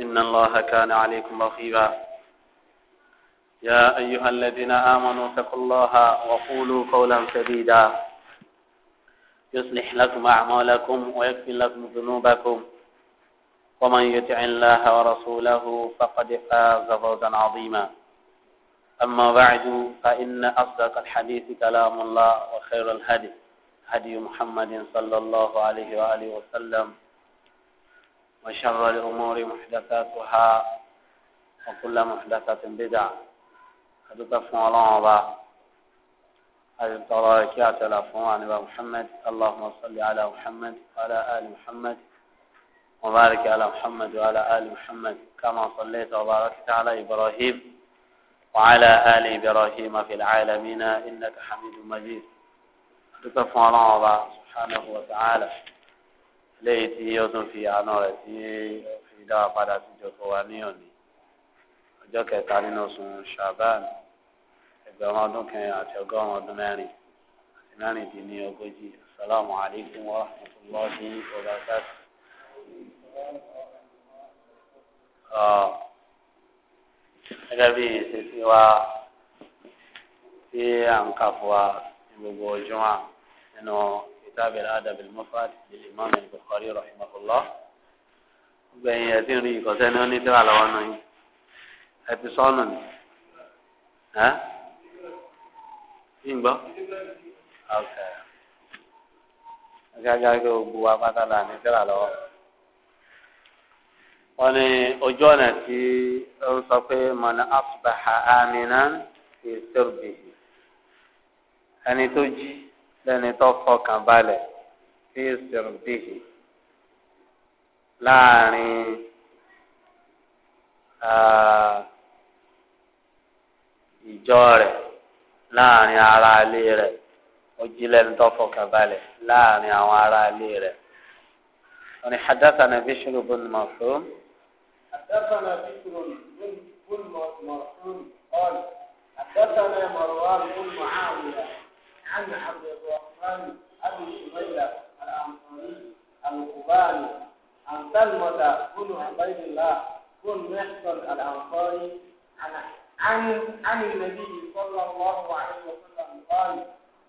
إن الله كان عليكم رقيبا يا أيها الذين آمنوا اتقوا الله وقولوا قولا سديدا يصلح لكم أعمالكم ويكفر لكم ذنوبكم ومن يطع الله ورسوله فقد فاز فوزا عظيما أما بعد فإن أصدق الحديث كلام الله وخير الهدي هدي محمد صلى الله عليه وآله وسلم وشر الأمور محدثاتها وكل محدثة بدعة أتتفهم الله أبا أتترى كات الأفوان محمد اللهم صل على محمد وعلى آل محمد وبارك على محمد وعلى آل محمد كما صليت وباركت على إبراهيم وعلى آل إبراهيم في العالمين إنك حميد مجيد أتتفهم الله أبا سبحانه وتعالى léyìí tí ó tún fi àánú rẹ̀ tí fi dá wa padà sí ìjọba wa ní òní ọjọ́ kẹta nínú oṣù shaban ẹgbẹ̀rún ọdún kẹrin àti ọgọ́rùn ọdún mẹ́rin àti mẹ́rin asalaamu alaykum wa rahmatulahi wa barakatu. gẹ́gẹ́ bí ìṣesí wa tí à ń kà fún wa ní gbogbo ojúmọ́ nínú. كتاب الآدب المفرد للإمام البخاري رحمه الله gbẹ̀yìn ẹ̀sìn rí ìkọ̀sẹ́ ni wọ́n ní tíra lọ́wọ́ náà yìí ẹ ti sọ́nù ni ẹ́ yìnbọn ọ̀kẹ́ agágá kí gbogbo wa pátá là ní tíra lọ́wọ́ wọ́n ní ojú ọ̀nà tí ó ń sọ pé mọ̀nà asbaha aminan fi sirbihi ẹni tó jí. lẹ́ni tó fọkàn balẹ̀ sí ìsìnrìndìhì láàrin ìjọ rẹ̀ láàrin ara ilé rẹ̀ ó jí lẹ́ni tó fọkàn balẹ̀ láàrin àwọn ara ilé rẹ̀. أن حدثنا بشر بن مرحوم حدثنا بشر بن مرحوم قال حدثنا مروان بن معاوية عن عبد الرحمن أبي شميلة الأنصاري القباني عن سلمة بن عبيد الله بن محصن الأنصاري عن عن عن النبي صلى الله عليه وسلم قال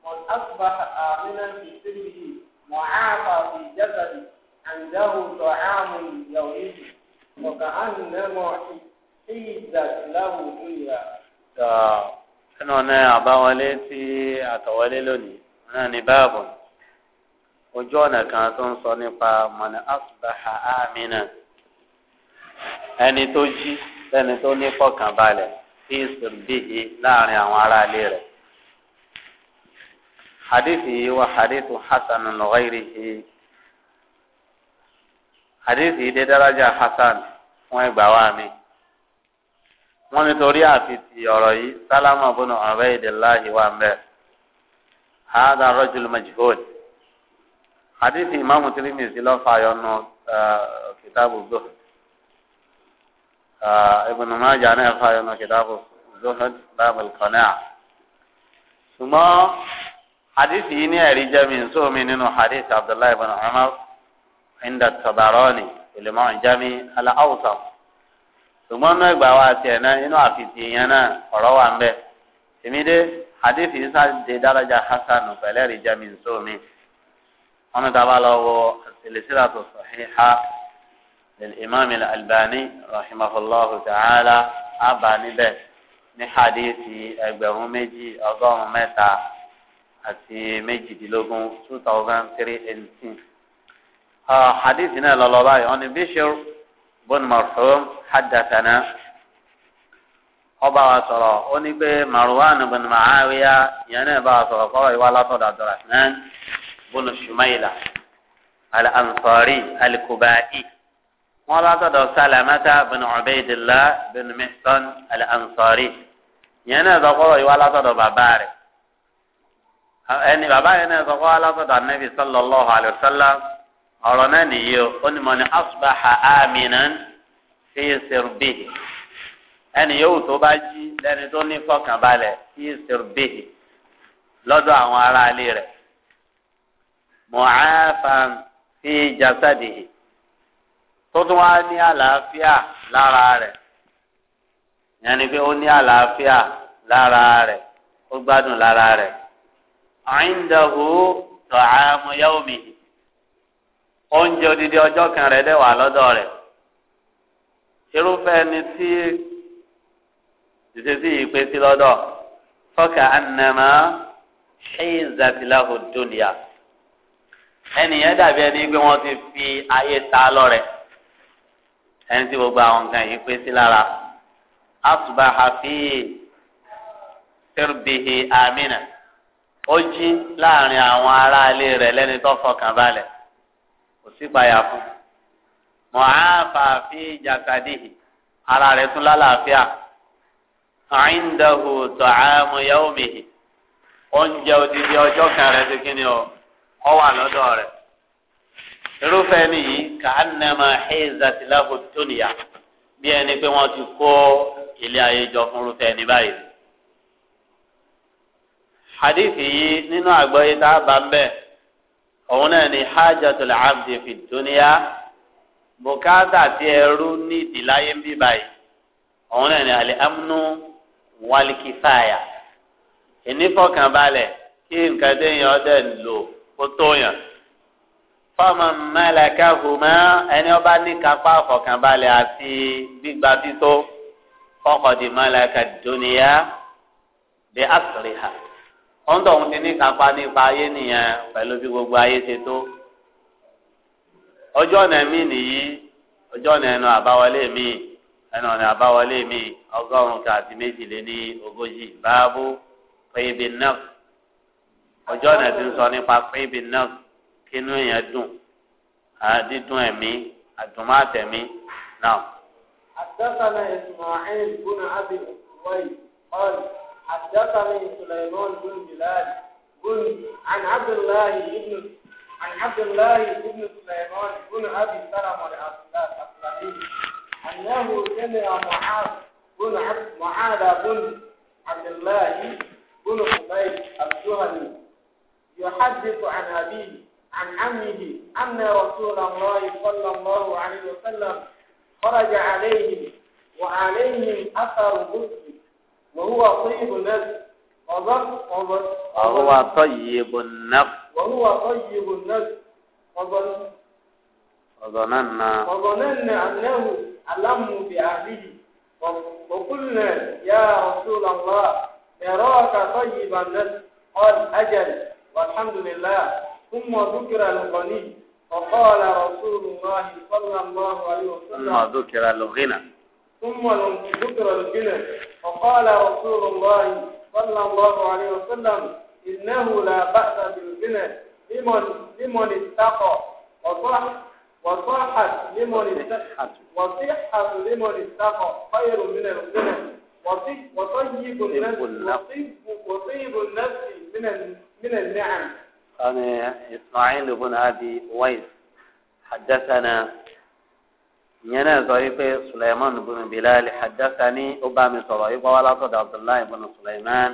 من أصبح آمنا في سره معافى في جسده عنده طعام يومئذ وكأنما حيزت له دنيا nínú ọ̀nà àbáwọlé tí àtọ̀wọlé lónìí náà ní báàbù ojú ọ̀nà kan tó ń sọ nípa mọ̀nà asbaha amina ẹni tó jí lẹ́ni tó ní fọkànbalẹ̀ fi sùdíhi láàrin àwọn aráalé rẹ̀. hadithi yìí wà hadithu hasan lọ́gẹ́rìhì hadithi yìí dé daraja hasan fún ẹgbàá wa mi. wọ́n ni torí àfi ti ọ̀rọ̀ yìí sálámà bọ́nà ọ̀rẹ́ ìdẹ́láhì wà mẹ́ hàdà rọ́jùl majhud àdìsí imaamu tí tirimisi lọ́fà yọnu kitabu zuhud ibùnú májà náà fà yọnu kitabu zuhud bábà kọ́nẹ́à ṣùgbọ́n nínú àdìsí abdullahi yìí ní ẹ̀rí jẹ́mi nsómi nínú adisi abdullahi ibn umar inda tabarani ilmu jami ala awsam. ṣùgbọ́n náà ìgbà wa tiẹ̀ náà inú àfìsí yẹn náà ọ̀rọ̀ wà ń bẹ̀. tèmídé hadith yìí sáde daraja hasan pẹ̀lẹ́ rí jami nsómi. wọ́n ní tábà lọ wọ silsilatu sahiha lil imam al-albani rahimahullahu ta'ala abba níbẹ̀ ní hadith ẹgbẹ̀rún méjì ọgọ́rùn-ún mẹ́ta àti méjìdínlógún two thousand three eighteen. Ah, hadith náà lọ lọ báyìí wọ́n ní bíṣẹ́ bọ́n mọ̀fún hadathana ọba wa sọ̀rọ̀ ó ní pé marwan bin ma'awiya ìyẹn náà bá wa sọ̀rọ̀ kọ́wọ́ ìwà látọ̀dọ̀ abdulrahman bin shumaila al-ansari al-kubai wọn látọ̀dọ̀ salamata bin ubaidillah bin mihsan al-ansari ìyẹn náà sọ kọ́wọ́ ìwà látọ̀dọ̀ bàbá rẹ̀ ẹni bàbá yẹn náà sọ kọ́wọ́ látọ̀dọ̀ anabi sallallahu alayhi wa sallam ọ̀rọ̀ náà nìyí o ó ní mọ̀ ní asbaha aminan fi sirbihi ẹni yòówù tó bá jí lẹ́ni tó ní fọkànbalẹ̀ fi sirbihi lọ́dọ̀ àwọn aráalé rẹ̀ mọ̀áfàn fi jasadihi tó tún wá ní àlàáfíà lára rẹ̀ yẹn ni pé ó ní àlàáfíà lára rẹ̀ ó gbádùn lára rẹ̀ àìndàhù tọ̀ àmúyáwó mìíràn. oúnjẹ odidi ọjọ kan rẹ̀ dẹ̀ wà lọ́dọ̀ rẹ̀ irúfẹ́ ẹni tí ìṣesí yìí pé sí lọ́dọ̀ fọ́kà ànàmá ṣéyìnzàtìláhù dúnìyà ẹnìyẹn dàbí ẹni pé wọ́n ti fi ayé ta lọ́rẹ̀ ẹni tí gbogbo àwọn nǹkan yìí pé sí lára asùbàhà hafi tẹrùbìhì amina ó jí láàrin àwọn aráalé rẹ lẹ́ni tó fọkàn balẹ̀. kò sí ìpayà fún mọ̀áfà fi jasadihi ara rẹ̀ tún lálàáfíà àìndàhù tọ̀hámù yawmihi oúnjẹ ọjọ́ kan rẹ̀ ti ọ ọ wà lọ́dọ̀ rẹ̀ irúfẹ́ nìyí kàánàmà hẹ́ẹ̀zàtì láhùtúnìyà bí ẹni pé wọ́n ti kó ilé ayé jọ fún irúfẹ́ ní báyìí. hadithi yìí nínú àgbọ́yé tá a bá ń òun náà ni hajjatul abdi fi dunya bùkátà tí ẹrú nídìí láyé ń bí báyìí òun náà ni àlẹ amúnú wàlìkìfàyà ìnífọ̀kànbalẹ̀ kí nǹkan déèyàn ọdẹ lò ó tóyàn fọmọ mẹlẹkẹ hùmẹ ẹni ọba ní kápá ọ̀fọ̀kànbalẹ̀ àti gbígba tító fọkọdì mẹlẹkẹ dunya bí àṣírí ha ọ̀ńdọ̀ òun ti ní kápá nípa ayé nìyẹn pẹ̀lú bí gbogbo ayé ṣe tó ọjọ́ ọ̀nà mi nìyí ọjọ́ ọ̀nà ẹnu àbáwọlé mi ẹnu ọ̀nà àbáwọlé mi ọgọ́rùn-ún kan àti méjìléní ogójì báábú péébì náà ọjọ́ ọ̀nà ti ń sọ nípa péébì náà kínú èèyàn dùn àdídùn ẹ̀mí àdùnmáàtẹ̀mí náà. àtẹ́sánà ìsmail bùnà ábí ìwáyé ọ̀rẹ́. حدثني سليمان بن بلال بن عن عبد الله بن عن عبد الله بن سليمان بن ابي سلمه الاسلمي انه سمع معاذ بن عبد معاذ بن عبد الله بن حميد الجهني يحدث عن أبيه عن عمه أن رسول الله صلى الله عليه وسلم خرج عليهم وعليهم أثر غسل طيب وهو طيب النفس وهو طيب النفس وهو طيب النفس وظن وظننا وظننا أنه ألم بأهله وقلنا يا رسول الله نراك طيب النفس قال أجل والحمد لله ثم ذكر الغني فقال رسول الله صلى الله عليه وسلم ثم ذكر الغنى ثم ذكر الجنة وقال رسول الله صلى الله عليه وسلم إنه لا بأس بالجنة لمن لمن اتقى وصح وصحة لمن اتقى وصحة لمن اتقى خير من الجنة وطيب طيب النفس وطيب النفس من من النعم. أنا إسماعيل بن أبي ويس حدثنا ìyẹn náà sọ wípé suleiman bin bilal hadassani ó bá mi sọ̀rọ̀ yìí wá látọ̀dọ̀ abdullahi bin suleiman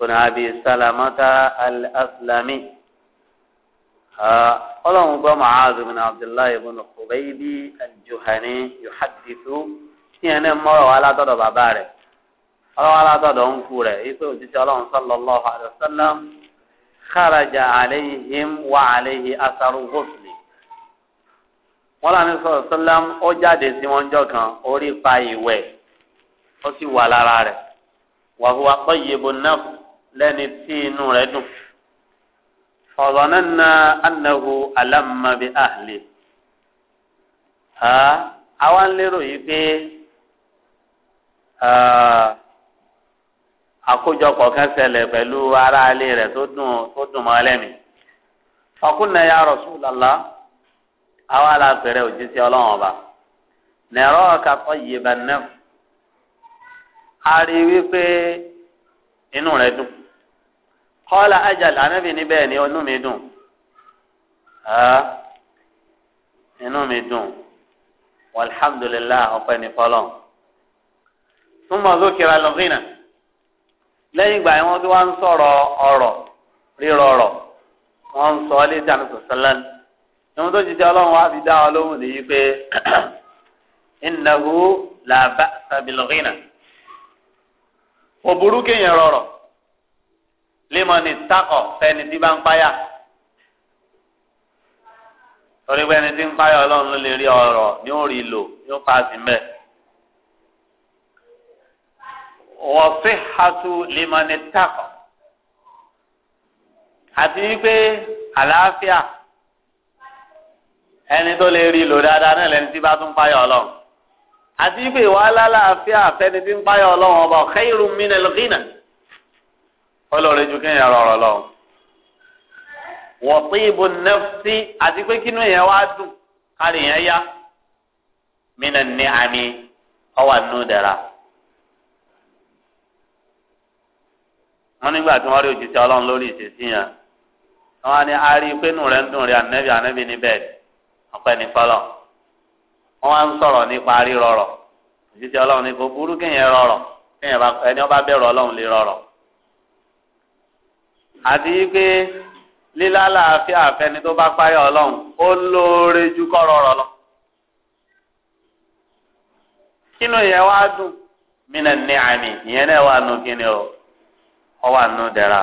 bin abi salamata al-aslami ọlọ́run gbọ́ mu'adh bin abdullahi bin khubaybi al-juhani yuhadithu ìyẹn náà mọ̀rọ̀ wá látọ̀dọ̀ bàbá rẹ̀ ọlọ́run wá látọ̀dọ̀ ń kú rẹ̀ yìí pé òjíṣẹ́ ọlọ́run sallallahu alayhi wa sallam kharaja alayhim wa alayhi asaru ghusli wọn lànà sọ̀rọ̀ sọ́lám ó jáde sí wọn jọ kan orí pa ìwẹ̀ ó sì wà lára rẹ̀ wàhùwà pọ̀yìbò náà lẹ́ni tí inú rẹ̀ dùn. فظننا أنه ألم بأهله ha àwọn lérò yìí pé àkójọpọ̀ kan ṣẹlẹ̀ pẹ̀lú aráalé rẹ̀ tó dùn mọ́ ẹlẹ́mìí. فقلنا يا رسول الله àwa la fẹ̀rẹ̀ òjíṣẹ́ ọlọ́run ọba nẹ̀rọ kakọ yìíba náà a rí i wípé inú rẹ̀ dùn kọ́lá ajal anábì níbẹ̀ ni inú mi dùn inú mi dùn walhamdulilah ọpẹ́ ní fọlọ́n túmọ̀ lókèrè lọ́gìnà lẹ́yìn ìgbà yẹn wọ́n ti wá ń sọ̀rọ̀ ọ̀rọ̀ rírọ̀ ọ̀rọ̀ wọ́n ń sọ ọ́ létí àmì sọ̀sọ́lẹ́nu ìwọ̀n tó jíjẹ́ ọlọ́run wá fi dá ọ lóhùn nìyí pé ìnáwó làbá sàbìlọ́rìnà òbúrú kéèyàn rọrọ̀ límọ̀nì tákọ̀ fẹ́ni tí bá ń páyà torí pé ẹni tí ń páyà ọlọ́run ló lè rí ọrọ̀ ní òrì lò ní ó pa sí mẹ́. wọ́n fi hatu límọ̀nì tákọ̀ àti wípé àlàáfíà ẹni tó lè rí lò dáadáa náà lẹni tí bá tún páyà ọlọ́run àti ìpè wàhálà láàfin àfẹni tí ń páyà ọlọ́run ọba khairun minal ghina ọlọ́run ju kéèyàn rọrọ lọ. wọ́n pín ibo nẹ́fṣí àti pé kínú yẹn wá dùn kárí yẹn yá minan ni'ami ọwà nù dára. wọ́n nígbà tí wọ́n rí òjijì ọlọ́run lórí ìṣesí yẹn wọ́n á ní a pé nù rẹ̀ ń dùn rí ànẹ́bí ànẹ́bí níbẹ̀ ni ọpẹ́ ní fọlọ wọn wá ń sọ̀rọ̀ nípa rírọrọ òṣìṣẹ́ Ọlọ́run ní kò burú kéèyàn rọrọ kéèyàn bá ẹni ọba bẹ̀rù Ọlọ́run lè rọrọ àti pé lílálàáfíà àfẹni tó bá páyà Ọlọ́run ó lóore ju kọ rọrọ lọ kínú ìyẹn wá dùn mínà ní àmì ìyẹn náà wà nù kíni o ọ wà nù dẹ̀ra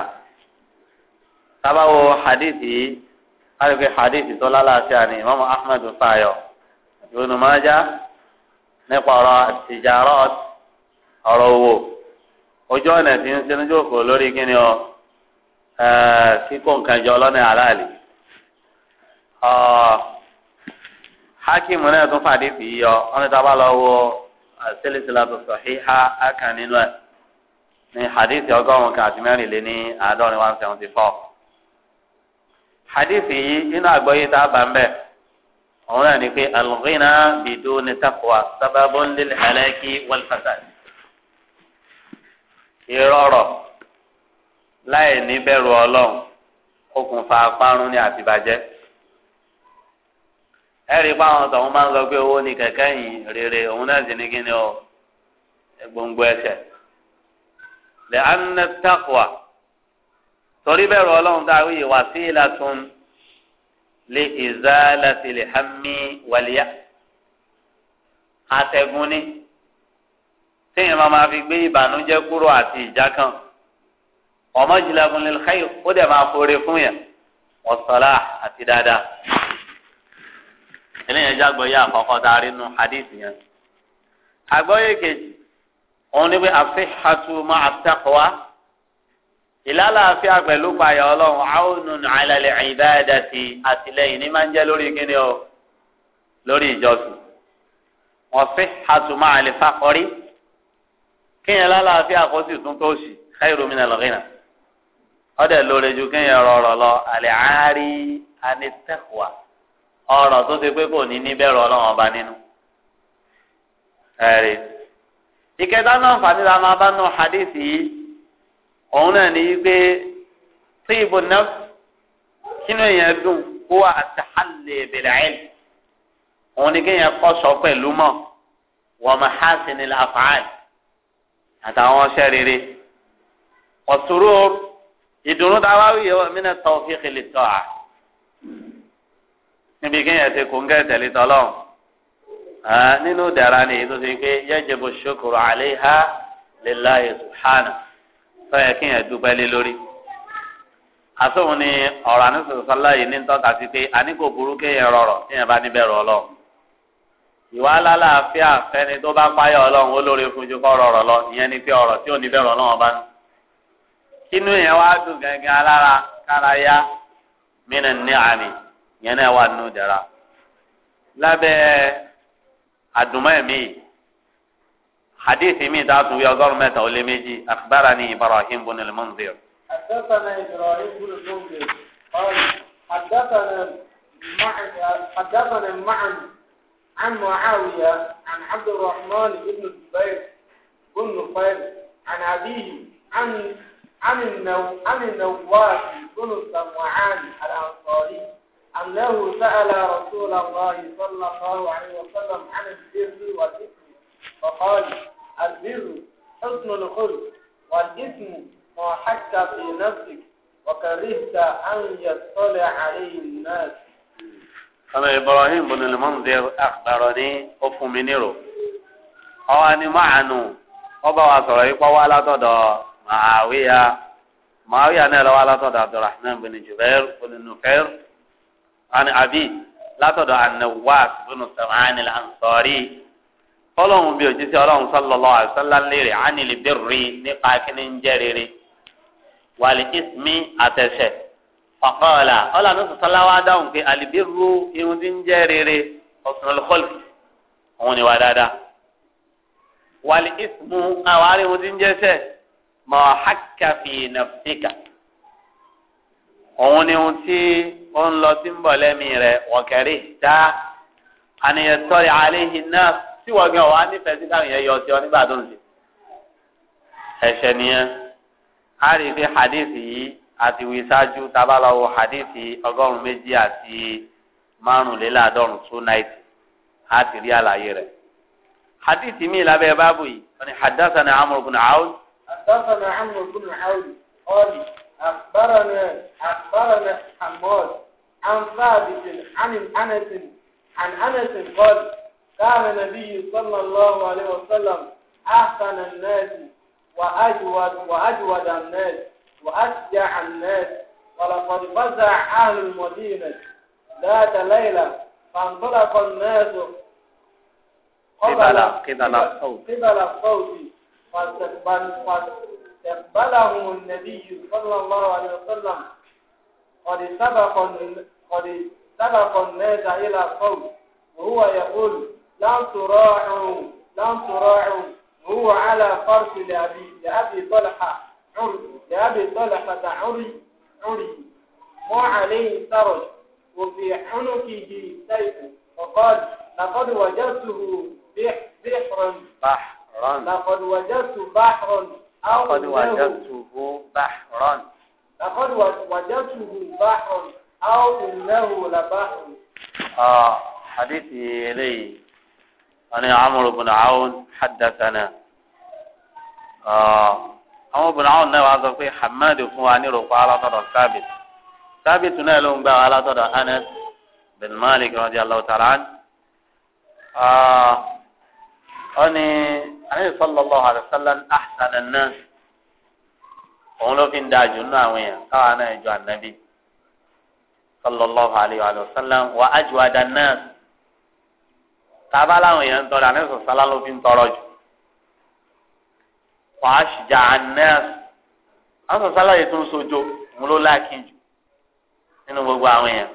tábàwò hadith yìí àríwí hadith tó lálàáfíà ni imam ahmed fayọ ibùdó májá nípa ọ̀rọ̀ tijarot ọ̀rọ̀ owó ojú ọ̀nà tí ń sinú jókòó lórí kíni ọ eh, kíkó nǹkan jọ lọ́nà aláàlì ah, hakim náà tún fàdí fi yọ wọn ní tábà lọ wo eh, silsilatu sahiha akàn nínú ẹ ní hadith ọgọ́rùn kan àti mẹ́rin lé ní àádọ́rin ah, one seventy four hadith yìí inú àgbọ́yé tá a bá ń bẹ̀ òun náà ni pé al-ghina biduni taqwa sababun lil halaki wal fasad ìrọ̀rọ̀ láì ní bẹ̀rù ọlọ́run okùnfà parun ní àtibàjẹ́ ẹ̀rí pàwọn tọ̀hún máa ń sọ pé owó ni kẹ̀kẹ́ yìí rere òun náà sì ní kíni o gbòǹgbò ẹsẹ̀ lẹ́hánná taqwa torí bẹ̀rù ọlọ́run tá a wíyè wasilatun li izalati li hammi waliya atẹ́gùn ni téèyàn máa ma fi gbé ìbànújẹ́ kúrò àti ìjà kan ọmọ jìlẹ̀kùn lil khayr ó dẹ̀ máa forí fún yẹn wọ́sọ̀lá àti dáadáa eléyìí ẹja gbọ́ àkọ́kọ́ tá a rí nu hadith yẹn àgbọ́yé kejì òun ni pé àfihàtú máa taqwa ìlàlàáfíà pẹ̀lú payà ọlọ́run àwọnùn àlàlẹ̀ ìbáyàdàsí àtìlẹyìn ní máa ń jẹ́ lórí kíni o lórí ìjọsìn wọ́n fi àtúmọ̀ àlefa kọrí kíyàn lálàáfíà kó sì tún tó sì khairu min al-ghina ọ̀dẹ̀ lóore ju kíyàn rọrọ̀ lọ àlẹ́ àárí anitẹ́kùwà ọ̀rọ̀ tó ti pé kò ní níbẹ̀rù ọlọ́run ọba nínú. ẹ̀rí ìkẹta náà fàdílà òun náà ní pé tí ìbò náà kínú èèyàn dùn kó wà àtàlẹ ìbẹ̀rẹ̀ ẹ̀ òun ní kéèyàn kọ́ sọ pẹ̀lú mọ̀ wọ́n mọ̀ há sí ni láfààní àtàwọn ọṣẹ́ rere ọ̀túrú ìdùnnú táwa wíyẹ wọ́n mí náà tọ́ fi kele tọ́ a níbi kéèyàn ti kún kẹ́ tẹ̀lé tọ́lọ́ nínú dara ni èyí ti pé yẹ́n bó ṣokòrò àléhà lillahi subhanahu tọ́yẹ kí yẹn dúpẹ́ lé lórí. àtúnwò ni ọ̀rọ̀ àníṣòṣọ́lá yìí ní tọ́ka sí pé àní kò burú kéèyàn rọrọ̀ kéèyàn bá níbẹ̀rù ọlọ́run. ìwà alálàáfíà fẹ́ni tó bá páyà ọlọ́run ó lóore fojú kọ́ rọrọ̀ lọ ìyẹn ni pé ọ̀rọ̀ tí ò níbẹ̀rù ọlọ́run bá ní. kínú yẹn wá dùn gẹ́gẹ́ alára kárayá mínà ní àmì ìyẹn náà wà nínú ìdẹ̀ra. lábẹ́ àdùnmọ́ ẹ̀mí yìí حديث مي داتو يا قرمة ميجي أخبرني إبراهيم بن المنذر حدثنا إبراهيم بن المنذر قال حدثنا مع حدثنا معا عن معاوية عن عبد الرحمن بن الزبير بن نفيل عن أبيه عن عن النو عن النواس بن السمعان الأنصاري أنه سأل رسول الله صلى الله عليه وسلم عن البر والإثم فقال البر حسن الخلق والإثم ما حك في نفسك وكرهت أن يطلع عليه الناس أنا إبراهيم بن المنذر أخبرني أفمنيرو أو أني معنو ọba wa sọ̀rọ̀ yìí pọ́wọ́ alátọ̀dọ̀ màáwíyá màáwíyá náà lọ́wọ́ alátọ̀dọ̀ abdulrahman bin jubair bin nufair ani abi látọ̀dọ̀ anawas bin samaani ansori ọlọ́run bí òjíṣẹ́ ọlọ́run sallallahu alaihi wasallam léèrè ánìlì bẹ́ẹ̀rì nípa kíní ń jẹ́ rere wàlí ismi àtẹ̀sẹ̀ fàkọ́ọ̀là ọlọ́run sọ sọ́láwá dáhùn pé àlìbẹ́rù irun tí ń jẹ́ rere ọ̀sùn olùkọ́lù òun ni wà dáadáa wàlí ismu àwọn arìnrìn tí ń jẹ́ sẹ́ mọ̀ hákàfì nàfíkà òun ni ohun tí ó ń lọ sí ń bọ̀ lẹ́mìí rẹ̀ wọ̀kẹ́rì dá àníyàn sọ́rí àléhìn tí wọ́n gan wàá nífẹ̀ẹ́ sí káwọn yẹn yọ ọtí ọ nígbà tó ń ṣe. ẹ̀ṣẹ̀ nìyẹn a rí i pé hadith yìí àti wí ṣáájú tábàlọ́wọ́ hadith ọgọ́rùn-ún méjì àti márùnléláàádọ́rùn two ninety a ti rí àlàyé rẹ̀. hadith mi lábẹ́ báàbù yìí wọ́n ní haddathana amr bin aoud. haddathana amr bin aoud ọ̀lì àbárànà àbárànà hamad عن ثابت عن انس قال كان النبي صلى الله عليه وسلم أحسن الناس وأجود وأجود الناس وأشجع الناس ولقد فزع أهل المدينة ذات ليلة فانطلق الناس قبل قبل الصوت قبل الصوت فاستقبله النبي صلى الله عليه وسلم قد سبق قد سبق الناس إلى الصوت وهو يقول لم تراعوا لم تراعوا هو على فرس لأبي لأبي طلحة عري لأبي طلحة عري عري ما عليه سرج وفي عنقه سيف وقال لقد وجدته بحرا بحرا لقد وجدت بحرا أو لقد وجدته بحرا لقد وجدته بحرا أو إنه لبحر آه حديث إليه أنا عمرو بن عون حدثنا آه عمرو بن عون نوى عزقي حماد فواني رقع على طرف ثابت ثابت نالهم بقى على طرف أنس بن مالك رضي الله تعالى عنه آه أني النبي صلى الله عليه وسلم أحسن الناس òun ló fi وين؟ da jù النبي صلى الله عليه náà jọ ànábì sallallahu tábà láwọn èèyàn ń tọrọ àníṣe sálá ló fi ń tọrọ jù wàá ṣìjà àníṣe àníṣe sálá yìí tó ń sojo òun ló láàkín jù nínú gbogbo àwọn èèyàn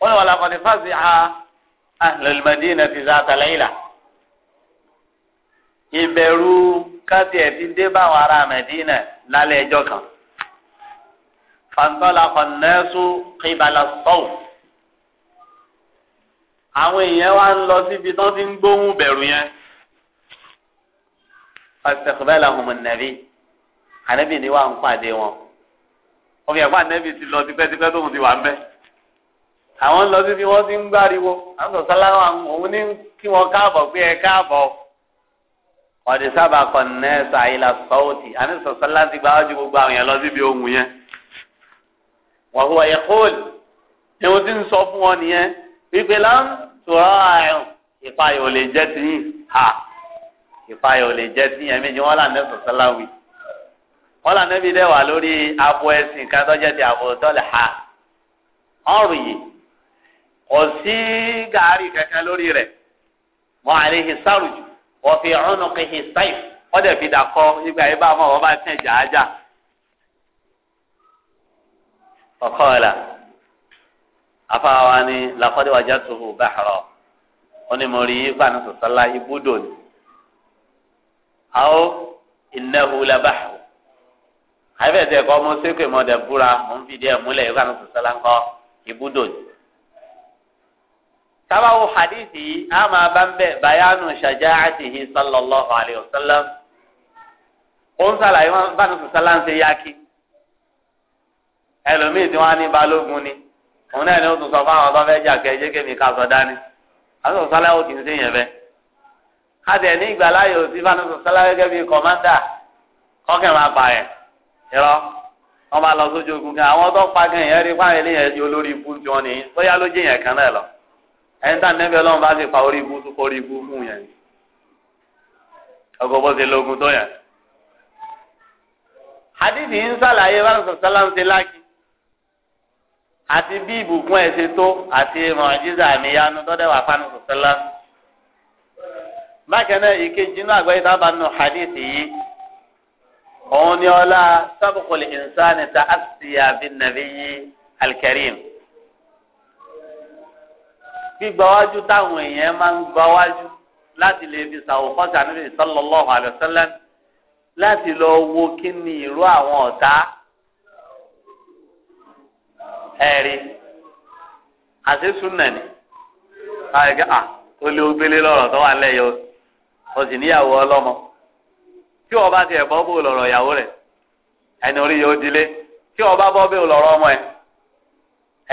wọn ni wọn làkọ fásitì ha ahlul madina ti zá àtàlẹyìnlá ìbẹ̀rù káti ẹ ti dé báwọn ará mẹdínà lálẹ́ ẹjọ́ kan fàǹtọ́lá kọ̀ọ̀nẹ́sù kíbalà sọ́ọ̀ àwọn èèyàn wa ń lọ síbi tán ti ń gbóhùn bẹ̀rù yẹn. astaghbalahum an-nabi ànábì ni wà ń pàdé wọn. ọmọ ìyàgbọ́ ànábì ti lọ tipẹ́tipẹ́ tóun ti wà ń bẹ́. àwọn ń lọ síbi wọ́n ti ń gbáriwo àwọn sọ̀sálàwà òun ní kí wọ́n káàbọ̀ pé ẹ káàbọ̀. ọ̀dì sábà kan náà sàìlà sọ́ọ̀tì àní sọ̀sálà ti gba ọjọ́ gbogbo àwọn yẹn lọ síbi ohun yẹn. wa huwa yaqul ẹ̀hún ti ń sọ fún wọn nìyẹn ìpìlẹ̀ ń tọ́ àrùn ìpayà ò lè jẹ́ ti yín ha ìpayà ò lè jẹ́ ti yín ẹ̀mí ju wọn là nẹ́sọ̀ sẹ́láwì wọn là nẹ́bí dẹ́ wà lórí abo ẹ̀sìn kan tó jẹ́ ti àbò tọ́lẹ̀ ha ọ̀rùn yìí kò sí gàárì kankan lórí rẹ̀ mọ́ àlehi sárùjù wọ́n fi ọ̀nà kìhì fi dàkọ́ ìgbà yìí bá tẹ̀ jáájá. ọ̀kọ́ ọ̀la afáwa ni làkọ́déwájà tó hù báhàrọ̀ ó ní mo rí yípa ní sọ̀sọ́lá ibùdó ni àwọn ìnáwó làbáhàrọ̀ àbẹ̀tẹ̀ kọ́ mo sékè mo dẹ̀ búra mo ń fìdí ẹ̀ múlẹ̀ yípa ní sọ̀sọ́lá ńkọ́ ibùdó hadithi yìí a bayanu shaja'atihi sallallahu alayhi wa sallam ó ń sàlàyé wọn bá ní sọ̀sọ́lá balógun ni. òun náà ni ó tún sọ fún àwọn tó jà kẹ́ jẹ́ ká sọ dání àwọn sọláwó kì í sí yẹn bẹ́ẹ̀ káàtì ẹ̀ ní ìgbà sí fáwọn sọláwó gẹ́gẹ́ bí kọ̀mándà kọ́kẹ́ máa pa ẹ̀ irọ́ wọ́n máa lọ sójú ogun kan àwọn tó pa kan yẹn rí fáwọn eléyẹn àti bí ìbùkún ẹ̀ ṣe tó àti mọ̀jísà àmìyanu tọ́dẹ̀ wà fánu sọ̀tẹ́lá. bákan náà ìkejì náà àgbáyé tábà nù hadith yìí òun ni ọlá sábùkù ìnsáni ta àṣìyà bí nàbíyí alkarim. gbígbáwájú táwọn èèyàn máa ń gbáwájú láti lè fi sàwọn fọ́sà níbi sallallahu alaihi wasallam láti lọ wo kí ni ìró àwọn ọ̀tá. ẹ̀rí àti ni àìgá à ó lé lọ́rọ̀ tó wà lẹ́yọ o níyàwó ọlọ́mọ tí wọ́n bá ti ẹ̀bọ́ bò lọ́rọ̀ ìyàwó rẹ̀ ẹni orí yóò dilé tí wọ́n bá bọ́ ọmọ ẹ̀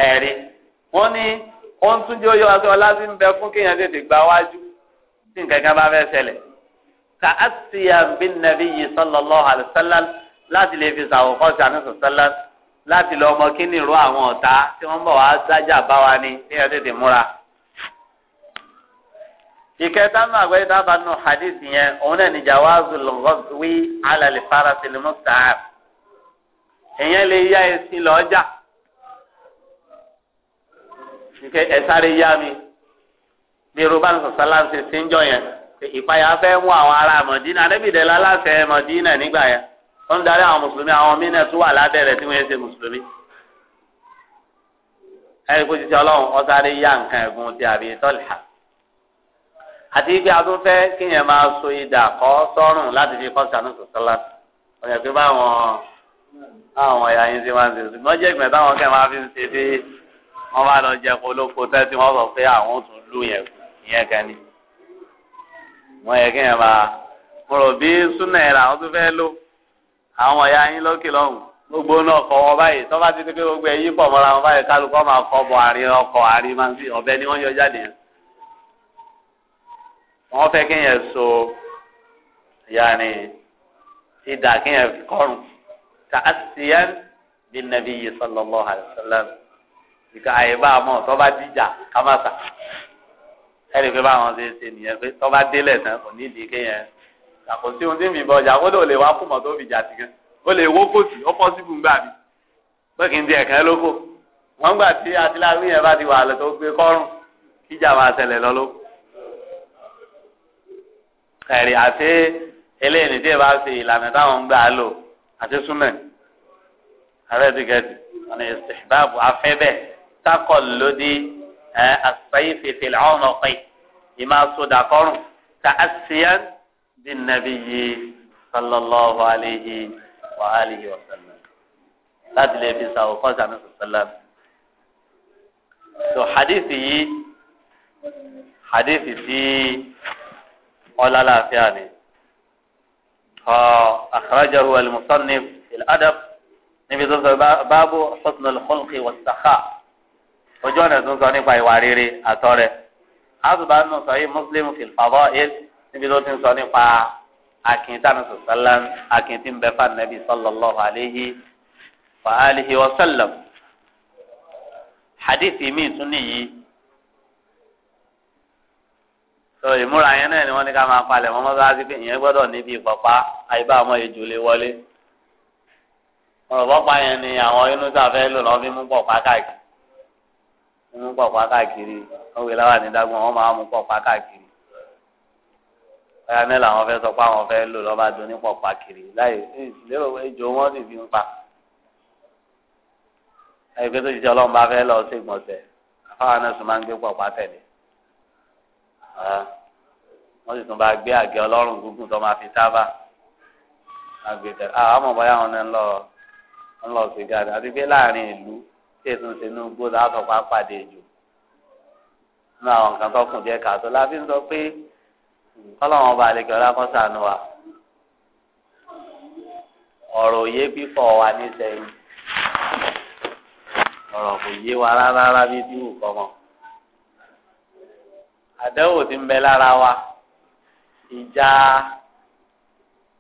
ẹ̀rí wọ́n ní wọ́n tún jẹ́ oyè ń bẹ fún kéèyàn tètè gba wájú tí bá fẹ́ ka asiya bin nabi yi sallallahu alayhi wa sallam láti lè fi sí láti lọ ọmọ kí nìró àwọn ọ̀tá tí wọ́n bọ̀ wá sájà bá wa ni ní ẹ tètè múra. ìkẹta náà àgbẹ̀ dábàá nù hadith yẹn òun náà ní jawazul ghazwi ala al-faras al-musta'ab. èèyàn lè yá ẹṣin lọ́jà. ìkẹ ẹ̀sáré yá mi bí rúbán sọ̀sálà ń ṣe síjọ yẹn ìpayà fẹ́ mú àwọn ará Mọ̀dínà àdébìdẹ́lá láṣẹ Mọ̀dínà nígbà yẹn ó ń darí àwọn mùsùlùmí àwọn míín náà tún wà lábẹ́rẹ́ tí wọ́n ṣe mùsùlùmí. ẹ̀rí kó jíjẹ ọlọ́run ó sáré yá nǹkan ẹ̀gún ti àbí tọ́lá. àti ibi àtúnfẹ́ kíyẹn máa so idà kọ́ sọ́rùn láti fi kọ́ sànú sọ̀tọ́lá. ọ̀yàn pé báwọn àwọn ẹ̀yà yín ti máa ń ṣe ṣùgbọ́n jẹ́ ìgbẹ́ táwọn kẹ́ máa fi ń ṣe bí wọ́n bá lọ jẹ polóko tẹ́ tí wọ́n sọ pé àwọn tún lù yẹn ìyẹn kan ni. wọ́n yẹ kíyẹn máa mo bí súnà ẹ̀ làwọn tún fẹ́ lò àwọn ọ̀yà yín lókè lọ́hùn gbogbo náà kọ́ ọ báyìí tọ́ bá ti di pé gbogbo ẹ̀yìn pọ̀ mọ́ra wọn báyìí kálukọ́ máa kọ́ bọ àárín ọkọ̀ àárín máa ń fi ọ̀bẹ ni wọ́n yọ jáde yẹn. wọ́n fẹ́ kí yẹn so yàní ìdá kí yẹn fi kọ́rùn ta asiyan bin nabiyyi sallallahu alayhi wa sallam ìka àyè bá a mọ̀ tọ́ bá dìjà ká má sà ẹ̀rì pé báwọn ṣe ṣe nìyẹn pé tọ́ bá délẹ̀ tán kò ní ìdí kéèyàn àkọsí ohun tí ń bìbọn ọjà kó lè lè wá fún mọ tó fi jà sí gan ó lè wó kòtì ó pọ síbù ńgbà mi pé kí n di ẹ̀kan lóko wọn gbà tí atiláwí yẹn bá ti wà lọ tó gbé kọrùn kíjà máa ṣẹlẹ̀ lọ lóko. kẹrì àti eléyìí tí ẹ bá ìlànà táwọn ń gbà lò àti súnmẹ ààrẹ ọ̀nà ìsìnbáàbò afẹ́bẹ̀ sákọ̀ lódì ẹ̀ àṣàyè fèfèlè ọ̀nà ọ̀pẹ̀ ìmáa للنبي صلى الله عليه وآله وسلم لدل يبيسا وقوز عن عليه السلام so حديثي حديثي في قول الله فياني أخرجه المصنف في الأدب نبي وسلم باب حسن الخلق والسخاء وجوانا ذنب ذنب باي واريري أطوري هذا أنه صحيح مسلم في الفضائل níbi tó ti ń sọ nípa akin tánu sọsálàm akin tí ń bẹ fún anabi sallallahu alayhi wa alihi wa sallam hadithi mi tún nìyí tó ìmúra yẹn náà ni wọn ní ká máa palẹ̀ wọn mọ́tò àti pé ìyẹn gbọ́dọ̀ níbi ìfọ̀pá àyíbá àwọn èjò lè wọlé ọ̀rọ̀ pọ́pá yẹn ni àwọn inú sàfẹ́ lò lọ́ fi mú pọ̀pá káàkiri mú pọ̀pá káàkiri wọ́n wé láwà ní dágbọ́n wọ́n máa mú pọ̀pá káàkiri ẹni làwọn fẹ́ sọ pé àwọn fẹ́ lò lọ́ba dùn ní pọ̀pá kiri láì lérò ìjọ wọn sì fi ń pa láì pé tó ti jẹ́ ọlọ́run bá fẹ́ lọ sí ìgbọ̀nsẹ̀ afáwọn náà sì máa ń gbé pọ̀pá tẹ̀lé wọ́n sì tún bá gbé àgé ọlọ́run gúngùn tó máa fi sábà àgbè tẹ̀lé àwọn ọmọ bọ́yá wọn náà ń lọ ń lọ sí gàdá àti pé láàrin ìlú tí ètò ṣe ní gbó láàtọ̀ pápá dé nínú àwọn nǹkan tó kù díẹ̀ kọ́lọ́wọ́n bá lè kẹ́lá kọ́ sànù wa ọ̀rọ̀ òye fífọ̀ wa nísẹ̀yìn ọ̀rọ̀ kò yé wa rárá rárá bí tí wù kọ́mọ. àdéhùn ti ń bẹ lára wa ìjà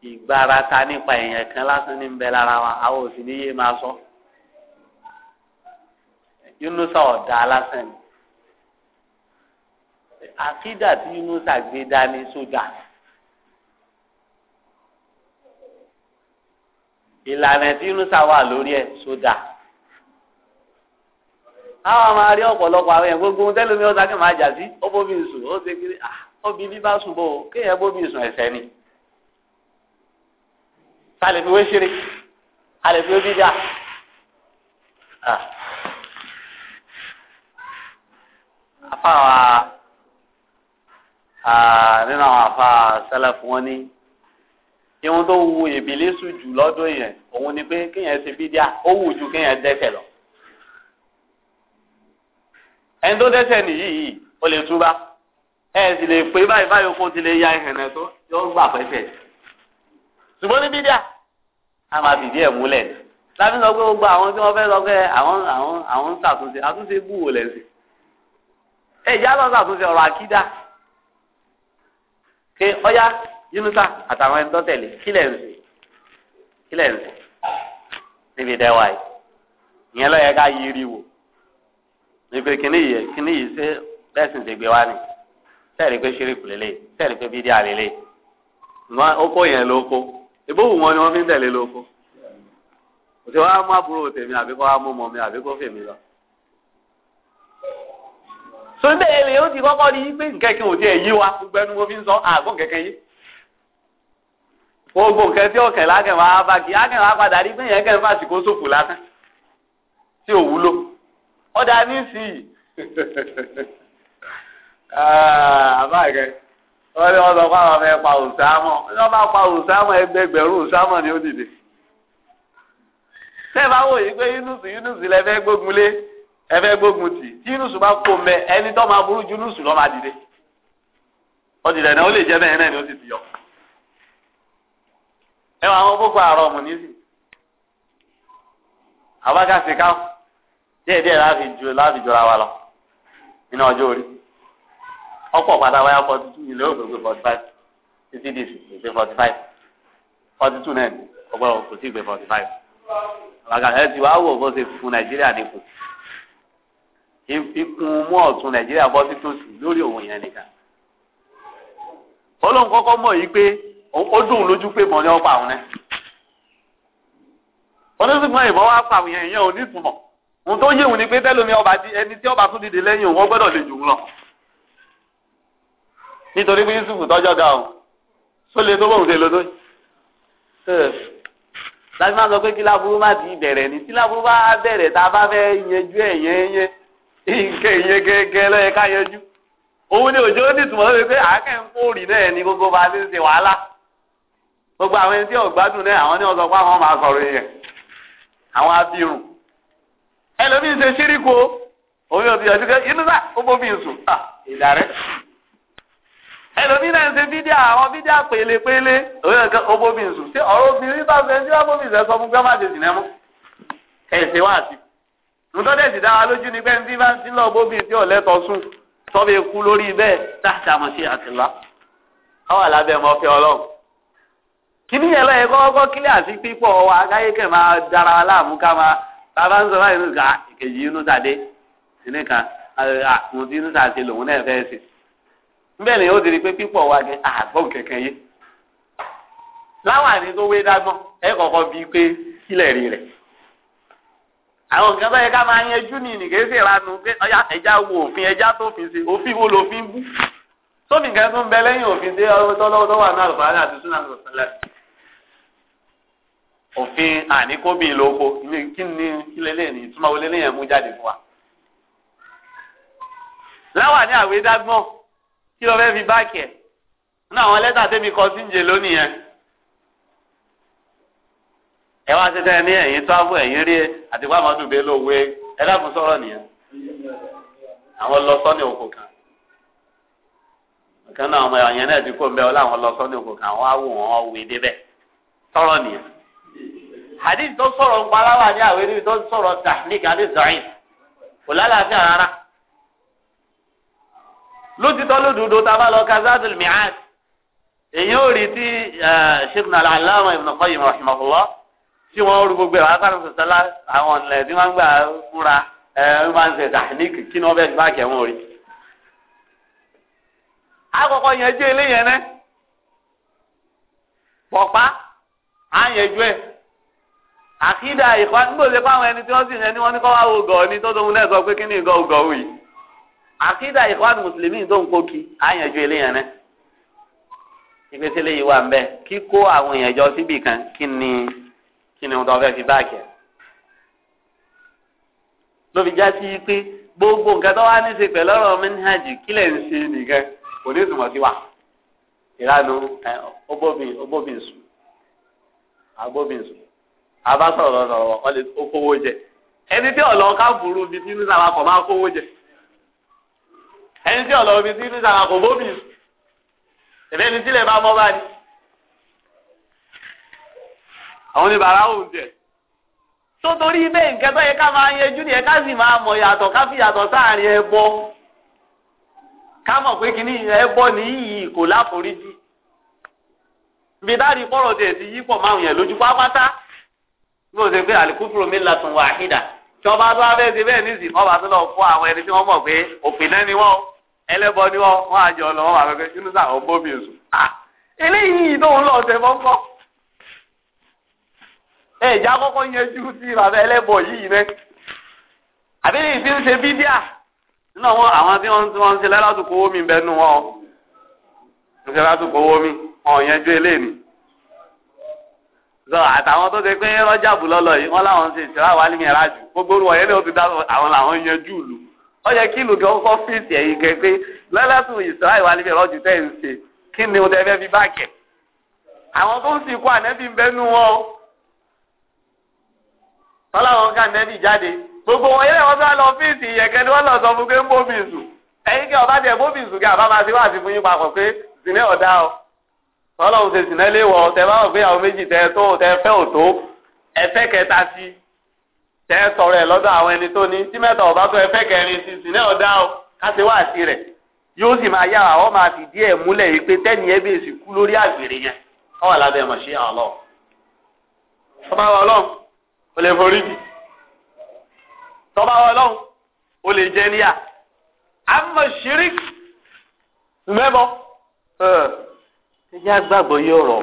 ìgbárata nípa èèyàn kan lásán ní ń bẹ lára wa àwọn òsì níyé máa sọ. Yúnúsà ọ̀dà lásán ni àkídà tí Yunusa gbé dání sódà ìlànà tí Yunusa wà lórí ẹ̀ sódà àwọn máa rí ọ̀pọ̀lọpọ̀ àwọn yẹn gbogbo ohun tẹ́lẹ̀ mi ọ̀sán kí n máa jà sí ó bóbi sùn ó ṣe kiri ah, óbi bí bá sùn bò ó kéèyàn bóbi sùn ẹ̀sẹ̀ ni sálẹ̀ fi wé ṣeré alẹ̀ fi wé bídà afáwa. Ah nínú àwọn afa sẹlẹf wọn ni ihun tó wu ìbílísù jù lọ́dún yẹn òun ni pé kéèyàn ṣe bídíà ó wù ju kéèyàn dẹ́ṣẹ̀ lọ ẹni tó dẹ́ṣẹ̀ nìyí yìí ó lè túbá ẹ sì lè pé báyìí báyìí kó ti lè ya ìhẹ̀nẹ̀ tó yóò gbà pẹ́sẹ̀ ṣùgbọ́n ní bídíà a máa fìdí ẹ̀ múlẹ̀ láti sọ pé gbogbo àwọn tí wọ́n fẹ́ sọ pé àwọn àwọn àwọn ń ṣàtúnṣe àtúnṣe bù wò lẹ́sìn ẹ̀ ìjà lọ ṣàtúnṣe ọ̀rọ̀ àkídá pé ọyá yunusa àtàwọn ẹni tó tẹ̀lé kílẹ̀ ń sè kílẹ̀ ń sè níbi dẹ́wà yìí ìyẹn lọ́yẹ ká yiri wò níbi kíní yìí kíní yìí ṣe bẹ́ẹ̀ sì ń ṣe gbé wá ni sẹ́ẹ̀rì pé ṣíríkù lélẹ̀ sẹ́ẹ̀rì pé bídíà lélẹ̀ wọn ó kó yẹn lóko ìbówù wọn ni wọn fi ń tẹ̀lé lóko òṣèwọ́n á mú àbúrò tèmi àbíkọ́ á mi àbíkọ́ fèmi lọ. so bẹ́ẹ̀ lè o ti kọ́kọ́ rí pé nkẹ́kẹ́ ò tiẹ̀ yé wa gbogbo ẹnu mo fi ń sọ àgbọ̀n kẹ̀kẹ́ yé gbogbo nǹkan tí ọ̀kẹ́ lákẹ́ wàá bá kí ákẹ́ wàá padà rí pé yẹn kẹ́ ń fàṣìkò sòfò lásán tí ò wúlò ọ̀dà nísìnyí ah wọ́n ní wọ́n sọ pé àwọn ọmọ pa òsámọ̀ wọ́n bá pa òsámọ̀ ẹgbẹgbẹ̀rún òsámọ̀ ni ó dìde. bá pé yúnúùsì yúnúùsì fẹ́ gbógun lé ẹfẹ gbógun tì tí inú sùn bá kó mbẹ ẹni tó máa burú ju inú sùn lọ máa dìde ọdìdẹ náà ó lè jẹ bẹ́ẹ̀ náà ni ó sì ti yọ ẹ wọn àwọn boko haram nísì abákàsí ká díẹ̀ díẹ̀ láti ju láti jọra wa lọ nínú ọjọ́ orí ọ̀pọ̀ padà wáyà forty two ilé ògbègbè forty five títí di ìgbè forty five forty two náà ọgbọ́n kò sí ìgbè forty five abákàsí ẹ ti wá wò bó ṣe fún nàìjíríà nìkú ikun mú ọ̀tún nàìjíríà bọ́ sí tòsí lórí òun yẹn nìkan. olóhùn kọ́kọ́ mọ̀ yìí pé ó dùn lójú pé mọ̀ ní ọ̀pá àwọn náà. onísìnkún ìbọn wá pa àwọn èèyàn ò ohun tó yéwu ni pé tẹ́lómi ọba ẹni tí ọba tún dìde lẹ́yìn òun wọ́n gbọ́dọ̀ lè jù ú lọ. nítorí pé yusuf tọ́jọ́ ga o sólè tó bóun ṣe lọ sọ pé kí láburú má ti bẹ̀rẹ̀ ni tí láburú bá bẹ̀rẹ̀ tá a bá fẹ́ yanjú ẹ̀ yẹn yẹn nǹkan ìyẹn gẹ́gẹ́ lọ́yẹ òun ni òjò ní ìtumọ̀ lórí pé àákẹ́ ń kórì náà ni gbogbo bá ti ń ṣe wàhálà gbogbo àwọn ẹni tí ò gbádùn náà àwọn ní ọ̀sán pé àwọn máa sọ̀rọ̀ yẹn àwọn ẹlòmíín ṣe òun yóò inú náà ó bó sùn ẹlòmíín náà ń ṣe fídíà àwọn fídíà pélépélé òun yóò ó bó sùn ṣé ọ̀rọ̀ obìnrin bá fẹ́ bó sọ fún ṣe nùtọ́dẹ̀ sì dára lójú ni pé ndí bá ń sin lọ tí ò sùn kú lórí bẹ́ẹ̀ sí àtìlá ọlọ́run. yẹn wa káyé kẹ̀ máa dára wa láàmú ká máa bàbá ń sọ báyìí nù ká ìkejì inú tàdé sínú kan àwọn tí inú tà ṣe lòun náà ni ó ti di pé pípọ̀ wa kẹ́ àgbọ̀n kẹ̀kẹ́ yé. láwọn àní tó wé dágbọ́n ẹ kọ̀ọ̀kan bíi pé kílẹ̀ àwọn nǹkan tó yẹ ká máa yanjú ní nìkéésì ìranu pé ọyá ẹja wo òfin ẹja tó fi ṣe òfin wo lòfin bú sómi nǹkan tó ń bẹ lẹ́yìn òfin dé ọdún tó lọ́wọ́ tó wà náà lọ́wọ́ àti súnà tó ṣẹlẹ̀ òfin àníkóbi ìlóko kí ni kílélẹ́ ní ìtumọ̀ wọlé lẹ́yìn ẹ̀mú jáde fún wa. láwà ní àwé dágbọ́n kí ló fẹ́ fi báàkì ẹ̀ nínú àwọn lẹ́tà tẹ́mi kọ sí ń jẹ lónìí yẹn ẹ wá ṣe tẹ́lẹ̀ ní ẹ̀yìn tó àbú ẹ̀yìn rí àti wá máa dùbẹ́ lówó ẹ dákun sọ̀rọ̀ nìyẹn àwọn lọ sọ́ni òkò kan kan náà ọmọ ẹ̀yìn náà ti kó ń bẹ ọ láwọn lọ sọ́ni òkò kan àwọn awò wọn wé débẹ̀ sọ̀rọ̀ nìyẹn hadith tó sọ̀rọ̀ ń pará wà ní àwọn eléyìí tó sọ̀rọ̀ tahnik hadith zayin kò lálàáfíà rárá lótìtọ́ lódodo tá a bá lọ ka zadul mi'ad èyí ò rí tí eh, sheikh nalala ibn Qayyim rahimahullah tí wọ́n rú gbogbo ẹ̀ wọ́n sáré sọ̀tẹ́lá àwọn ọ̀nà tí wọ́n gbà fúnra ẹ̀ ń máa ń ṣe tàníkì kí ni wọ́n fẹ́ ti báàkì ẹ̀wọ̀n rí. àkọ́kọ́ yẹn jẹ́ eléyẹn náà pọ̀pá àyẹ̀jú ẹ̀ àkídà ìkọ́ nígbòdì fáwọn ẹni tí wọ́n sì yẹn ni wọ́n ní kọ́ wá ogọ̀ ni tó tóun náà sọ pé kí ni ìgọ̀ ogọ̀ wù yìí àkídà ìkọ́ àti mùsùlùmí tó ń kó kí àyẹ̀jú eléyẹn náà ìgbésẹ̀ lè yí wà ń bẹ́ẹ̀ kíkó àwọn èèyàn jọ síbì kan kí ni kí ni wọn tó fẹ́ fi báàkì ẹ̀. ló fi já sí pé gbogbo nǹkan tó wá ní ṣe pẹ̀lú ọ̀rọ̀ mẹ́nìhàjì kí lẹ̀ ń ṣe nìkan kò ní ìtumọ̀ sí wa. ìlànà ọgbọ́bìn sùn agbóbìn sùn àbá sọ̀rọ̀ sọ̀rọ̀ wọ́n lè kówó jẹ ẹni tí ọ̀lọ́ ká burú bíi tí nísàlá kò máa kówó jẹ ẹni tí ọ̀lọ́ bíi tí nísàlá kò bóbìn sùn ẹ̀fẹ́ ni tílẹ̀ bá mọ́ báyìí. àwọn oníbàárà ò ń tó torí bẹ́ẹ̀ nǹkan tó yẹ ká máa yẹjú ni ẹ ká sì máa mọ̀ yàtọ̀ ká fi yàtọ̀ sáàrin ká mọ̀ pé kíní ní nìyí kò láforíjì ibi dáàdi pọ̀rọ̀ tẹ̀ ti yípọ̀ márùn yẹn lójú pápátá bí o ṣe pé mi tún wà àhídà tí wọ́n bá tó abẹ́ bẹ́ẹ̀ ní ìsìn wọ́n tó lọ fún àwọn ẹni tí wọ́n ẹ ìjà kọ́kọ́ yanjú sí bàbá ẹlẹ́bọ̀ yìí náà àbí ní ìfi ń ṣe bídíà nínú àwọn àwọn tí wọ́n tí wọ́n ń ṣe lálátùkọ owó mi ń bẹnu wọn o ń ṣe lálátùkọ owó mi wọn ò yanjú eléyìí sọ àtàwọn tó ṣe pé rọ́jà bù lọ́lọ́ yìí wọ́n láwọn ṣe ìṣẹ́lá wà níyẹn rájù gbogbo wọn yẹn ní o ti dá àwọn làwọn yanjú ìlú wọ́n yẹ kí ìlú kan kọ́ fíìsì ẹ̀yìn kẹ pé lọ́lọ́sùn ìṣẹ́lá ìwà níbi rọ́jù tẹ̀ ń ṣe kí ni o tẹ́ fẹ́ fi báàkì àwọn tó ń sìnkú tọ́láwọn ká nẹ́bì jáde gbogbo wọn yẹ́lẹ̀ wọ́n sá lọ ọ́fíìsì ìyẹ̀kẹ́ ni wọ́n lọ sọ fún pé ń bómi sùn ẹ̀yin kí ọba tẹ̀ bómi sùn kí àbá máa ti wá sí fún yín papọ̀ pé sìnẹ́ ọ̀dá o tọ́lọ́hún ṣe sìnẹ́ léwọ̀ tẹ bá wọ̀ pé àwọn méjì tẹ tó tẹ fẹ́ òtó ẹfẹ́ kẹta sí tẹ sọ̀rọ̀ ẹ̀ lọ́dọ̀ àwọn ẹni tó ní tí mẹ́ta ọba tó ẹfẹ́ kẹrin sí sìnẹ́ ọ̀dá o ká ṣe wá sí rẹ̀ yóò sì máa yá àwọn máa fìdí ẹ̀ múlẹ̀ yìí pé tẹ́ni ẹ bèèsì kú lórí àgbèrè yẹn ọ wà lábẹ́ mọ̀ sí àlọ́ ọba wa ọlọ́run o lè forí jì tọ́ba ọlọ́run o lè jẹ níyà àmọ́ ṣírík mẹ́bọ ẹ jẹ́ àgbàgbọ́ yóò rọ̀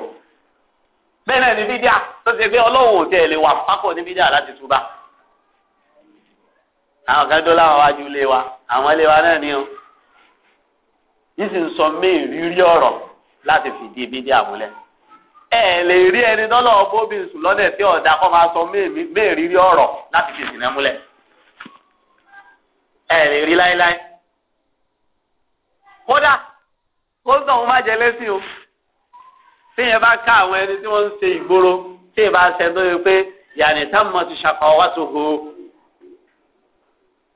bẹ́ẹ̀ náà ní bídíà tó ṣe pé ọlọ́run ò tẹ̀ lè wà pákó ní bídíà láti túbà àwọn kan tó láwọn wájú ilé wa àwọn ilé wa náà ni o yìí sì ń sọ mí ìrírí ọ̀rọ̀ láti fìdí bídíà múlẹ̀. ẹ lè rí ẹni lọ́nà bóbi sùn lọ́nà tí ọ̀dà kọ́ máa sọ méèrírí ọ̀rọ̀ láti fi sìnà múlẹ̀ ẹ lè rí láéláé kódà ó ń tọ̀hún má jẹ lẹ́sìn o téèyàn bá ká àwọn ẹni tí wọ́n ń ṣe ìgboro téèyàn bá ti ṣàkọ́ wá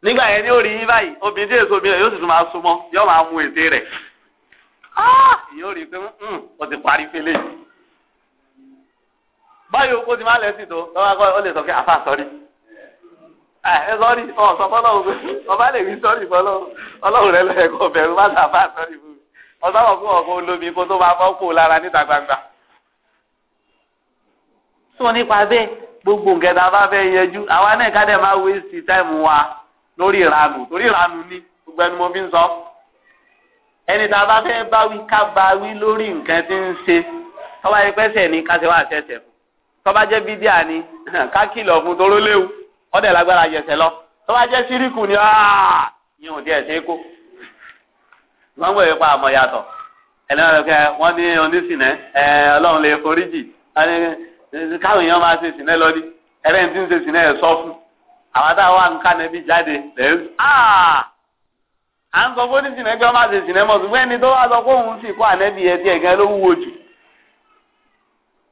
nígbà yẹn ní ó rí yín báyìí obìnrin tí èso yóò sì tún máa súnmọ́ yóò máa mú ète rẹ̀ ah! rí i pé mm, mm, ó ti parí fẹ́lẹ́ báyìí oko ti máa lẹ̀ sí lọ́wọ́ ọ lè sọ pé àfa ọ sọ ọba lè rí sọ́rí fọlọ́wọ́ ọlọ́run rẹ kó bẹ̀rù má sàfà sọ́rí fún mi ọ̀sáwọ̀ fún ọ̀kọ́ olómi tó máa gbangba. sọ nípa bẹ́ẹ̀ gbogbo bá àwa náà ká dẹ̀ máa wa lórí ìranù torí ìranù ni gbogbo mo fi ń sọ ẹni bá fẹ́ báwí ká báwí lórí nǹkan tọ́ba jẹ́ bídíà ni kákìlọ̀ fún toró léwu ọ̀dẹ̀ lágbára yẹsẹ̀ lọ tọ́ba jẹ́ síríkù ni yín ò díẹ̀ ṣe é kó wọ́n ń wòye pa àmọ́ yàtọ̀ ẹ̀lẹ́wọ̀n wọ́n ní onísìnẹ́ ọlọ́run lè forí jì káwọn èèyàn máa ṣe sìnẹ́ lọ ní ẹ̀rẹ́ ní ti ń ṣe sìnẹ́ ẹ̀ sọ fún àwọn táwa ń ká nẹbí jáde lẹ́yìn à ń sọ fún onísìnẹ́ pé wọ́n máa ṣe sìnẹ́ mọ̀ ṣùgbọ́n ẹni tó wá sọ fóun sì kó ànẹ́bí ẹ̀ tiẹ̀ gan ló wúwo jù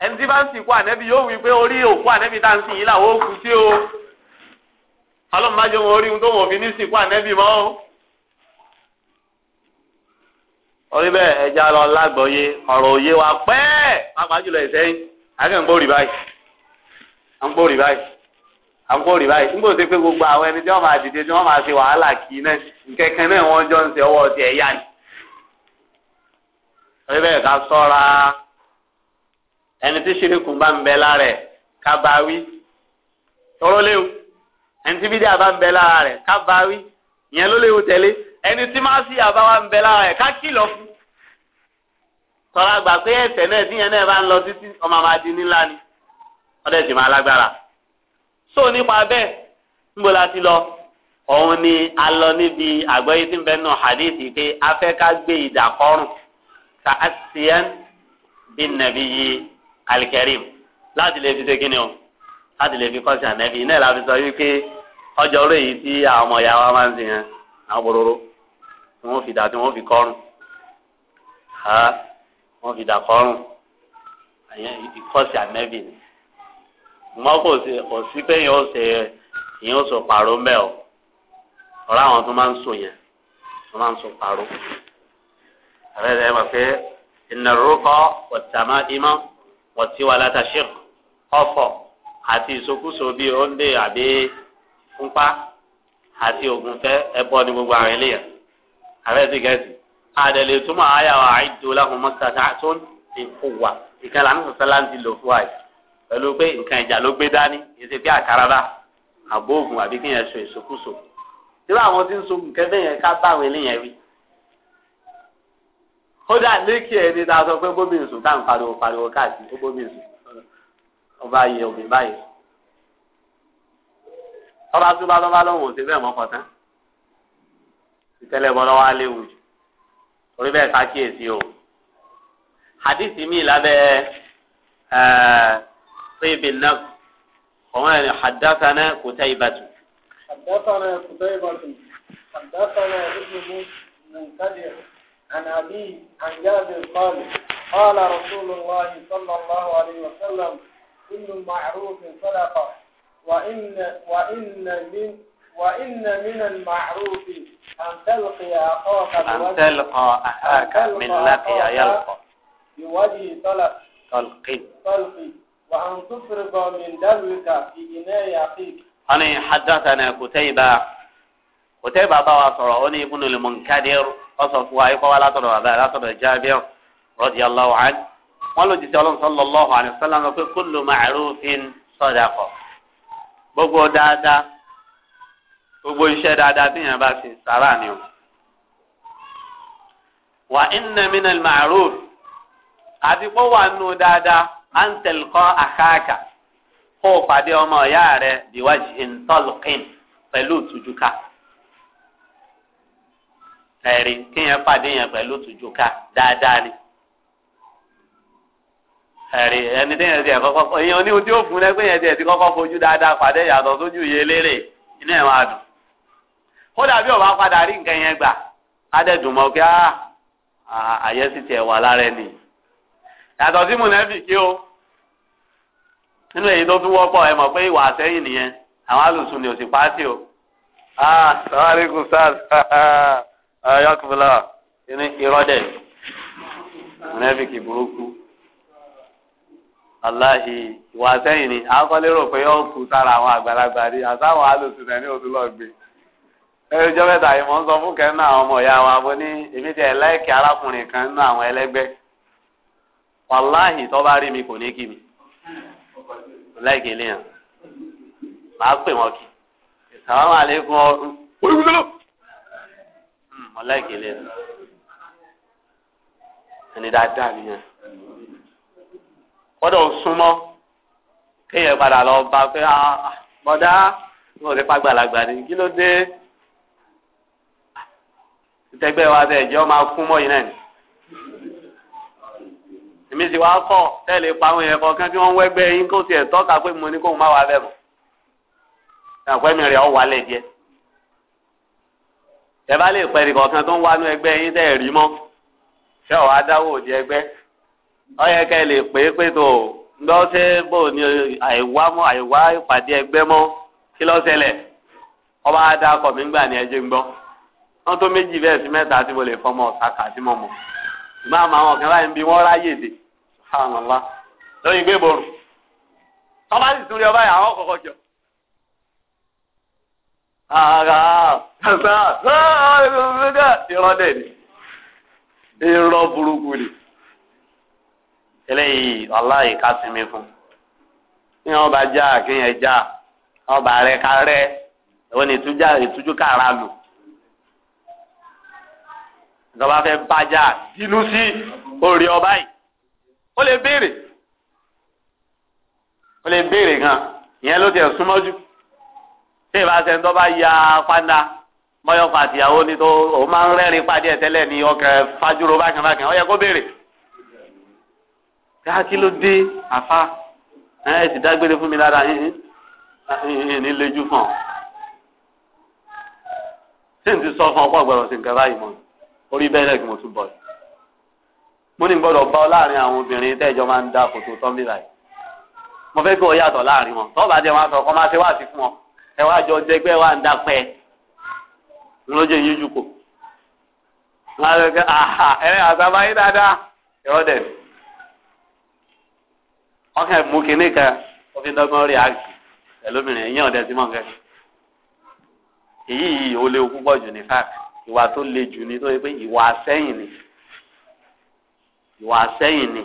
ẹni tí bá ń sìnkú ànẹ́bí yóò wí pé orí òkú ànẹ́bí tá à ń sìn yìí làwọn òkú sí o ọlọ́run má jẹ́ wọn orí ohun tó wọn fi ní sìnkú ànẹ́bí mọ́ o. orí bẹ́ẹ̀ ẹja lọ lágbọ̀ọ́yé ọ̀rọ̀ òye wa pẹ́ẹ́ pàápàá jùlọ ìsẹ́yìn akẹ́kọ̀ọ́ rí báyìí à ń gbòòrì báyìí à ń gbòòrì báyìí nígbà tó pé gbogbo àwọn ẹni tí wọ́n máa dìde tí wọ́n máa ṣe wàhálà kì í nkẹ́kẹ́ náà wọ́n jọ ń ṣe ọwọ́ ti ẹ̀yà ni. orí bẹ́ẹ̀ ká sọ́ra ẹni tí ṣìrìkùn bá ń bẹ lára ẹ̀ kábàáwí tọrọ léwu ẹni tí bídíà bá ń bẹ lára rẹ̀ kábàáwí ìyẹn ló léwu tẹ̀lé ẹni tí máa sí àbá wa ń bẹ lára ẹ̀ ká fún tọ́ra gbà pé ẹ̀sẹ̀ náà tíyẹn náà bá ń lọ títí ọmọ máa di nílá ni wọ́n sì máa lágbára so nípa bẹ́ẹ̀ níbo la ti lọ òun ni a lọ níbi àgbọ́yé tí ń bẹ nù hadithi pé afẹ́ ká gbé ìdàkọ́rùn ká asiyan bí nàbí yìí alikarim láti lè fi ṣe kíni o láti lè fi kọ́sì ànẹ́bí iná ìlà fi sọ wípé ọjọ́ orí yìí tí àwọn ọmọ ìyá wa máa ń sìn yẹn àwọn bororo tí wọ́n fi dà tí wọ́n fi kọ́rùn ha wọ́n fi dà kọ́rùn ìkọ́sì ànẹ́bí ni mọ́ kò sí kò sí pé yẹn ó ṣe yẹn ó sọ pàrọ̀ mbẹ́ o ọ̀rọ̀ àwọn tó máa ń sọ yẹn tó máa ń sọ pàrọ̀ rẹ̀ rẹ̀ mọ̀ pé ìnàrúkọ ọ̀tàmá ìmọ̀ wọ̀tí wà látàṣírk ọ̀fọ̀ àti ìsokúso bíi oúnjẹ àbí fúnpá àti ògùnfẹ́ ẹbọ ní gbogbo àwọn eléyà àbẹ́ ti gẹ̀ẹ́sì. àdèlè túmọ̀ àyàwó àìjò láhùn mọ́tàtà tó ti kú wa ìkan làánú sọ̀tàn láti lò fún àyè pẹ̀lú pé nǹkan ìjà ló gbé dání kì í ṣe pé àkàràbà àbóògùn àbí kí yẹn so ìsokúso. nígbà àwọn tí ń so nǹkan bẹ́ẹ̀ yẹn ká bá àwọn eléyàn rí kódà lékì ẹni tá a sọ pé bómi sùn tá à ń pariwo pariwo káàkiri ó bómi sùn ọba yẹ òbí báyìí ọba tó bá lọ́ba lọ́wọ́ òsè bẹ́ẹ̀ mọ́kàn tán ìtẹ́lẹ̀bọ lọ́wọ́ á léwu jù orí bẹ́ẹ̀ ṣàkíyèsí o hadithi mi lábẹ́ ṣébi náà ọ̀hún ẹni hadathana Kutaybatu. hadathana Kutaybatu hadathana ibnu munkadi. عن أبي عن جابر قال قال رسول الله صلى الله عليه وسلم كل معروف صدقة وإن وإن من وإن من المعروف أن تلقي أخاك أن تلقى أخاك من لقي يلقى بوجه طلق تلقي تلقي وأن تفرغ من دمك في إناء أخيك أنا حدثنا كتيبة كتيبة طوى صرعوني بن المنكدر wọ́n sọ fún wa ayíkọ́ wa látọ̀dọ̀ bàbá látọ̀dọ̀ Jabir radiyallahu anhu wọ́n lòdì sí ọlọ́run sallallahu alaihi wasallam pé kullu ma'rufin sadaqa gbogbo dáadáa gbogbo iṣẹ́ dáadáa tíyẹn bá ṣe sàrà ni o. wà inna minal ma'ruf àti pé wà nù dáadáa à ń tẹ̀lẹ́kọ́ àkáàkà kó o pàdé ọmọ ìyá rẹ bíwájú ìntọ́lùkìn pẹ̀lú ìtújúká. ẹ̀rí kéèyàn pàdé yẹn pẹ̀lú tùjú dáadáa ni. ẹ̀rí ẹni téèyàn ti ẹ̀ kọ́kọ́ èèyàn oníhun tí ó fún lẹ́gbẹ̀ẹ́ yẹn ti ti kọ́kọ́ dáadáa pàdé yàtọ̀ sójú yẹn lérè inú ẹ̀ máa dùn. ọba padà rí nǹkan yẹn gbà ádẹ́dùn mọ́ kí ah, ah, sì tiẹ̀ wà lára ẹni. yàtọ̀ sí mùnẹ́bì o nínú èyí tó wọ́pọ̀ ẹ mọ̀ pé ìwà àwọn alùsùn ni ò sì sí o. ah ayọ́kùnfúnlá inú irọ́dẹ̀ mùnẹ́fìkì burúkú aláhi ìwà sẹ́yìn ni lérò pé yóò kú sára àwọn àgbàlagbà rí àtàwọn alòsùn náà ní oṣù lọ́gbé ẹjọ́ mẹ́ta yìí mọ̀ ń sọ fún àwọn ọmọ ìyá wa bó ní èmi tẹ̀ arákùnrin kan nínú àwọn tó bá rí mi kò ní kí mi pè kí ọláìkèlè nù ẹni dáadáa nìyẹn gbọ́dọ̀ súnmọ́ kéèyàn padà lọ bá pé ah, ah, bọdá wọn rí pàgbàlagbà ni kí ló dé tẹgbẹ wa bẹ ẹjọ máa kún mọ́ yìí náà ni èmi sì wá kọ tẹ́lẹ̀ pa àwọn èèyàn kọ̀ọ̀kan tí wọ́n ń wẹ́gbẹ́ yín kó tiẹ̀ tọ́ka pé mo ní kóun má wà bẹ́ẹ̀ mọ́ àpẹẹmì rẹ̀ ọ̀ wálẹ̀ díẹ̀ tẹ́bá lè pẹ́ ẹnì kọ̀ọ̀kan tó ń wá nú ẹgbẹ́ yín tẹ́ rí mọ́ ṣé ọ̀ adáwò òdi ẹgbẹ́ ọ yẹ kẹ́ lè pé pé tó ńdọ́ ṣe bò ní àìwá mọ́ àìwá ìpàdé ẹgbẹ́ mọ́ kí ló ṣẹlẹ̀ ọba adakọ̀ mi gbà ní ẹjẹ́ gbọ́ wọ́n tó méjì bẹ́ẹ̀ sí mẹ́ta tí mo lè fọmọ ọ̀sàkà tí mo mọ̀ ṣùgbọ́n àmọ́ àwọn kan láì ń wọ́n ráyè dé ṣùgbọ́n àmọ́ lóyún gbé borùn tọ́ba sì tún ọba yà ara ẹ̀sà ẹ̀rọ̀dẹ̀ ìrọ̀dẹ̀ ni irọ́ burúkú ni eléyìí ọláyìí ká sinmi fún ní wọn bá já kéèyàn já wọn bá rẹ ká rẹ ìwọ ni ìtújà ìtújú kára lò ìjọba fẹ́ bájà dínú sí orí ọba yìí ó lè béèrè ó lè béèrè gan ìyẹn ló tiẹ̀ súnmọ́ jù tí ìbá ṣe ń tọ́ bá ya fanda mọ́yọ́ fàtìyàwó ni tó o máa ń rẹ́rìn pàdé ẹ̀ tẹ́lẹ̀ ní ọkẹ́ fajúro bákan bákan ó yẹ kó béèrè. ká kí ló dé àfa ẹ sì dágbére fún mi lára yín ní lejú fún ọ. tí n ti sọ fún ọ pọ̀ gbọ́dọ̀ sí nǹkan báyìí mọ́ orí bẹ́ẹ̀rẹ̀ kí mo tún bọ̀ mo ní gbọ́dọ̀ bá ọ láàrin àwọn obìnrin tẹ́jọ́ máa ń dá kòtò tọ́ńbìlà yìí mo fẹ́ kí o yàtọ̀ láàrin wọn tọ́ọ̀bà ẹ wá jọ dẹgbẹ́ wa ń dapẹ́ lójú yín jùkọ̀ wọn lọ kẹ aha ẹ àtàbá yín dáadáa ẹ ọ dẹ ọkàn mú kinní kan òfin dọ́gbọ́n rí àgbì ẹlòmíràn ẹ̀yìn ọ̀dẹ tí mò kẹ́ èyí yìí ó léwu púpọ̀ jù ní fáàkì ìwà tó le jù ní tó yẹ pé ìwà ni ìwà àsẹ́yìn ni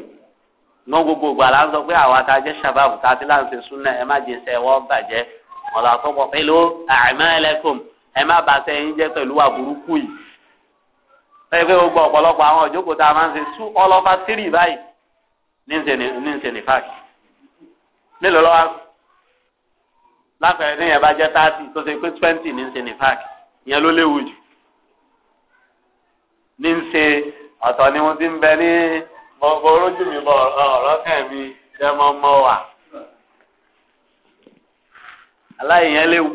náà gbogbo ìgbà ń sọ pé àwa tá jẹ́ sábàbù tá a ti súnà ẹ má bàjẹ́ ọ̀là àkọ́kọ́ pẹ̀lú àmàlẹ́kùn ẹ má bàtẹ́ yín jẹ́ pẹ̀lú àbúrúkú yìí pẹ̀lú gbogbo ọ̀pọ̀lọpọ̀ àwọn ìjókòó tá a máa ń ṣe tú ọlọ́fà tírì báyìí ní ṣe ní fáàkì mélòó lọ́wọ́ lápẹ̀rẹ̀ níyẹn bá jẹ́ táàtì tó ṣe pé twenty ní ṣe ní fáàkì ìyẹn ló léwu jù ní ṣe ọ̀tọ̀ ni mo ti ń bẹ ní gbogbo orójú mi bọ̀ ọ̀rọ̀ kẹ́ mi jẹ́ mọ́ mọ́ wà aláìyẹn léwu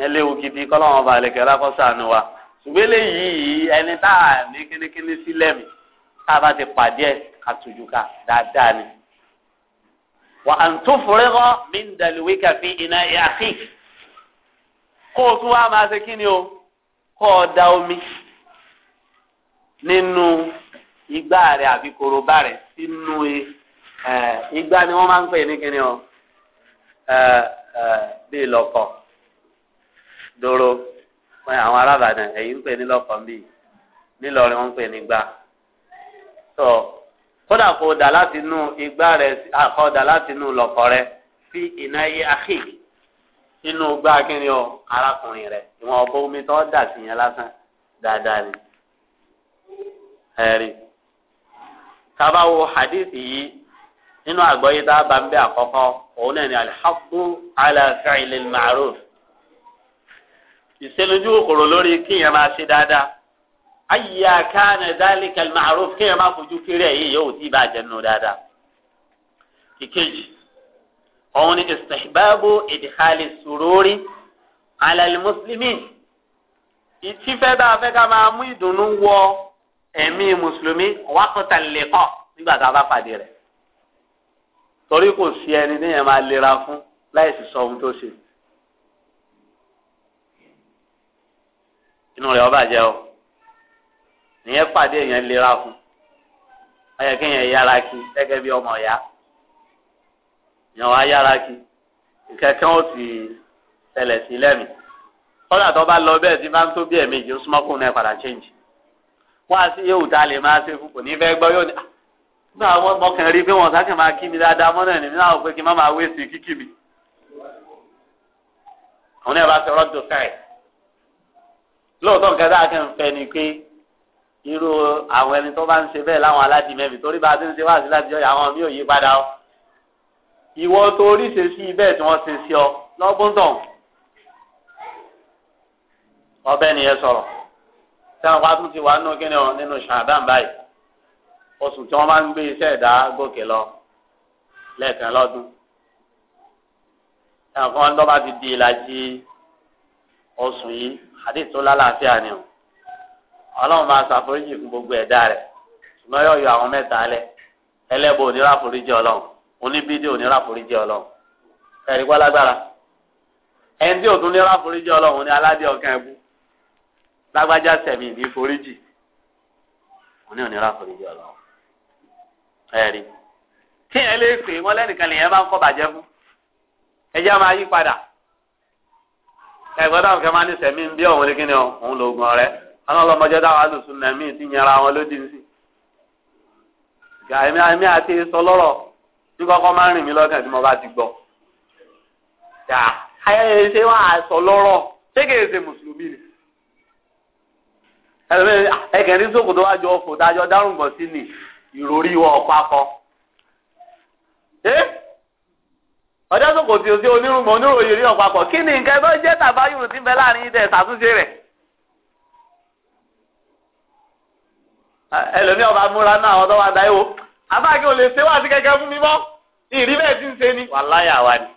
yẹn léwu gidi kọ́lọ́wọ́n ọba àlekẹ́ lákọ́sàánú wa ṣùgbọ́n eléyìí ẹni tá a ní kínníkínní sílẹ̀ mi tá a bá ti pàdé ẹ̀ ká tuju ká dáadáa ni. wà á tó fúrẹ́rọ́ mi ń dàlúwé kàfí iná yàtì kó o tún wá máa ṣe kí ni o kó o da omi nínú igbá rẹ àbí korobá rẹ sínú igbá ni wọ́n máa ń pè ní kí ni o bíi lọkọ dòrò àwọn arábàdàn ẹ̀yìn ń pè ní lọkọ bíi nílọrin wọn ń pè ní gbà tó kódà kó dà láti inú igbá rẹ àkọ́ dà láti inú lọkọ rẹ sí iná yé àkì inú gbá kínní o arákùnrin rẹ ìwọ̀n ọ̀bọ omi tó dà sí yẹn lásán dáadáa ni ẹ̀rí tábà hadith yìí nínú àgbọ́yé tá ń bẹ àkọ́kọ́ òun náà ni alḥaqu ala fi'lil ma'ruf ìṣèlójú kòkòrò lórí kíyàn máa ṣe dáadáa ayíyá kánà dhalika al-ma'ruf kíyàn máa fojú kéré ẹ̀yìn yóò tí ì bá jẹ́ nù dáadáa. ìkejì òun ni istihbabu idkhali sururi ala al-muslimin ìtìfẹ́ bá a fẹ́ ká máa mú ìdùnnú wọ ẹ̀mí mùsùlùmí waqta al nígbà tá a bá pàdé rẹ̀ torí kò sí ẹni ní yẹn máa lera fún láì sì sọ ohun tó ṣe. inú rẹ̀ ọba jẹ́ o nìyẹn pàdé èèyàn lera fún ayẹ kéèyàn yára kí gẹ́gẹ́ bí ọmọ ọ̀yá èèyàn wá yára kí kẹ̀kẹ́ ó ti tẹ̀lẹ̀ sí lẹ́mìí kọ́dà tó bá lọ bẹ́ẹ̀ tí bá ń tó bí ẹ̀mejì ó súnmọ́ náà padà change wọ́n á sí yóò dá máa ṣe fún kò ní fẹ́ gbọ́ yóò ní ah, nígbà àwọn mọkàn rí pé wọn sáà kàn máa kí mi dáadáa mọ́nà ní mi náà pé kí n má máa wéṣì kíkì mi. àwọn náà bá fẹ́ rọ́dùn fẹ́ẹ̀. lóòótọ́ nǹkan tá a kàn fẹ́ ni pé irú àwọn ẹni tó bá ń ṣe bẹ́ẹ̀ láwọn aládìmẹ́bì torí bá a ti ń ṣe wá sí láti ọ̀yà àwọn mi ò yí padà o. ìwọ tó rí ṣe sí bẹ́ẹ̀ tí wọ́n ṣe sí ọ lọ́gbọ́ntàn. ọbẹ̀ nìyẹn sọ̀rọ̀ sẹ́wọ̀n pa tún ti wà nínú kíni ọ̀ oṣù tí wọn máa ń gbé gòkè lọ lẹ́ẹ̀kan lọ́dún ẹnìkan lọ́ba ti di ìlàjì oṣù yìí àti ìtòlá ni o máa ṣàforíjì fún gbogbo ẹ̀dá rẹ̀ ṣùgbọ́n yóò yọ àwọn mẹ́ta lẹ̀ oníbídé ẹni tí òtún ní aládé lágbájá ẹ̀rí tí ẹ lè pè wọn lẹ́nìkan lèyẹn máa ń kọ́ bàjẹ́ fún ẹjẹ́ máa yí padà ẹ̀gbọ́n táwọn kẹ́ máa ní sẹ̀mí bí ọ̀hún ní kíni ọ̀hún lóògùn rẹ̀ àwọn ọlọ́mọdé táwọn alùsùn náà ti yẹra wọn lódì sí gàmí àmì àti sọ lọ́rọ̀ tí kọ́kọ́ máa ń rìn mí lọ́kàn tí mo bá ti gbọ́ ayẹyẹ ṣé wàá sọ lọ́rọ̀ ṣé ṣe mùsùlùmí ni ẹ̀kẹ́ ní wájú dájọ́ dárùngbọ̀n ìròrí wọn papọ̀. ọjọ́ tó kò sí sí onírúgbọ̀n oníròyìn rí ọ̀pápọ̀ kí ni nǹkan tó jẹ́ tàbáyùrù tí ń láàrin ṣàtúnṣe rẹ̀. ọba múra náà àwọn tó wà dáìwò abáàkì ò lè ṣe wá sí kẹ̀kẹ́ fún ìrí bẹ́ẹ̀ ti ń ṣe ni wàláyà wa ni.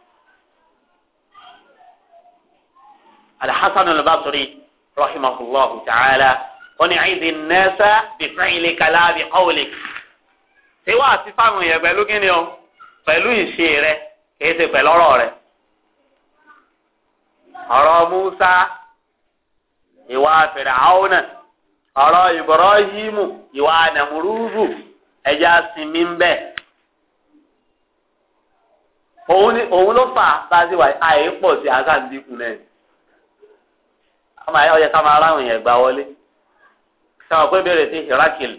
alhassan al-basri rahimahullahu ta'ala wọn ni ciidi ṣé wàá fáwọn èèyàn pẹ̀lú kí ni o pẹ̀lú ìṣe rẹ kìí ṣe pẹ̀lú ọ̀rọ̀ rẹ. ọ̀rọ̀ Musa ìwà Fìràhónà ọ̀rọ̀ Ibrahimu ìwà Nàmúrúdù ẹja sinmi ń bẹ̀. òun ló fà bá a ṣe wà àyè pọ̀ sí àṣàǹdínkù náà ọmọ ayé ká máa ráhùn yẹn gbà wọlé sọ pé bèrè sí hirakil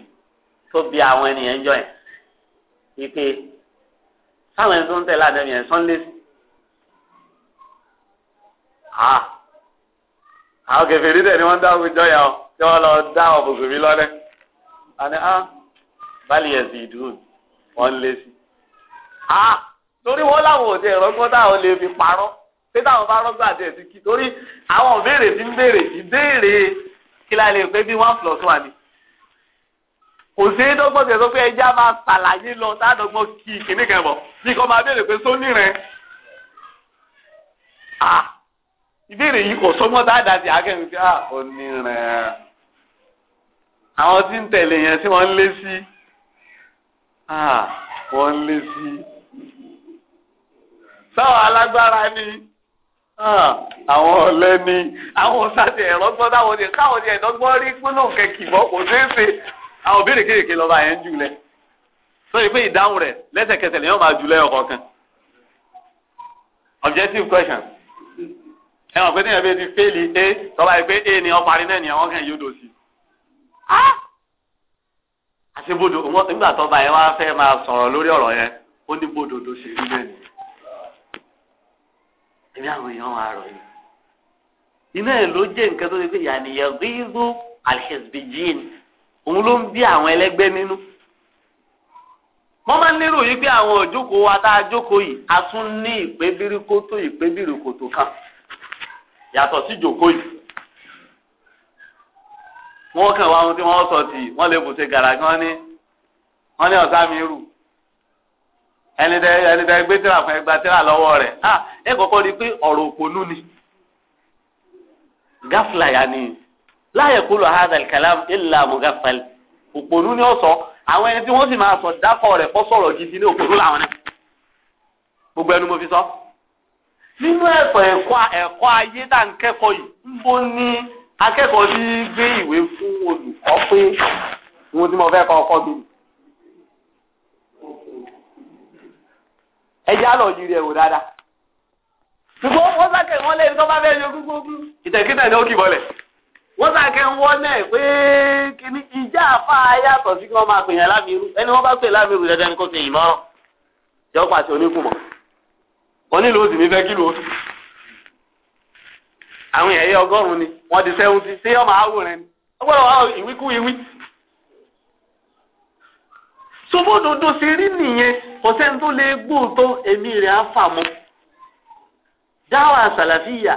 tó bi àwọn ènìyàn jọ yẹn ìpè sáwọn ẹni tó ń tẹ̀lé àdẹ́mi ẹ̀ sọ́nlé sí. àwọn kẹfìrí dẹ̀ ni wọ́n dá àwùjọ yà ọ́ tí wọ́n lọ dá ọ̀bùnkùn mi lọ́lẹ̀. àní á ah, báàlì ẹ̀sìn ìdúró wọ́n lé sí. torí wọ́n láwọn òde ìrọ́gbọ́n táwọn lè fi parọ́ pé táwọn bá rọ́gbà dẹ̀ sí kí torí àwọn béèrè ti ń béèrè ìbéèrè kí láì lè pé bí one plus one ni kò sí dọ́gbọ́n tẹ̀ pé ẹja máa ṣàlàyé lọ sádọ́gbọ́n kí kìnní kan bọ̀ bí kò máa béèrè pé sóní rẹ̀ ìbéèrè yìí kò sọ́mọ́ tá sí akẹ́kọ̀ọ́ sí òní rẹ̀ àwọn tí ń tẹ̀lé yẹn tí wọ́n ń lé sí wọ́n ń lé sí sáwọn alágbára ni àwọn ọ̀lẹ́ ni àwọn sáté ẹ̀rọ gbọ́dọ̀ àwọn ọ̀dẹ̀ káwọn ọ̀dẹ̀ ẹ̀dọ́gbọ́n rí gbóná kẹ̀kì mọ́ kò ṣeé ṣe àwọn òbí kéékèèké lọ́ba yẹn ń jùlẹ̀ sọ́yìn pé ìdáhùn rẹ̀ lẹ́sẹ̀kẹsẹ̀ lèyàn máa jùlẹ̀ ọ̀kọ̀ọ̀kan objective question ẹ mọ̀ pé téèyàn bẹ ti fẹ́ẹ̀lì a tọ́ba yìí pé a ni ọ parí náà ni àwọn kan yóò dò sí. àṣebodò nígbà tọ́ba yẹn wá fẹ́ máa sọ̀rọ̀ lórí ọ̀rọ̀ yẹn ó ní bodò tó ṣe rí bẹ́ẹ̀ nìyẹn. ẹ̀mí àwọn èèyàn máa rọ̀ yìí. iná ẹ̀ ló jẹ́ nǹkan tó ṣe pé yàníyàn gbígbó alhẹ́sbíjìn òun ló ń bí àwọn ẹlẹgbẹ́ nínú wọ́n máa ń nírò yìí pé àwọn òjókòó wa tá a jókòó yìí a tún ní kan yàtọ̀ sí ìjókòó yìí wọ́n kàn wá ohun tí wọ́n sọ tì wọ́n lè bùṣe gàrà kí wọ́n ní ní ọ̀sá mi rù ẹni tẹ ẹni tẹ gbé tíra fún ẹgbà tíra ah, ni gáfìlà ni. láyé kúlò hadal kalam illa mugafal òpònú ni ó sọ àwọn ẹni tí wọ́n sì máa sọ dákọ̀ rẹ̀ fọ́ sọ̀rọ̀ gidi ní òpònú làwọn náà gbogbo ẹnu mo fi sọ. nínú ẹ̀kọ́ ẹ̀kọ́ ẹ̀kọ́ ayé ń kẹ́kọ̀ọ́ yìí ń bó ní fún olùkọ́ pé fẹ́ kọ́ ọkọ́ ẹ yìí rẹ̀ wò dáadáa. ṣùgbọ́n wọ́n wọ́n sàkẹ́ ń wọ́n náà pé kíní ìjà àfa yàtọ̀ sí kí wọ́n máa pèèyàn lámìírú ẹni wọ́n bá pè lámìírú dandan ni kò sì yìn mọ́rọ̀ jọ́ pàṣẹ oníkùmọ̀ onílù òsì mi fẹ́ kílù òsì àwọn ẹ̀yẹ ọgọ́rùn-ún ni wọ́n ti sẹ́wọ́n sí sí ọmọ àwòrán ni ọgbọ́dọ̀ wà ìwíkú ìwí. sobódodo ṣe rí nìyẹn kò sẹ́ni tó lè gbóòótọ́ èmi rẹ̀ á fà mọ́ dáwà sàlàfíà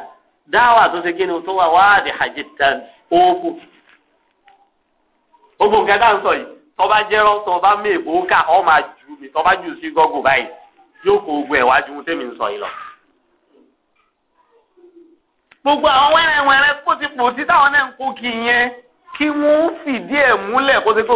dáwà tó ṣe kí ni tó wà wáàdì hajjitan òkú gbogbo nǹkan tọba jẹrọ tọba ká ọ máa jù mí tọba jù sí gọgùn báyìí yóò kó ogun lọ. gbogbo àwọn wẹ́rẹ́wẹ́rẹ́ kó ti pò tí táwọn náà ń kó kí yẹn kí wọ́n fìdí ẹ̀ múlẹ̀ kó ti kó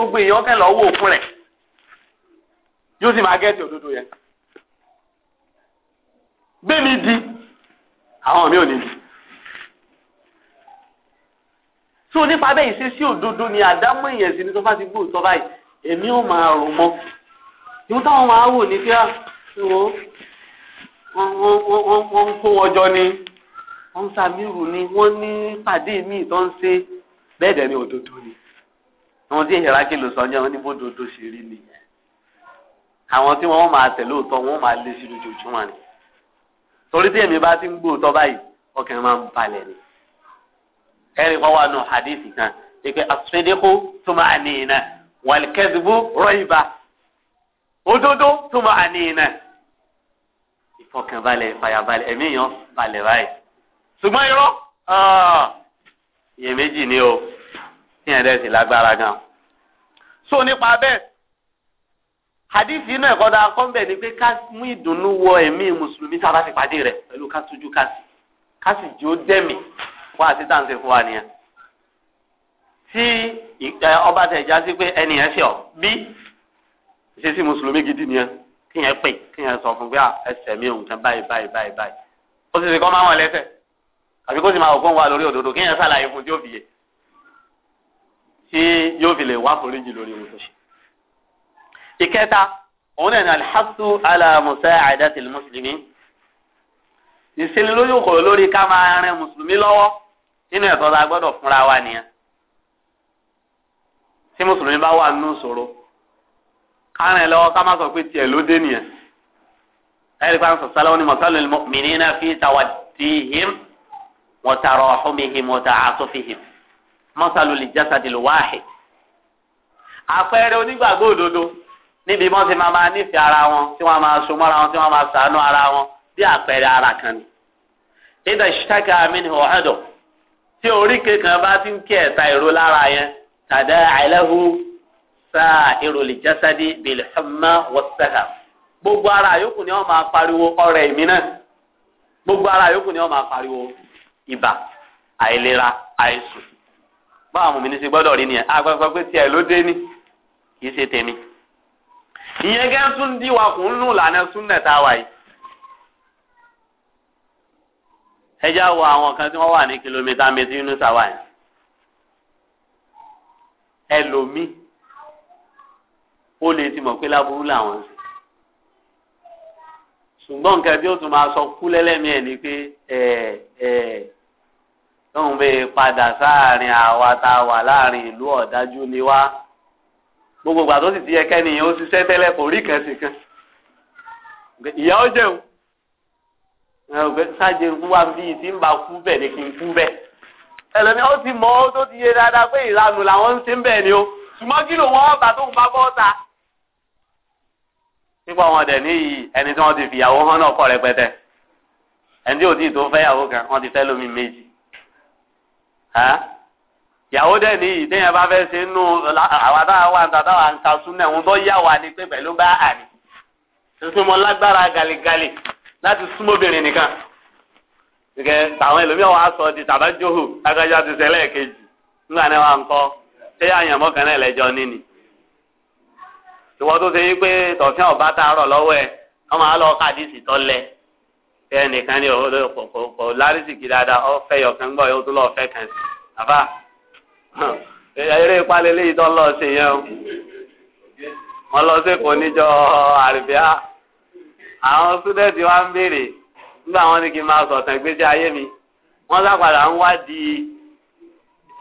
tó nípa bẹ́ẹ̀ ìṣesí òdodo ni àdámọ́ èèyàn sí ni tó bá ti gbó tọ́ báyìí èmi ò máa rò mọ́ ìwọ́n táwọn máa wò ní pé wọ́n ń kó wọn jọ ni wọ́n ń sàmírù ni wọ́n ní pàdé míì tó ń ṣe bẹ́ẹ̀ dẹ̀ ni òdodo ni àwọn tí ìyàrá kìlọ̀ sọ ọjọ́ wọn ní bódodo ṣe rí nìyẹn àwọn tí wọ́n máa tẹ̀lé òótọ́ wọn máa lé sí lójoojúmọ́ ni torí tí èmi bá ti ń gbó òótọ́ báyìí ọkàn máa ń balẹ̀ ni ẹ̀rí kọ́ wà nù hadithi kan ìpè àṣẹdẹ́kù túmọ̀ àníyàn wàlkẹ́sìbù rọ́ìbà òdodo túmọ̀ àníyàn ìfọkànbalẹ̀ ìfàyàbalẹ̀ ẹ̀mí yẹn balẹ̀ báyìí ṣùgbọ́n irọ́ ah, iyèméjì ni o tí yẹn dẹ́sì lágbára gan. so nípa bẹ́ẹ̀ hadithi inú ẹ̀kọ́ dáa kọ́ bẹ́ẹ̀ ni pé ká mú ìdùnnú wọ ẹ̀mí mùsùlùmí tá ti pàdé rẹ̀ pẹ̀lú ká tújú ká sí ká sì jó dẹ́mi wá sí tàǹsì fún wa nìyẹn tí ọba tẹ̀ já sí pé ẹni yẹn ṣe ọ bí ṣe sí mùsùlùmí gidi nìyẹn kí yẹn pè kí yẹn sọ fún pé ẹsẹ̀ mi òun kan báyìí báyìí báyìí báyìí ó sì ṣe kọ́ máa wọn lẹ́sẹ̀ àbí kó sì máa ògbóhùn wa lórí òdodo kí yẹn ṣàlàyé fún tí ó fi yé tí yóò fi lè wá foríjì lórí ohun tó ṣe. ìkẹta òun náà ní alḥasu ala musa'adati muslimin ìsinmi lórí òkòrò lórí ká máa rin mùsùlùmí lọ́wọ́ nínú ẹ̀tọ́ la gbọ́dọ̀ fúnra wa nìyẹn tí mùsùlùmí bá wà nínú ìṣòro kárìn lọ́wọ́ ká má sọ pé tiẹ̀ ló dé nìyẹn ẹ̀rí pa ń sọ̀tà lọ́wọ́ ni mọ̀tálù mìíràn fi tawaddihim wa tarahumihim wa ta'atufihim mọ́sálù lil jasadil wahid àpẹẹrẹ onígbàgbọ́ òdodo níbi wọ́n ti máa máa nífẹ̀ẹ́ ara wọn tí wọ́n máa so mọ́ra wọn tí wọ́n máa sàánú ara wọn bí àpẹẹrẹ ara kan ni. ìdá ìṣítàkà tí orí kan bá ti ń kí ẹ̀ta ìró lára yẹn tàdá àìlẹ́hu sáà lè wọ́sẹ̀hà gbogbo ara yòókù ni wọ́n máa pariwo ọrẹ ìmí náà gbogbo ara yòókù ni wọ́n máa pariwo ìbà àìlera àìsùn ṣe gbọ́dọ̀ rí pé tiẹ̀ ló dé ní kì í ṣe tèmi ìyẹn gẹ́gẹ́ tún nù lànà yìí. ẹjá wo àwọn kan tí wọ́n wà ní kìlómítà méjì nínú sàwà yẹn ẹlòmí ó lè ti mọ̀ pé láburú làwọn ṣùgbọ́n nǹkan tí ó tún máa sọ kú lẹ́lẹ́mí ẹ̀ ni pé ẹ̀ ẹ̀ tóun bẹ padà sáàrin àwa tá a wà láàrin ìlú ọ̀dájú ni wá gbogbo ìgbà tó sì ti yẹ kẹ́niyàn ó ṣiṣẹ́ tẹ́lẹ̀ kò rí kan sí kan ìyá ó jẹun ọ̀gbẹ́ sáàjẹ kú wá bí ìdí ń bá kú bẹ̀ ni kí n kú bẹ̀. ẹlẹ́ni ó ti mọ ó tó ti yé dáadáa pé ìranù làwọn ń ṣe ń bẹ̀ ni o ṣùgbọ́n kí ló wọ́n bá tó ń bá bọ́ ta. nípa wọn dẹ̀ ní yìí ẹni tí wọ́n ti fìyàwó hàn náà kọ́ rẹpẹtẹ ẹni tí ò tí ì tó fẹ́yàwó kan wọ́n ti fẹ́ lómi méjì. ìyàwó dẹ̀ ní yìí téèyàn bá fẹ́ ṣe nù àwa táwa wà ń ta táwa ń ka súnà òun tó láti súnmọ́ obìnrin nìkan gẹ́gẹ́ tàwọn ẹlòmíràn wà sọ di tàbájóhù agájá ti ṣẹlẹ̀ kejì nígbà náà wà ń kọ́ ṣé níní. ìwọ tó ṣe wípé tọ̀síà ọ̀bá tààrọ̀ lọ́wọ́ ẹ̀ ọmọ àlọ́ kàdísì tọ́lẹ̀ ẹ nìkan ni lárísìkì dáadáa ọ fẹ́ gbọ́ yóò tó lọ́ọ́ fẹ́ kan sí àbá eré ìpalẹ́lẹ́yìí tó lọ́ọ́ ṣe yẹn o wọ́n lọ sí kò àwọn súdẹ̀tì wa ń béèrè nígbà wọn ní kí n máa sọ̀tàn ìgbésí ayé mi wọ́n lápadà ń wádìí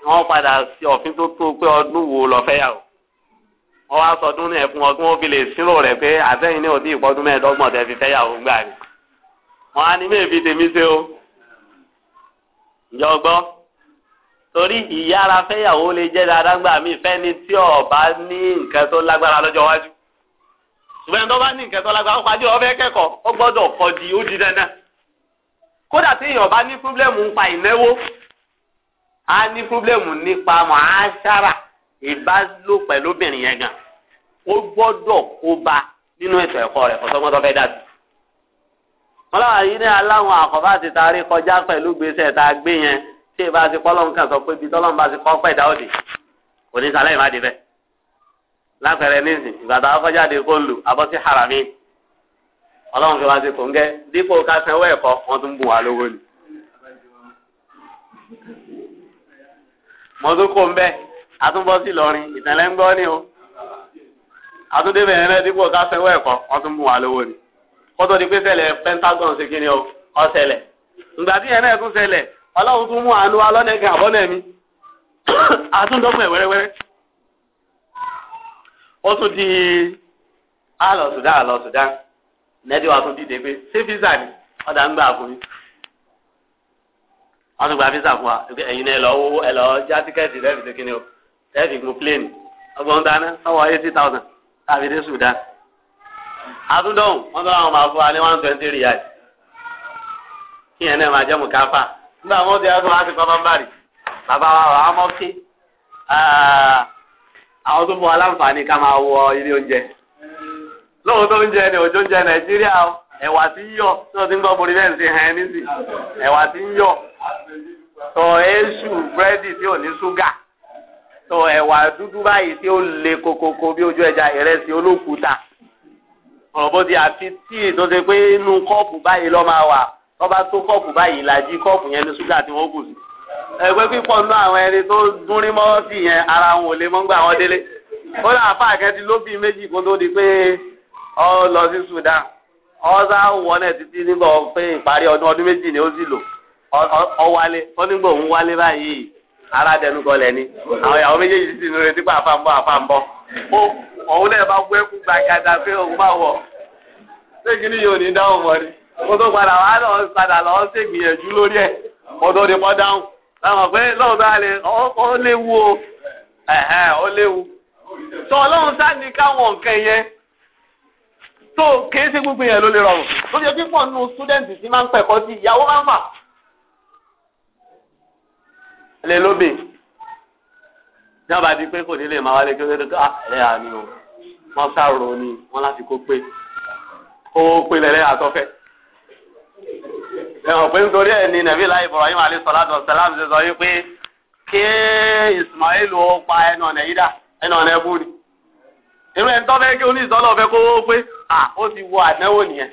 wọ́n padà sí òfin tó tó pé ọdún wo lọ yà o wọ́n wá sọdún náà fún ọdún wọn fi lè sírò rẹ̀ pé àtẹ̀yìn ní òdì ìpọ́dún mẹ́ẹ̀ẹ́dọ́gbọ̀n tẹ́ fi fẹ́ yà o gbà ní. wọ́n á ní méèfi tèmi ṣe o ǹjọ́ gbọ́ torí ìyára fẹ́yàwó lè jẹ́ dáadáa gbà mí fẹ́ni tí ó ṣùgbọ́n tó bá ní nǹkan tó lágbára ó pajú ọbẹ̀ kẹ́kọ̀ọ́ ó gbọ́dọ̀ kọ́ di ó di dandan kódà tí èèyàn bá ní pírọ́blẹ́mù ń pa ìnáwó á ní pírọ́blẹ́mù nípa màáṣára ìbálò pẹ̀lú obìnrin yẹn gan ó gbọ́dọ̀ kó ba nínú ètò ẹ̀kọ́ rẹ̀ kọ́sọ́gbọ́n tó fẹ́ dàbí. wọn láwọn yìí ní aláwọn àkọ́fà ti taari kọjá pẹ̀lú gbèsè tá a gbé yẹn tí ìbá lápẹẹrẹ nísìn ìgbàdàn afọjáde kó lù abọ́sí harami ọlọ́run fi wá sí kòńgẹ́ dípò kásánwó ẹ̀kọ́ wọ́n tún bù wá lówó ni. mọ́tòkó ń bẹ́ àtúbọ́sí lọ́rin ìtẹ̀lẹ́ ń gbọ́ ni o àtúndébẹ̀ yẹn náà dípò kásánwó ẹ̀kọ́ wọ́n tún bù wá lówó ni. kótó di pé pentagon ṣe kí ni o ìgbà tí tún ọlọ́run tún mú àánú alọ́nẹ̀gàn àbọ́nẹ̀mí ó tún di àlọ́ Sudan àlọ́ Sudan nẹ́ẹ̀dì wa tún dìde pé ṣé físà ni ọ̀dà ń gbà fún yín wọ́n tún gba físà fún wa ẹ̀yin náà ẹ lọ owó ẹ lọ já tíkẹ́ẹ̀tì rẹ́ẹ̀fì tó kíni o rẹ́ẹ̀fì gun pléènì ọgbọ̀n dáná ọwọ́ eighty thousand láàbí dé Sudan àtúndọ̀hùn wọ́n tún àwọn máa fún wa ní one twenty riyal kí yẹn náà máa jẹ́ mùkáfà nígbà wọn ti ẹ́ tó wá sí pápá bàrì bàbá wa wà á mọ́ ah, àwọn tó fún wa láǹfààní ká máa wọ ilé oúnjẹ lóòótọ́ oúnjẹ ni òjò oúnjẹ nàìjíríà o ẹ̀wà tí ń yọ̀ tí ti ń gbọ́ borí bẹ́ẹ̀ ń ṣe hàn nísì ẹ̀wà tí ń yọ̀ tọ̀ éṣù búrẹ́dì tí ò ní ṣúgà tọ̀ ẹ̀wà dúdú báyìí tí ó le kokoko bí ojú ẹja ìrẹsì olókùúta ọ̀rọ̀bọ̀dì àti tíì tó ṣe pé inú kọ́ọ̀pù báyìí lọ́ máa wà tọ́ bá tó kọ́ọ̀pù báyìí ìlàjì kọ́ọ̀pù yẹn ní ṣúgà tí wọ́n kù sí ẹgbẹ́ pípọ̀ nú àwọn ẹni tó gúnrí mọ́ sí yẹn ara wọn ò lè mọ́ gbà wọn délé ó lọ àfa àkẹ́tì ló bí méjì kó tó di pé ọ lọ sí Sudan ọ̀sá wọlé títí nígbà pé ìparí ọdún ọdún méjì ni ó sì lò ọ wálé ó nígbà òun wálé báyìí ara dẹnu kọlẹ̀ ni àwọn ìyàwó méjèèjì sì ní retí pé àfa ń bọ̀ àfa ń bọ̀ òun náà bá gbé kú gbàgàdà pé òun bá wọ̀ ṣé ni yóò ní dáhùn mọ́ mo tó padà wá lọ padà lọ ṣègbìyànjú lórí ẹ̀ mo tó di mọ́ dáhùn láwọn pé lọ́ọ̀dọ́ alẹ́ ó léwu o ó léwu tó ọlọ́run sá káwọn nǹkan yẹn tó kèé ṣe gbogbo yẹn ló lè rọrùn tó yẹ pípọ̀ nínú sítúdẹ̀ǹtì tí máa ń pẹ̀kọ́ sí ìyàwó máa ń fà lè lóbè dábàá di pé kò ní lè máa wálé kí ó lè ká ẹlẹ́yà ni o wọ́n sáró ni wọ́n láti kó pé kó pé lẹ́lẹ́yà tọ́fẹ́ ọ̀pẹ́ nítorí ẹ̀ ni nàbí láì Ibrahim alayhi salatu wa salam ṣe sọ wípé kí Ismail ó pa ẹnu ọ̀nà yìí dà ẹnu ọ̀nà ẹbú ni irú ẹni tó fẹ́ kí oníṣọ́lọ́ fẹ́ kó pé à ó ti wọ àdánwò nìyẹn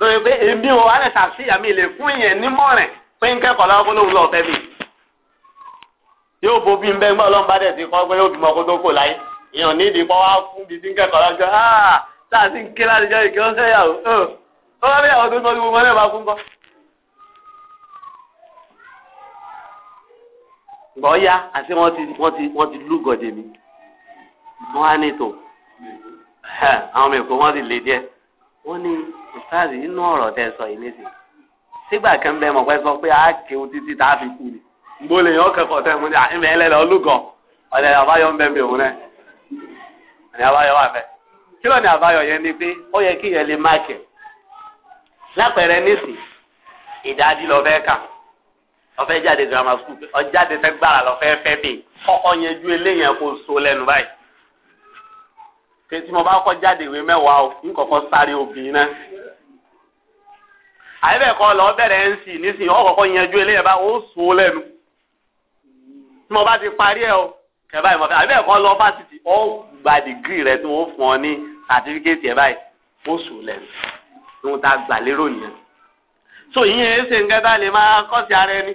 lórí pé èmi ò alẹ́ tàbí àmì ilẹ̀ fún ìyẹn nímọ̀rẹ̀ pé ń kẹ́kọ̀ọ́ lọ́wọ́ lóhùn lọ́ọ́ fẹ́ mi yóò bo bí n bẹ́ gbọ́ ọlọ́run bá dẹ̀ ti kọ́ pé yóò bímọ kó tó kò láyé èèyàn ní ìdí pọ́wá fún bí ti ń kẹ́kọ̀ọ́ lọ́jọ́ táà sì ń ké láti jẹ́ ìkẹ́ ọ́sẹ́ yàwó ó wá bí àwọn tó ń tọ́jú gbogbo náà bá fún kọ́. bọ́yá àti wọ́n ti wọ́n ti wọ́n ti lúgọ̀dẹ̀ mi wọ́n á ní tò àwọn mẹ̀kọ́ wọ́n ti lè díẹ̀ wọ́n ní ìsáàdì nínú ọ̀rọ̀ tẹ sọ yìí nísì sígbà kan bẹ́ẹ̀ mọ̀ pé sọ pé á kéwu títí tá a fi kú ni gbólé yẹn ó kẹ́kọ̀ọ́ tẹ́ mu ní àìmọ̀ ẹlẹ́lẹ́ olúgọ̀ ọ̀dẹ̀ àbáyọ ń bẹ́ẹ̀ mi òun náà ní àbáyọ wà fẹ́ kí lóni àbáyọ yẹn ni pé ó yẹ kí yẹn lè máàkì lápẹẹrẹ nísì ìdádì lọ fẹ́ kà ọfẹ jáde drama school ọjáde fẹ gbára lọfẹ fẹ bè kọkọ yẹjú eléyẹn kó so lẹ́nu báyìí kẹtì mo bá kọ jáde ìwé mẹ́wàá o ń kọ́kọ́ sáré obìnrin náà àyẹ̀bẹ̀kọ lọ bẹ̀rẹ̀ nc nísìnyí ọ kọ́kọ́ yẹjú eléyẹn bá ó so lẹ́nu tí mo bá ti parí ẹ o kẹfà ìmọ̀fẹ́ àyẹ̀bẹ̀kọ lọ fásitì ọ gba dìgírì rẹ tí wọ́n fún ọ ní sàtífíkẹ́tì ẹ báyìí ó so lẹ́nu tí wọ́n ta gbà lérò nìyẹn so ìyẹn ẹsẹ̀ ń gẹ́gẹ́ lè máa kọ́ sí ara ẹni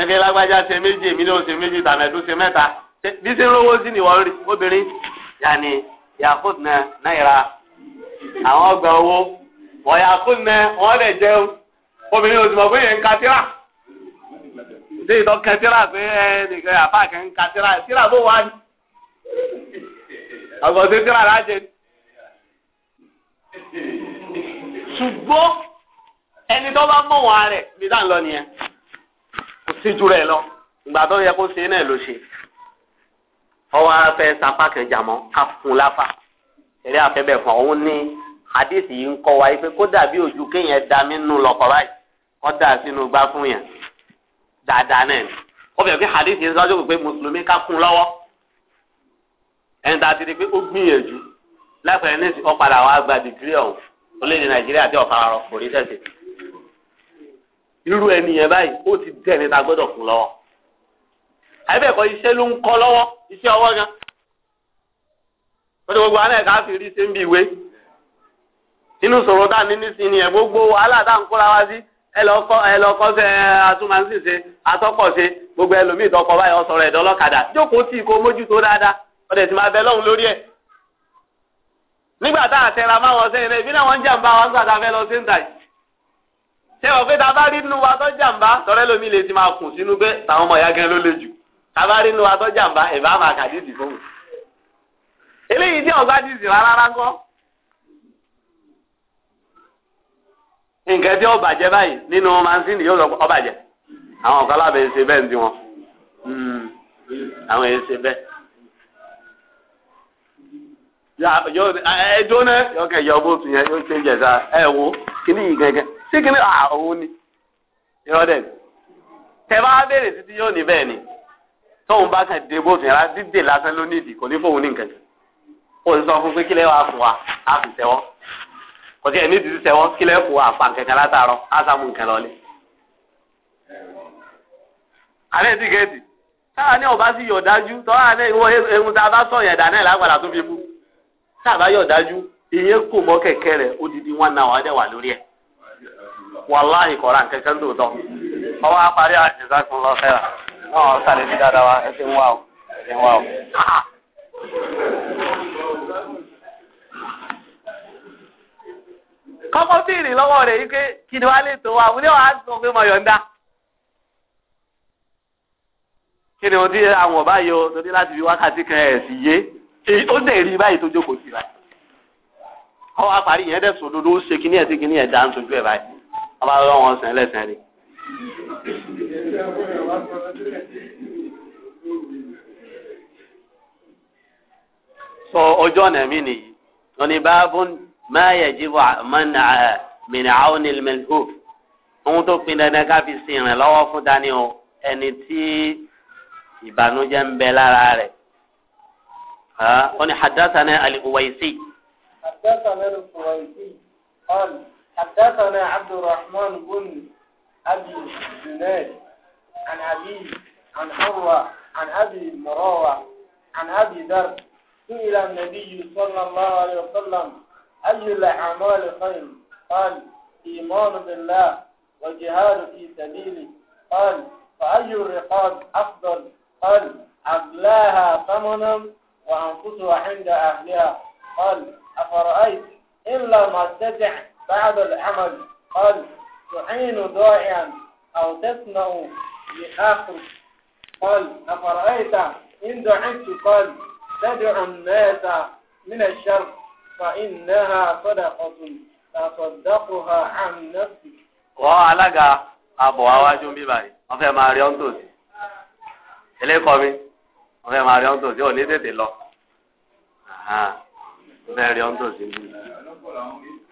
ẹnìkan lágbájá ṣe méjì èmi náà ṣe méjì tàmẹ̀dú ṣe mẹ́ta bí ṣe ń rówó sí ni wọ́n rí obìnrin yàní yakut náà náírà àwọn ọgbà owó wọ́n yakut náà wọ́n lè jẹun obìnrin oṣù mọ̀ pé yẹn ń ka tíra ṣé ìtọ́ kẹ tíra pé ẹ nìkan àpá kẹ ń ka tíra tíra tó wá ní àgbọ̀nsẹ̀ tíra láṣẹ. ṣùgbọ́n ẹni tó bá mọ̀ wọn rẹ̀ bí dáńlọ nìyẹn sí ju rẹ̀ lọ ìgbà tó yẹ kó ṣe náà ló ṣe ọwọ́ afẹ́ sapá kẹjà mọ́ ká fún láfa eré afẹ́bẹ̀ fún òun ní àdìsí yìí ń kọ́ wa pé kó dàbí ojú kéèyàn da mí nù lọ́kọ̀ báyìí kó dà sínú gbá fún yẹn dáadáa náà ni ó bẹ̀rẹ̀ pé àdìsí yìí sọ́jọ́ pé mùsùlùmí ká fún lọ́wọ́ ẹni tá a ti di pé ó gbìyànjú lápẹ̀rẹ̀ ní ọ̀padà wa gba dìgírì ọ̀hún orílẹ̀-èdè nàìjíríà tí ọ̀fararọ̀ kò rí tẹ̀sí irú ẹnìyẹn báyìí ó ti dẹ̀ níta gbọ́dọ̀ fún lọ́wọ́ àbẹ̀kọ iṣẹ́ ló ń kọ́ lọ́wọ́ iṣẹ́ ọwọ́ gan wọ́n gbogbo alẹ́ ká fi rí ṣe ń bi ìwé inú sọ̀rọ̀ tá a ní nísìnyí gbogbo aláàtà ń kóra wá sí ẹ lọ kọ́ ẹ lọ kọ́ sẹ́ gbogbo ẹlòmíì tọkọ báyìí ọ̀sọ̀rọ̀ ẹ̀dọ́ ọlọ́kadà jókòó tí kò mójútó dáadáa nígbà tá a tẹra náà jàǹbá wọn gbà tá a fẹ́ lọ ṣé o pé tàbá rí nínú wa tó jàǹbá tọrẹ lómi lè ti máa kùn sínú pé tàwọn ọmọ ya gan ló lè jù tàbá rí nínú wa tó jàǹbá ẹ̀ bá máa kàdídì fóun eléyìí tí ọ̀gá dìsì rárá kọ́ nǹkan tí ó bàjẹ́ báyìí nínú mansini yóò lọ ó bàjẹ́ àwọn kan lábẹ́ ṣe bẹ́ẹ̀ ní wọn hmm. àwọn èyí ṣe bẹ́ẹ̀ yóò ẹjọ́ náà yóò yọ bóòtù yẹn yóò ṣe ń jẹ̀ta ẹ̀ wo kíní yìí gẹ́gẹ́. sí kìíní àwọn ni irọ́ dẹ̀ tẹ bá béèrè títí yóò ní bẹ́ẹ̀ ni tóun bá kàn dé bófin ara dídè lásán ló nídìí kò ní fóun ní nǹkan kan sọ fún pé kílẹ̀ wàá fún wa á fi sẹ́wọ́ kò ní wa nǹkan kan látàárọ̀ á nǹkan àlẹ́ ti gẹ̀ẹ́dì táwa ní ọba yọ̀ ehun tá a bá sọ yẹn dà náà odidi dẹ̀ wà wàláhì kọ̀ọ̀rà kẹ̀kẹ́ ń dòótọ́ ọwọ́ apárí àjẹsà kan lọ fẹ́ra náà wọ́n sáré sí dáadáa wa ẹsẹ̀ wá o ẹsẹ̀ wá o. kọ́kọ́ bíìrì lọ́wọ́ rẹ̀ yí pé kí ni wàá lè tó wa àbúlé wàá sọ pé mo yọ̀ǹda. kí ni mo ti àwọn ọ̀bá yọ torí láti fi wákàtí kan ẹ̀ sì yé ó dẹ̀ rí báyìí tó jókòó sí báyìí. wọ́n bá rọ́ wọn sẹ́lẹ̀ sẹ́lẹ̀. sọ ọjọ́ ọ̀nà mi nìyí wọ́n ní báàbù máa yẹ jí mìíràn àwọn onílẹ̀mẹ̀lẹ́hùf ohun tó pin dandan ká fi sin ìrànlọ́wọ́ fún dání o ẹni tí ìbànújẹ́ ń bẹ lára rẹ̀. wọ́n ní hadassah ní alikuwaisi. hadassah ní alikuwaisi. حدثنا عبد الرحمن بن أبي جناد عن أبي عن حرة عن أبي مراوة عن أبي ذر سئل النبي صلى الله عليه وسلم أي الأعمال خير قال إيمان بالله وجهاد في سبيله قال فأي الرقاب أفضل قال أبلاها ثمنا وأنفسها عند أهلها قال أفرأيت إلا ما استطع بعد العمل قال تعين ضائعا أو تصنع لآخر قال أفرأيت إن دعيت قال تدعو الناس من الشر فإنها صدقة تصدقها عن نفسك وعلق أبو عواج بباري أفهم أريون توسي إليكم أفهم أريون توسي أولي تتلو أها أفهم أريون توسي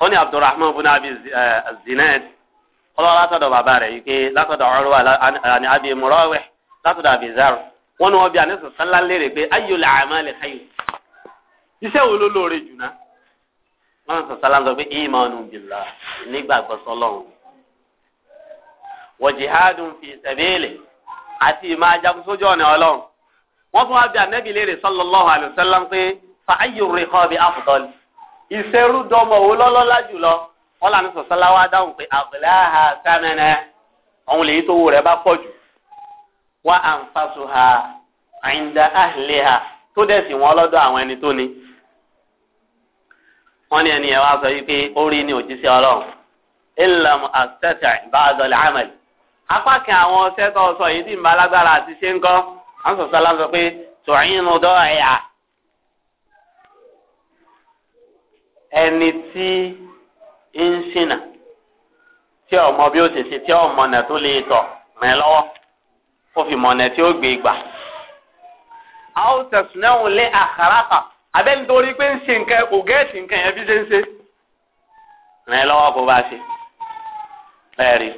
ó ní abdulrahman bin abi eh, zinad ọlọ́wọ́ látọ̀dọ̀ bàbá rẹ̀ yìí pé látọ̀dọ̀ ọ̀rọ̀ àni abi murawih látọ̀dọ̀ abi zar wọn ni wọn bí àníṣe sálá léèrè pé ayyul a'mali khayr iṣẹ́ wo ló lóore jù ná wọn sọ sálá sọ pé imanu billah nígbàgbọ́ sọlọ́run wa jihadun fi sabili àti ìmọ̀ ajagunsójú ọ̀nà ọlọ́run wọ́n tún wá bí ànábì léèrè sallallahu alaihi wasallam pé fa ayyu riqabi afdal ìṣerúdọmọ wo lọ́lọ́lá jùlọ wọn lànà sọ̀sọ́lá wa dáhùn pé àbẹ̀lẹ́ àhà sámẹ́nẹ́ ọ̀hún lèyí tó wù rẹ̀ bá a jù ha àyìndà àhìlẹ̀ ha to de si wọ́n lọ́dọ̀ àwọn ẹni tó ni. wọ́n ní ẹni yẹn wá sọ wípé ó rí ní òjíṣẹ́ ọlọ́run yi ti ẹni tí ń ṣìnà tí ọmọ bí ó ṣe ṣe tí ọmọ ọ̀nà tó lè tọ̀ mẹ́ lọ́wọ́ ó fi mọ̀ ọ̀nà tí ó gbé gbà. a ó tẹ̀sùn náà wọlé àkàràkà abẹ́ni torí pé ń ṣe nǹkan kò gẹ́ẹ̀sì nǹkan yẹn bí ṣe ń ṣe mẹ́ lọ́wọ́ kó bá ṣe. ẹ̀rí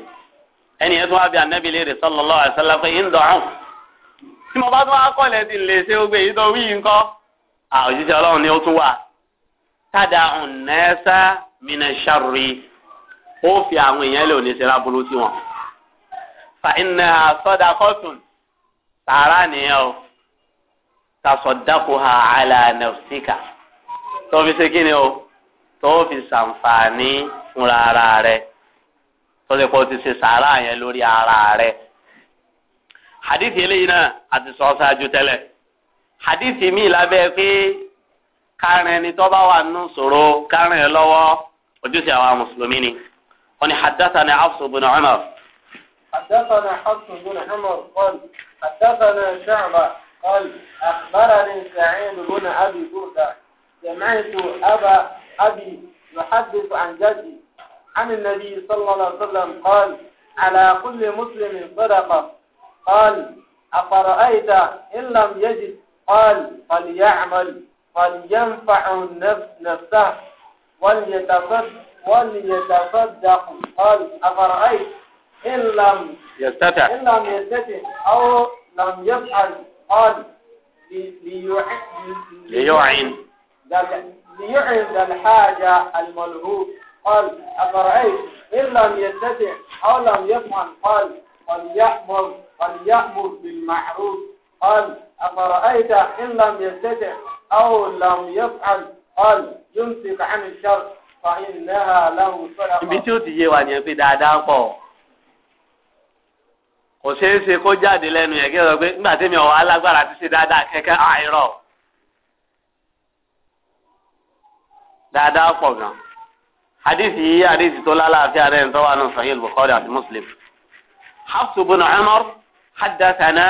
ẹni yẹn tó bí anábì lè rè sallallahu alaihi wasallam pé ń dọ̀rùn tí mo bá tún wá kọ́ lẹ́sìn lè ṣe gbé yìí tó wí nǹkan òṣìṣẹ́ ọlọ́run ni ó tún wà tádà ọ̀nẹ́sà mìíràn ṣàrùrí ó fi àwọn èèyàn lè òní sẹ́ra burú sí wọn. fa iná sọ́dà kọ́tùn tààrà nìyẹn o tasọ̀dákò ha àlànàfíkà tó fi ṣe kí ni o tó fi ṣàǹfààní fúnra ara rẹ̀ tó ti kó ti ṣe sàárà yẹn lórí ara rẹ̀ hadith eléyìí náà àti sọ ṣáájú tẹ́lẹ̀ hadith mi lábẹ́ pé kárìn ẹni tó bá wà nínú sòro kárìn ẹ lọ́wọ́ ojúṣe àwọn mùsùlùmí ni wọn ni haddathana Hafs bin Umar. haddathana Hafs bin Umar qala haddathana Shu'ba qala akhbarani Sa'id bin Abi Burda sami'tu aba abi yuhaddithu an jaddi عن النبي صلى الله عليه وسلم قال على كل مسلم صدقة قال أفرأيت إن لم يجد قال فليعمل فلينفع النفس نفسه وليتصدق قال أفرأيت إن لم يستطع إن لم يستطع أو لم يفعل قال ليعن ليعن ذا الحاجة الملهوب قال أفرأيت إن لم يستطع أو لم يفعل قال فليأمر فليأمر بالمعروف قال أفرأيت إن لم يستطع أو لم يفعل قال يمسك عن الشر فإنها له صدقة. ibi tí ó ti yé wa ni ẹ pé dáadáa pọ̀ kò ṣeé ṣe kó jáde lẹ́nu yẹn kí ẹ sọ pé nígbà tí mi ò alágbára ti ṣe dáadáa kẹ́kẹ́ àìrọ̀ dáadáa pọ̀ gan hadith yìí hadith tó lálàáfíà rẹ̀ ń tọ́wọ́ àná Sahih Bukhari àti Muslim Hafsu bin Umar haddathana.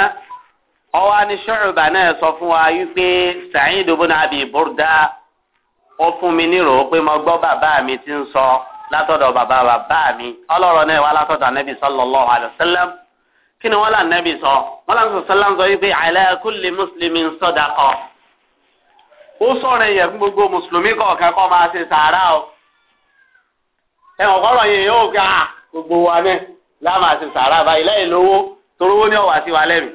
ọwọ́ ni ṣọ́ọ̀bà náà sọ fún wa wípé Sa'id ibn Abi Burda ó fún mi nírò pé mo gbọ́ bàbá mi ti ń sọ látọ̀dọ̀ bàbá bàbá mi ọlọ́rọ̀ náà wá látọ̀dọ̀ anábì sallallahu alaihi wasallam kí ni wọ́n là nẹ́bì sọ wọ́n là ń sọ sọ́lá sọ wípé ala kulli muslimin sadaqa ó sọ̀rọ̀ yẹ fún gbogbo mùsùlùmí kọ̀ọ̀kan kọ́ máa ṣe sàárà o yóò ga ah, gbogbo wa náà láà máa ṣe sàárà báyìí lẹ́yìn lówó torówó ní ọ̀wà sí wa lẹ́mìí.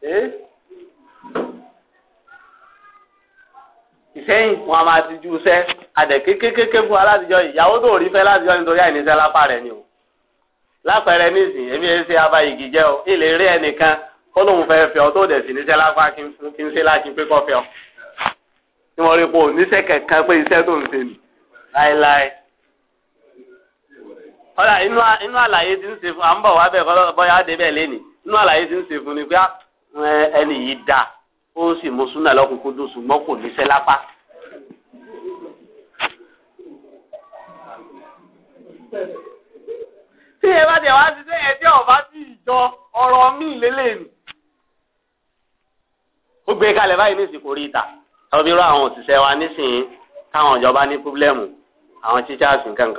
ìsẹ́yìn wọn a máa ti ju iṣẹ́ adẹ̀ kékékéké fún alátijọ́ ìyàwó tó rí fẹ́ látijọ́ nítorí àìníṣẹ́ lápá rẹ̀ ni o lápẹẹrẹ nísìn èmi ẹ ṣe aba yìí gìjẹ o ilé rí ẹnìkan kó lóun fẹ́ fẹ́ ọ tó dẹ̀ sí níṣẹ́ lápá kí n ṣe láti pé kọ́ fẹ́ ọ tí wọ́n rí pé ò níṣẹ́ kankan pé iṣẹ́ tó ń ṣe nì láéláé. ọ̀rọ̀ inú àlàyé ti ń ṣe fún à ń bọ̀ wá bẹ̀ kọ́ bọ́yá débẹ̀ lénìí inú àlàyé ti ń ṣe fún ni ẹni yìí dà ó sì mú súnà lọ́kùnkún dùn ṣùgbọ́n kò níṣẹ́ lápá. tí ẹ bá tẹ̀ wá sí sẹ́yìn ẹjẹ́ ọ̀bá sí ìjọ ọ̀rọ̀ míì lélẹ̀ mi. ó gbé kalẹ̀ báyìí nísìnyí kò rí ìta àwọn bí irú àwọn òṣìṣẹ́ wa nísìnyí táwọn ìjọba ní públẹ́mù àwọn teachers nǹkan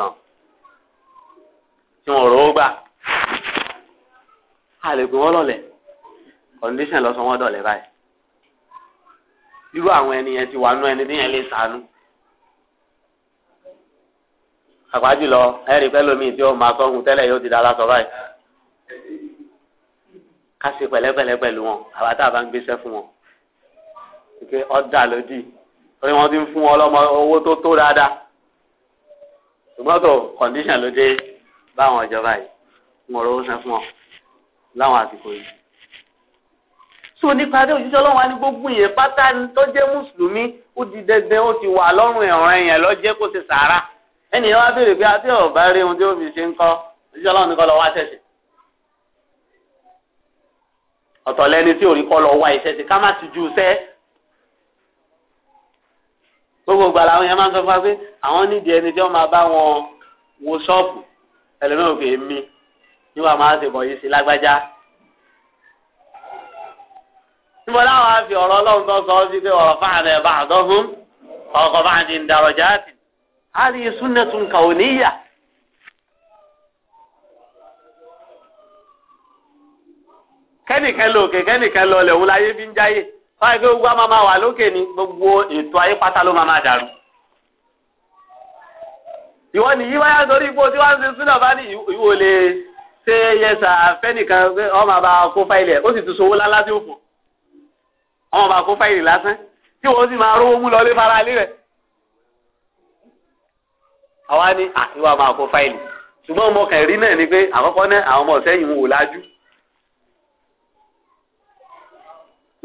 tí wọ́n rò ó gbà. a lè gbé wọn lọ́lẹ̀ condition lọ sọ wọn dọ̀lẹ́ báyìí irú àwọn ẹni yẹn ti wà nú ẹni níyẹn lè sànú àpájù lọ ẹ̀rí pẹ́lómi tí ó máa sọ́hun tẹ́lẹ̀ yóò ti dára sọ báyìí ká ṣe pẹ̀lẹ́pẹ̀lẹ́ pẹ̀lú wọn àwa tá a bá ń gbéṣẹ́ fún wọn pé ọ̀dà lódì torí wọ́n ti ń fún wọn lọ́mọ owó tó tó dáadáa ṣùgbọ́n tó condition ló dé báwọn ìjọba yìí ń wọ́n rówó san fún wọn láwọn àsìkò yìí so nípa dé òjíṣẹ́ ọlọ́run á ní gbogbo yẹn pátá tó jẹ́ mùsùlùmí ó di dandan ó ti wà lọ́rùn ẹ̀ràn yẹn lọ́jẹ́ kó ti sàárà ẹnì yẹn wá béèrè pé àti ọ̀bá rí ohun tí ó fi ṣe ń kọ́ òjíṣẹ́ ọlọ́run ní kọ́ lọ wá ṣẹ̀ṣẹ̀ ọ̀tọ̀ lẹni tí òrí kọ́ lọ wá iṣẹ́ ká má ti ju iṣẹ́ gbogbo ìgbà làwọn yẹn máa ń sọ fún wa pé àwọn nídìí ẹni tí wọ́n máa bá wọn níbo láwọn afi ọ̀rọ̀ ọlọ́run tó sọ ọ́ sí pé ọ̀rọ̀ fáànà ẹ̀bá àdọ́hún ọkọ̀ bá di ìdàrọ̀jà àti àrí sunnatun kàwọ́níyà. kẹ́nìkan lòkè kẹ́nìkan lọlẹ̀ wọ́n láyé bí ń jáyé wọ́n yẹ kí gbogbo àmọ́ máa wọn máa kó fáìlì lásán tí wọn sì máa rówó mú lọlé fara lé rẹ àwa ni àtiwá máa kó fáìlì ṣùgbọ́n ọmọ kan rí náà ni pé àkọ́kọ́ náà àwọn ọmọ ọ̀sẹ́ yìí ń wò lájú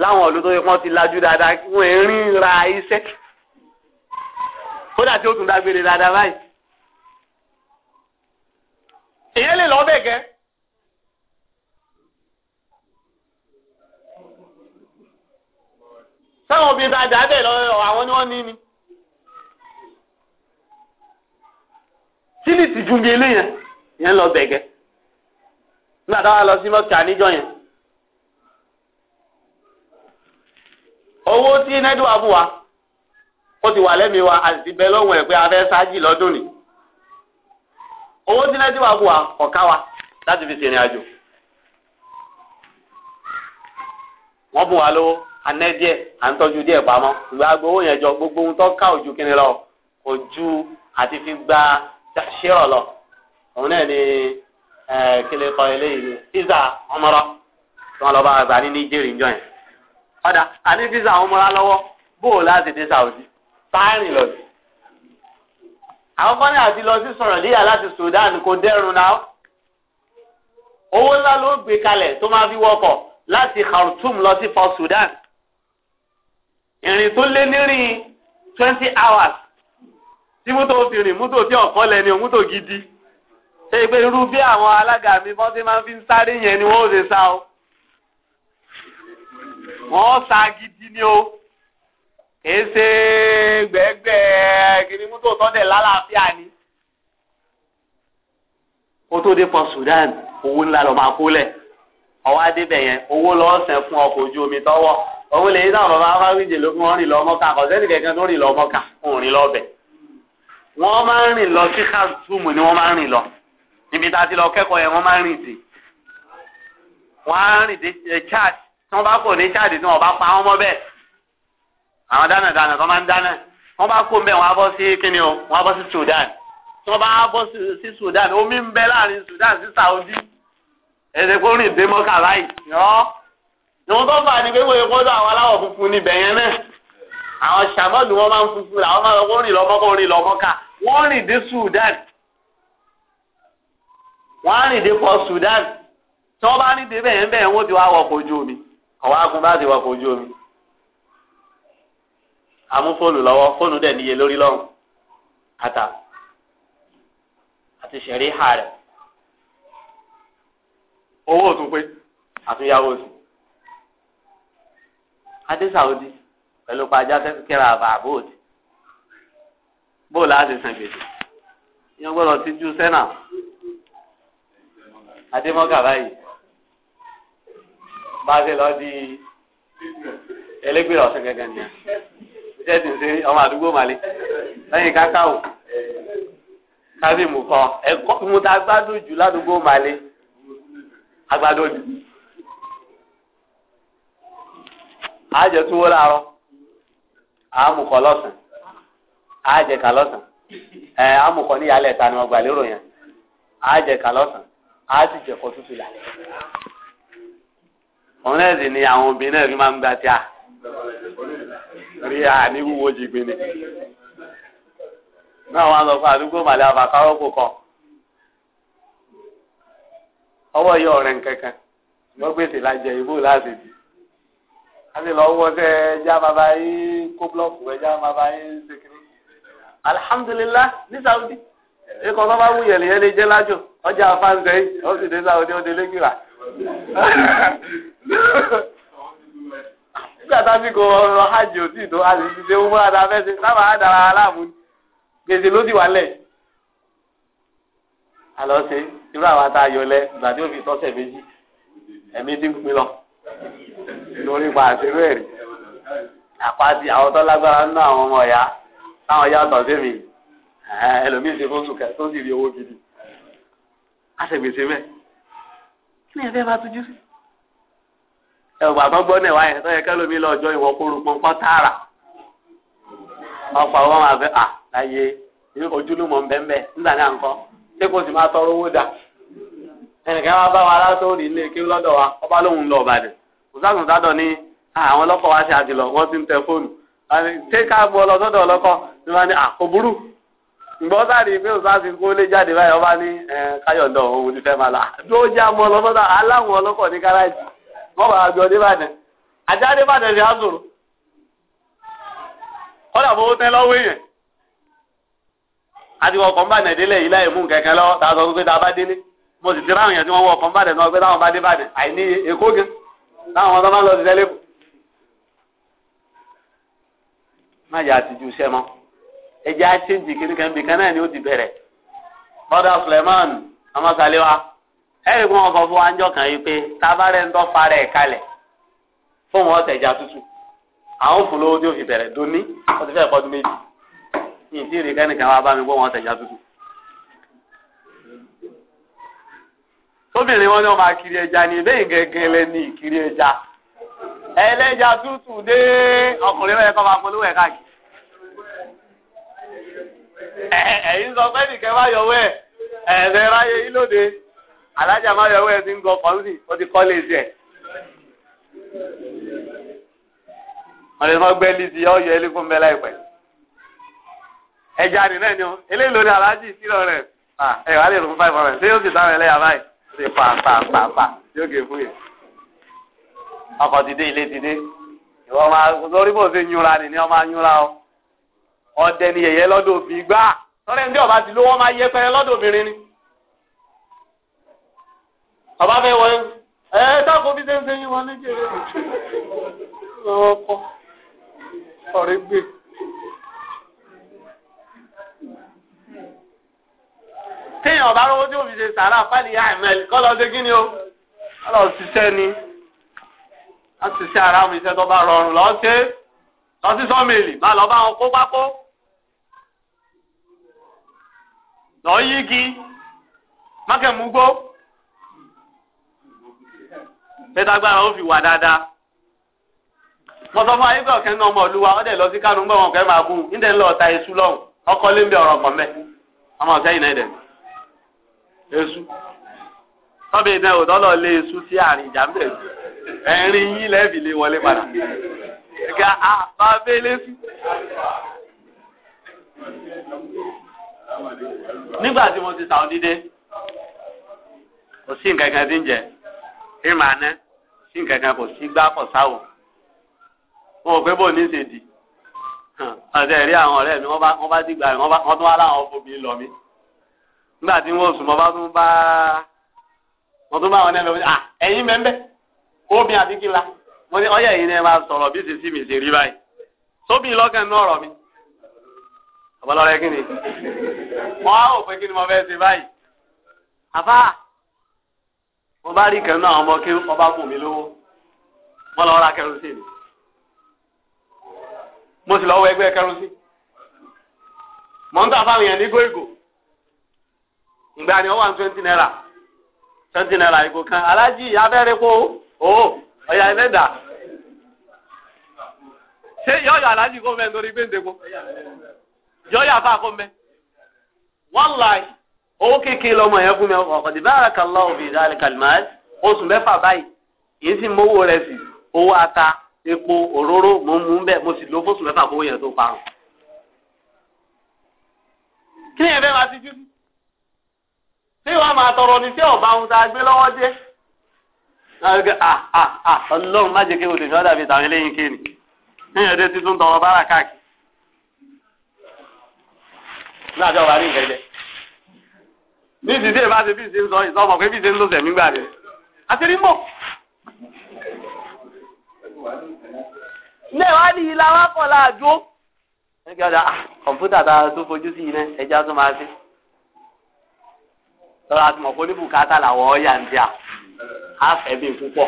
láwọn ọ̀dọ́ tó yẹ kán ti lájú dáadáa kí wọ́n rí ra iṣẹ́ kódà tí ó tún dágbére dáadáa báyìí èyí lè lọ bẹ́ẹ̀ gẹ́ẹ́. táwọn obìnrin tajà bẹ́ẹ̀ lọ àwọn ni wọ́n ní ni. sílì ti ju bí ilé yẹn lọ bẹ̀gẹ́ nígbà táwa lọ sí mọ́kà níjọ yẹn. owó tí nẹ́dùn fún wa ó ti wà wa a sì ti bẹ lọ́wọ́ ẹ̀ pé a fẹ́ ṣáájì lọ́dún ni owó tí wa ọ̀ká wa láti anẹ́ díẹ̀ à ń tọ́jú díẹ̀ pamọ́ ìgbà agbowó yẹn jọ gbogbo ohun tó ká ojú kínní lọ kò ju àti fi gba ṣírọ̀ lọ òun náà ni kílẹ̀ kọ́ eléyìí fíza ọmọrọ tí wọ́n lọ bá gbà ní níjẹ́rì ń jọ yẹn padà àní fíza ọmọrọ lọ́wọ́ bóò láti dé Saudi sáárìn lọ sí àwọn ní àti lọ sí sọ̀rọ̀ líyà láti Sudan kò dẹ́rùn náà owó ńlá ló gbé kalẹ̀ tó máa fi wọkọ̀ láti Khartoum lọ sí fọ Sudan ìrìn tó lé nírìn twenty hours tí mọ́tò fi rìn mọ́tò tí ọ̀kọ́ lẹ́ni o mọ́tò gidi ṣe pé irú bí àwọn alága mi bọ́n ti máa fi ń sáré yẹn ni wọ́n ò ṣe sá o wọ́n sá gidi ni o kìí ṣe gbẹ́gbẹ́ kìíní mọ́tò tọ́dẹ̀ lálàáfíà ni o tó dé pọ̀ Sudan owó ńlá lọ́ọ́ máa kó lẹ̀ ọwọ́ adébẹ̀yẹn owó lọ́ọ́ sẹ̀ fún ọkọ̀ ojú omi tọ́wọ́ òun lè dá ọ̀rọ̀ bá wá wíjì ló fún wọn rìn lọ mọ́ká kọ̀sẹ́nì kẹ̀kẹ́ tó rìn lọ mọ́ká òun rìn lọ bẹ̀. wọ́n máa ń rìn lọ sí khartoum ni wọ́n máa ń rìn lọ níbi tá a ti lọ kẹ́kọ̀ọ́ yẹn wọ́n máa ń rìn dé. wọ́n á rìn dé eh, chad tí wọ́n bá kò ní chad tí wọ́n bá pa wọ́n mọ́ bẹ́ẹ̀. àwọn dáná dáná tó máa ń dáná wọ́n bá kó bẹ́ẹ̀ wọ́n á bọ́ sí kíni o wọ́n á bọ́ sí Sudan tí wọ́n bá bọ́ sí Sudan omi ń bẹ láàrin Sudan sí Saudi ẹ̀sẹ̀ ìwọ̀n tó fà ní pé wọ́n yẹ kọ́dọ̀ àwọn aláwọ̀ funfun níbẹ̀ yẹn náà àwọn sàmọ́ọ̀lù wọn máa ń funfun làwọn máa ń rìn lọ́mọ́ kó rìn lọ́mọ́ ká wọ́n rìn dé Sudan wọ́n á rìn dé pọ̀ Sudan tí wọ́n bá rìn dé bẹ́ẹ̀ bẹ́ẹ̀ wọ́n ti wá wọkọ̀ ojú omi ọ̀wá agun bá ti wọkọ̀ ojú omi àmú fóònù lọ́wọ́ fóònù dẹ̀ níye lórí lọ́rùn kàtà àti sẹ̀rí hà rẹ̀ owó òtún pé àtúnyáwó sí adé sàwọ́dì pẹ̀lú pàjá fẹ́ kẹ́ra àbá àbóòdì bóòlù àti sàn gbèsè yẹn gbọ́dọ̀ ti ju sẹ́nà adémọ́gà báyìí bá a ṣe lọ di ẹlẹ́gbẹ̀rẹ̀ ọ̀sẹ̀ gẹ́gẹ́ nìyẹn jẹ́ ti ṣe ọmọ àdúgbò màlẹ́ lẹ́yìn kákáò kábíyèmù kan ẹ̀kọ́ mo ta gbádùn jù ládùúgbò màlẹ́ agbádùn jù. àjẹ túwó láàárọ̀ àmùkọ lọ́sàn àjẹ kà lọ́sàn ẹ àmùkọ ní ìyálẹ̀ ta ni wọn gbà kà lọ́sàn àti jẹkọ tútù lálẹ́. òun náà ni awon obìnrin náà fi máa ń gba a ri a ni náà wọn lọ fún àdúgbò màlẹ àfàkárọ kò kọ ọwọ́ àti lọ́wọ́ tẹ ẹja bàbá yín kó búlọ́ọ̀kù ẹja bàbá yín ṣèkìrì. alihamudulila ní saudi ikọ̀ tó bá wù yẹ̀lẹ̀yẹ̀ lè jẹ́ lájò ọjà fáńsẹ̀ yìí ó sì dé saudi ó dé lẹ́gbìrà. nígbà tásìkò ọ̀rọ̀ hajj ò tí ì tó a sì ti ṣe ń múra dáa fẹ́ẹ́ ṣe sábà á dára aláàmú gbèsè ló sì wà lẹ̀. àlọ́ ṣe irú àwọn àtàyọ̀ lẹ gbàdúrà fi tọ́sẹ̀ méjì ẹ̀mí ti ń lọ. lórí pa àṣírí èrè àpáti àwọn tó lágbára nínú àwọn ọmọ ọ̀yá táwọn yàtọ̀ sí mi ẹlòmíín ṣe fóṣù kẹ tó sì rí owó gidi àṣègbèsè bẹ́ẹ̀ kí ni ẹ fẹ́ bá tujú sí. ẹ̀wù bàbá gbọ́ náà wáyé tó yẹ kẹ́lómi lọ́jọ́ ìwọ kóru pọ́npọ́n tààrà ọ̀pọ̀ àwọn máa à láyé ojúlùmọ̀ ń bẹ́ẹ̀ nígbà náà ń kọ́ ṣé kò sì wa ilé kí lọ́dọ̀ ọ̀sán sàdọ̀ ní àwọn ọlọ́kọ̀ wá ṣe àjùlọ wọ́n ti ń tẹ fóònù ṣé ká gbọ́ ọlọ́sọ́dọ̀ ọlọ́kọ̀ ni wọ́n ní àkóbúrú ǹgbọ́n sáré pé ti kó lé jáde báyọ̀ bá ní káyọ̀dọ̀ òun fẹ́ máa ọlọ́sọ́dọ̀ ọlọ́kọ̀ ní gáràjì wọ́n bá sòrò kọ́dà fowó tẹ́ lọ́wọ́ èèyàn àti nàìjíríà yìí láì mú kẹ̀kẹ́ lọ́wọ́ a bá délé mo sì ti ráwọn tí wọ́n nàìjíríà táwọn ọmọ máa ń lọ sí tẹ́lẹ̀ kù. má yà àtijú iṣẹ́ mọ́ ẹjẹ́ á ṣe ń di kíníkan bí kan náà ni ó ti bẹ̀rẹ̀ bọ́dà Suleiman ọmọsàlẹ́wà ẹ̀rì kún ọkọ̀ fún wájọ́ kan yìí pé tábàárẹ̀ ń tọ́fà rẹ̀ kalẹ̀ fóun ọ̀tẹ̀jà tútù àwọn fòlówó tí ó fi bẹ̀rẹ̀ dóní ó ti fẹ́ pọ́dún méjì ìdí ìrìkẹ́nìkan wá bá mi gbọ́ wọn ọ̀tẹ̀jà tútù. tóbìnrin wọn ni wọn kiri ẹja ní ilé ìgẹgẹ lẹni ìkiri ẹja ẹlẹja tútù dé ọkùnrin rẹ kọ máa polówó ẹ káàkiri ẹ̀yin sọ pé nìkẹ́ má yọwọ́ ẹ̀ ẹ̀rẹ́ ráyé yín lóde alájà má yọwọ́ ẹ̀ ti ń gọ ó ti mọ́ ọ̀yọ́ ẹja ni ó eléyìí alájì sílọ rẹ̀ ẹ̀ wá lè five ṣe pàpàpàpà ilé lórí bó ṣe nyúra ni ni ọ nyúra o ọdẹ ni yẹyẹ òbí ọba ti yẹ pẹrẹ obìnrin ọba wọ ẹ bí ṣe ń ṣe yín téèyàn ọba rówó tí òfin ṣe sàrà fáìlì àìmẹ́lì kọ́ lọ sí kí o kọ́ lọ ṣiṣẹ́ ni wọ́n ṣiṣẹ́ ara mi iṣẹ́ tó bá rọrùn lọ ṣe lọ sí sọ́mìlì má lọ bá wọn kó pákó lọ yí kí mákẹ́múgbó pétagbára ó fi wà dáadáa wọ́n sọ fún ayé pé ọ̀kẹ́ náà ọmọ olúwa ọ̀dẹ̀ lọ sí kánú ń bọ̀ wọn kẹ́ máa bú un níta ń lọ ọ̀ta iṣu lọ́hùn ọkọ lé ń bẹ ọ̀rọ̀ kan bẹ́ẹ̀ ọmọ ọ̀sẹ́ yìí náà dẹ̀ èṣù tọ́bi iná ò tọ́lọ̀ lé èṣù sí àárín ìjà mbẹ́ ju ẹ̀rín yín lẹ́bi lé wọlé padà ga àbá bẹ́lẹ́ sí. nígbà tí mo ti sàwọn dídé kò sí nǹkan kan tí ń jẹ ìmọ̀ àná sí nǹkan kan kò sí gbá kọ̀ sáwò wọn ò pé bò ní ṣèdí ọ̀sẹ̀ rí àwọn ọ̀rẹ́ mi wọ́n bá dìgbà rẹ̀ wọ́n tún wá láwọn ọkọ̀ mi lọ mi. nígbà tí wọ́n sùn mọ́ bá tún bá wọ́n tún bá wọn náà lọ́wọ́ à ẹ̀yin mẹ́mbẹ́ omi àti kí ní ọyẹ yìí ni máa sọ̀rọ̀ bí ṣe mi ṣe rí báyìí sóbì mi ọ̀bọ̀lọ́rẹ́ kí ni wọ́n á rò pé kí ni mo fẹ́ ṣe báyìí àbá mo bá rí kan náà ọmọ kí ọba kù mí lówó mo lọ ra mo sì lọ wọ ẹgbẹ́ ń tà fáwọn ìgbà ni ó wà ní twenty naira twenty naira ìgò kan alájì abẹ́rẹ́ kó o ọ̀yà ẹlẹ́dà ṣé yọ̀ọ̀yà alájì kó mẹ́ nítorí gbéǹdéko yọ̀ọ̀yà fà kó mẹ́ wàláì owó kékeré lọmọ yẹn fún mi ọkọ̀dé bára kàlá òbí ìdálẹ́ kàlmáàlì oṣù mẹ́fà báyìí yìí sì mówó rẹ̀ sí owó ata epo òróró mo mú un bẹ́ẹ̀ mo sì lo fóṣù mẹ́fà kówó yẹn tó parun. kí ni ẹ fẹ́ máa ti jú tí wọ́n máa tọrọ ní tí ọba ohun tá a gbé lọ́wọ́ dé. Ah, ah, ah, ọlọ́run má jẹ́ kí o lè ṣọ́ dàbí tàwọn eléyìí kéènì níyàn dé títún tọrọ bára káàkiri. nígbà tí ọba rí ìkẹjẹ. ní ìdílé bá ti bí ìṣe ń sọ ìsọmọ pé bí ìṣe ń lọ sẹ̀mí gbà rẹ̀. àti rí mọ̀ ilé wa ní ilé wa kọ̀ láàdúró. ẹgbẹ́ ọ̀dà kọ̀ǹpútà tá a tún fojú sí iná ẹja tún máa ṣe tọ́lá tí mo kó ní bùkátà làwọn ọ̀yà ń bíà á fẹ́ bí púpọ̀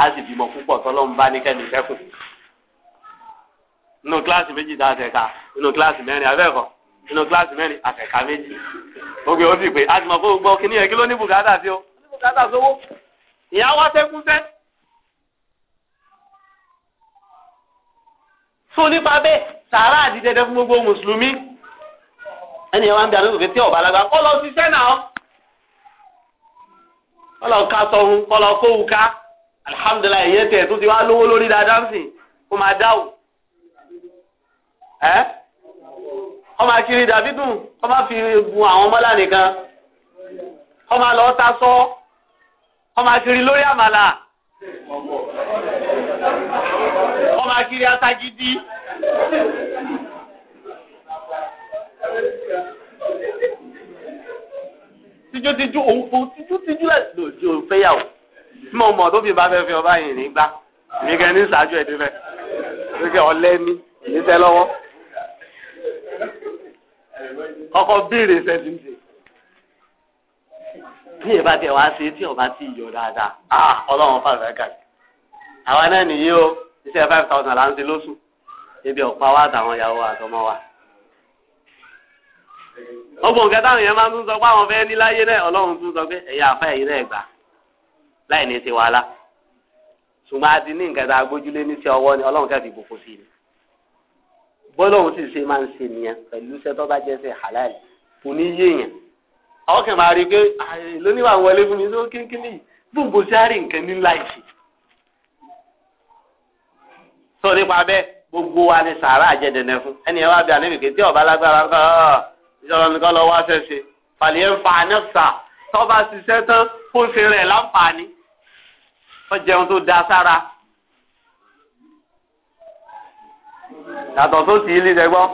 á sì bímọ púpọ̀ tọ́lọ́ ń bá ní kẹ́mi fẹ́kù. inú kíláàsì méjì dá àtẹ̀ka inú kíláàsì mẹ́rin abẹ́ẹ̀kọ́ inú kíláàsì mẹ́rin àtẹ̀ka méjì. gbogbo ó sì pé a ti mọ̀ fún gbọ́ kíní yẹn kí ló ní bùkátà sí o ní bùkátà sówó ìyá wá sẹ́kún fẹ́. fún nípa bẹ́ẹ̀ sàárà àti dẹdẹ fún gbogbo mùsùlùmí ẹnìyẹn wá ń bẹ àlejò pé tí ọ̀bá alágbá kọ́ lọ sí sẹ́nà ọ́ kọlọ ká sọhun kọlọ kóhu ká alihamudulilayi yẹn tẹ tó ti wá lówó lórí dáadáa ń sìn kó máa dá o ẹ kọ máa kiri dàbí dùn kọ máa fi bu àwọn ọmọlá nìkan kọ máa lọ ta sọ kọ máa kiri lórí àmàlà kọ máa kiri ata tijútijú òun fún tijútijú ẹ̀ lòdì òun fẹ́yàwó tí mo mọ̀ tó fi bá fẹ́ fi ọba yìí nígbà mi kẹ́ ní ìṣáájú ẹ̀dín fẹ́ lókè ọ̀lẹ́ ní ìṣẹ́ lọ́wọ́ kọ́kọ́ béèrè sẹ́ńtìǹtì tí ìbá tẹ̀ wá sí tí ọba ti yọ dáadáa ah ọlọ́run fàlùfẹ́ kàkì àwa náà nìyí o iṣẹ́ five thousand là ń ṣe lóṣù ibi ọ̀pá wa àtàwọn ìyàwó àtọmọ wa ọgbọ̀n nǹkan táwọn yẹn máa tún sọ pé àwọn fẹ́ ní láyé náà ọlọ́run tún sọ pé ẹ̀yà àfa ẹ̀yìn náà gbà láì ní ti wàhálà ṣùgbọ́n a ti ní nǹkan tá a gbójúlé ní sí ọwọ́ ni ọlọ́run kẹ́ fi bòkó sí ni bọ́lọ́run sì ṣe máa ń ṣe nìyẹn pẹ̀lú iṣẹ́ tó bá jẹ́ ṣe halal kò ní yé yẹn àwọn máa rí i pé lóníwà wọlé fún mi tó kínkínní gbogbo sáré nǹkan ní láìsí sọ nípa bẹ́ẹ̀ gbogbo wa ni sàárà jẹ́ dẹ̀dẹ̀ ìjọba nìkan lọ wá sẹ́sẹ̀ fàlẹ́ ń fa anẹ́fà tọ́ba ṣiṣẹ́ tán kó ṣe rẹ̀ láǹfààní wọ́n jẹun tó da sára. yàtọ̀ tó tì í lé dẹ́gbọ́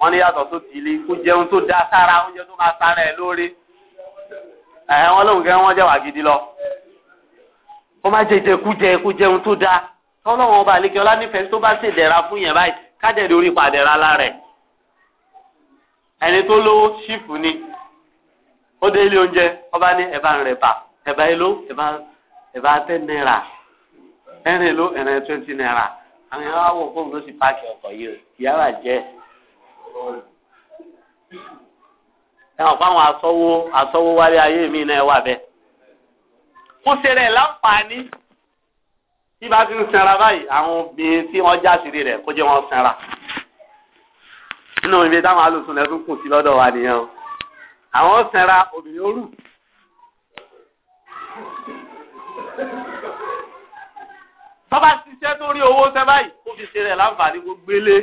wọ́n ní yàtọ̀ tó tì í lé kó jẹun tó da sára oúnjẹ tó máa sára ẹ̀ lóore ẹ̀ wọ́n lóun kẹ́ wọ́n jẹ́ gidi lọ. ó má jẹjẹ kú jẹ kó jẹun tó da tọ́lọ́wọ́n ọba àlekẹ́ ọlá nífẹ̀ẹ́ tó bá ṣèdẹ̀ra fún yẹn báyìí ká ẹni tó lówó ṣífù ni ó dé ilé oúnjẹ ọba ní ẹ̀bá ń rẹ̀ bà ẹ̀bá èlò ẹ̀bá ẹ̀bá ten naira ẹ̀rìn èlò ẹ̀rìn twenty naira àwọn èèyàn á wò fóun ló sì páàkì ọkọ̀ yìí o ìyára jẹ́ ẹ̀wọ̀n fáwọn asọ́wó asọ́wó wálé ayé mi náà wà bẹ́ẹ̀ kó ṣe láǹfààní tí bá ti ń sanra báyìí àwọn obìnrin tí wọ́n já sí rẹ̀ kó jẹ́ wọ́n sanra nínú ibi táwọn alùsùn lẹ́tún kù sí lọ́dọ̀ wa nìyẹn o àwọn sẹ́ra obìnrin orù. tọ́ba ṣiṣẹ́ tó rí owó sẹ́ báyìí ó fi ṣe rẹ̀ láǹfààní gbogbo ilé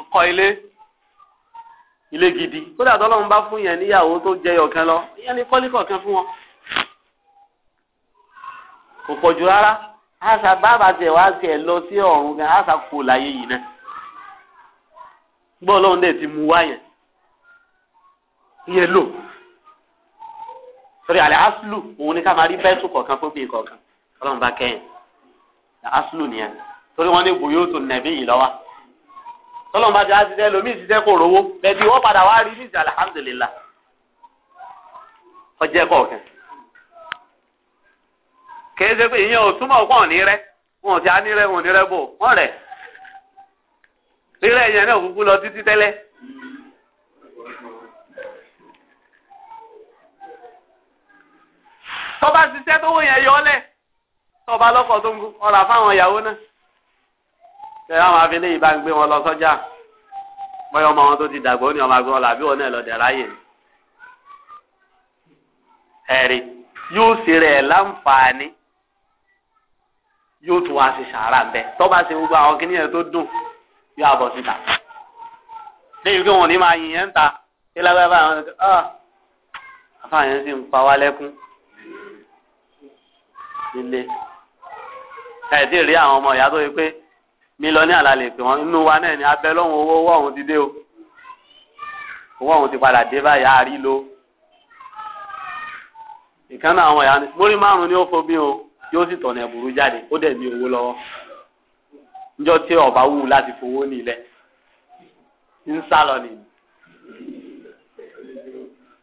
ọkọ̀ ilé ilé gidi kódà tọ́lọ́run bá fún yẹn níyàwó tó jẹyọ kan lọ ìyẹn ní kọ́líkọ̀ kan fún wọn kò pọ̀jù rárá àṣà bàbá tiẹ̀ wá tiẹ̀ lọ sí ọ̀run gan àṣà kò láyé yìí náà gbọ́ ọlọ́run dẹ̀ ti mú wáyẹ̀ yẹ lò sọ̀rọ̀ àlẹ́ aṣlù òun ni ká máa rí bẹ́ẹ̀tù kọ̀ọ̀kan fún bíi kọ̀ọ̀kan ọlọ́run bá kẹ́yìn aṣlù nìyẹn torí wọ́n ní bùyóòtò nàbí yìí lọ́wọ́ tọ́lọ́run bá ti á ṣiṣẹ́ lomi ìṣiṣẹ́ kò rówó bẹ́ẹ̀ni wọ́n padà wá rí níjà alhamdulilá ọjẹ́ kọ̀ọ̀kan kèé ṣe pé ìyẹn ò túmọ̀ pọ̀ ní rẹ́ wọn ò ti á ní wọn ò ní bò wọ́n rẹ̀ rírẹ̀ yẹn náà kúkú lọ títí tẹ́lẹ̀. tọ́ba ṣiṣẹ́ tó wọ̀ yọ ọ́ tọ́ba lọ́kọ̀ tó ń kú ọ̀rà fáwọn ìyàwó náà. ṣé àwọn afẹ́lẹ́ yìí bá ń gbé wọn lọ sọ́jà bọ́yọ̀ ọmọ wọn tó ti dàgbà ní ọmọ agbọ́n làbí wọn náà lọ dẹ̀ ráyè ẹ̀rí yóò ṣe rẹ̀ láǹfààní yóò tún wá ṣe ṣàrà bẹ́ẹ̀ tọ́ba ṣe gbogbo àwọn kìnìyàn tó dùn yọ àbọ̀ síta léyìí pé wọn ní máa yìnyẹn ta ṣé lágbára báyìí wọn ọ ah! àfààyàn sì ń pa wá lẹ́kún nílé ẹ̀ẹ́dì rí àwọn ọmọ ìyá tó yẹ pé mílíọ̀nì àlàlẹ̀ pé wọ́n inú wa náà ni abẹ́ lọ́hùn owó owó ọ̀hún ti dé o owó ọ̀hún ti padà dé báyìí àárí lo ìkànnì àwọn ìyá mórí márùn ni ó fo o yóò sì tọ̀nà ẹ̀bùrú jáde ó dẹ̀ ní owó lọ́wọ́ njọ tí ọba wù láti fowó nílẹ̀ ń sá lọ nìyí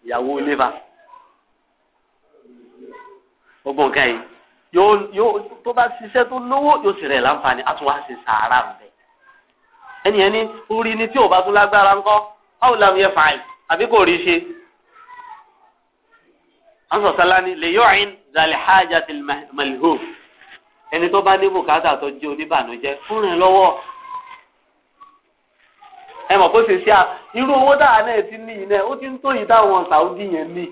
ìyàwó lébà gbogbo nǹkan yìí yóò yóò tó bá ṣiṣẹ́ tó lówó yóò sì rẹ̀ láǹfààní a tún wá ṣe sàárà nbẹ ẹnì ẹni orí ni tí ò bá lágbára ńkọ́ báwo la yẹ fàáyì àbí kò rí ṣe ansọ̀tàlá ni lè yọ̀ọ́yìn zàlẹ̀ hajj àti malihu ẹni tó bá ní bùkátà tó jẹ́ oníbànújẹ́ fún rìn lọ́wọ́ ẹ mọ̀ kó ṣe ṣe à irú owó dáa náà ti ní iná ó ti ń tó yìí táwọn Saudi yẹn ní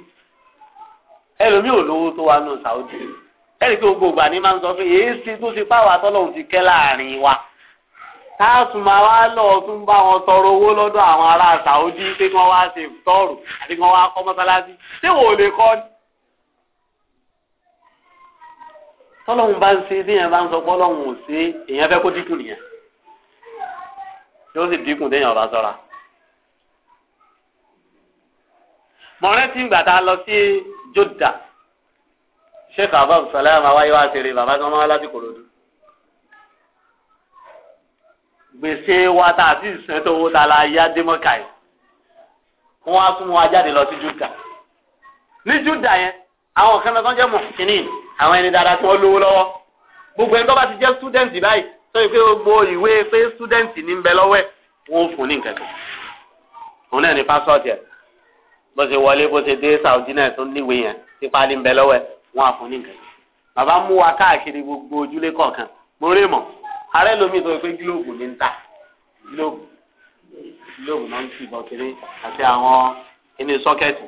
ẹlòmíì ò lówó tó wà nù Saudi ẹnì pé gbogbo àní máa ń sọ pé èyí sí tó ti pàwọ́ àtọ́lọ́hún ti kẹ́ láàrin wa táàtù máa wá lọ tún bá wọn tọrọ owó lọ́dọ̀ àwọn ará Saudi pé kí wọ́n wá ṣe tọ́ọ̀rù àti kí wọ́n wá kọ́ mọ́sálásí ṣé wò lè kọ́ ni. tọ́lọ́hún bá ń ṣe téèyàn bá ń sọ pọ́lọ́hún ò ṣe èèyàn fẹ́ kó dínkù nìyẹn yóò sì dínkù téèyàn ọ̀rọ̀ sọ́ra. mọ̀rẹ́tì ìgbà tá a lọ sí Jọ́dà sheikh abab salam awaye wa ṣeré bàbá kan máa láti kòlódú. gbèsè wa tá a ti sẹ́ tó owó ta la yá démọ́kà yìí wọ́n á tún wọn ajáde lọ sí Jọ́dà ní Jọ́dà yẹn àwọn kan náà tó ń jẹ́ àwọn ẹni dáadáa tí wọ́n lówó lọ́wọ́ gbogbo ẹni tó bá ti jẹ́ student báyìí tó yẹ pé gbogbo ìwé pé student ní ń bẹ lọ́wọ́ ẹ̀ wọ́n fún ní nǹkan kan òun náà ní pásọ̀tì ẹ̀ bó ṣe wọlé bó ṣe dé Saudi náà tó níwèé yẹn ti pálí ń bẹ lọ́wọ́ ẹ̀ wọ́n á fún ní nǹkan kan bàbá mú wa káàkiri gbogbo ojúlé kọ̀ọ̀kan mo rí mọ̀ ààrẹ lomi tó yẹ pé gílóòbù ní ń ta gílóòbù gílóòbù náà ń tì bọ́ kiri àti àwọn inú sọ́kẹ́tì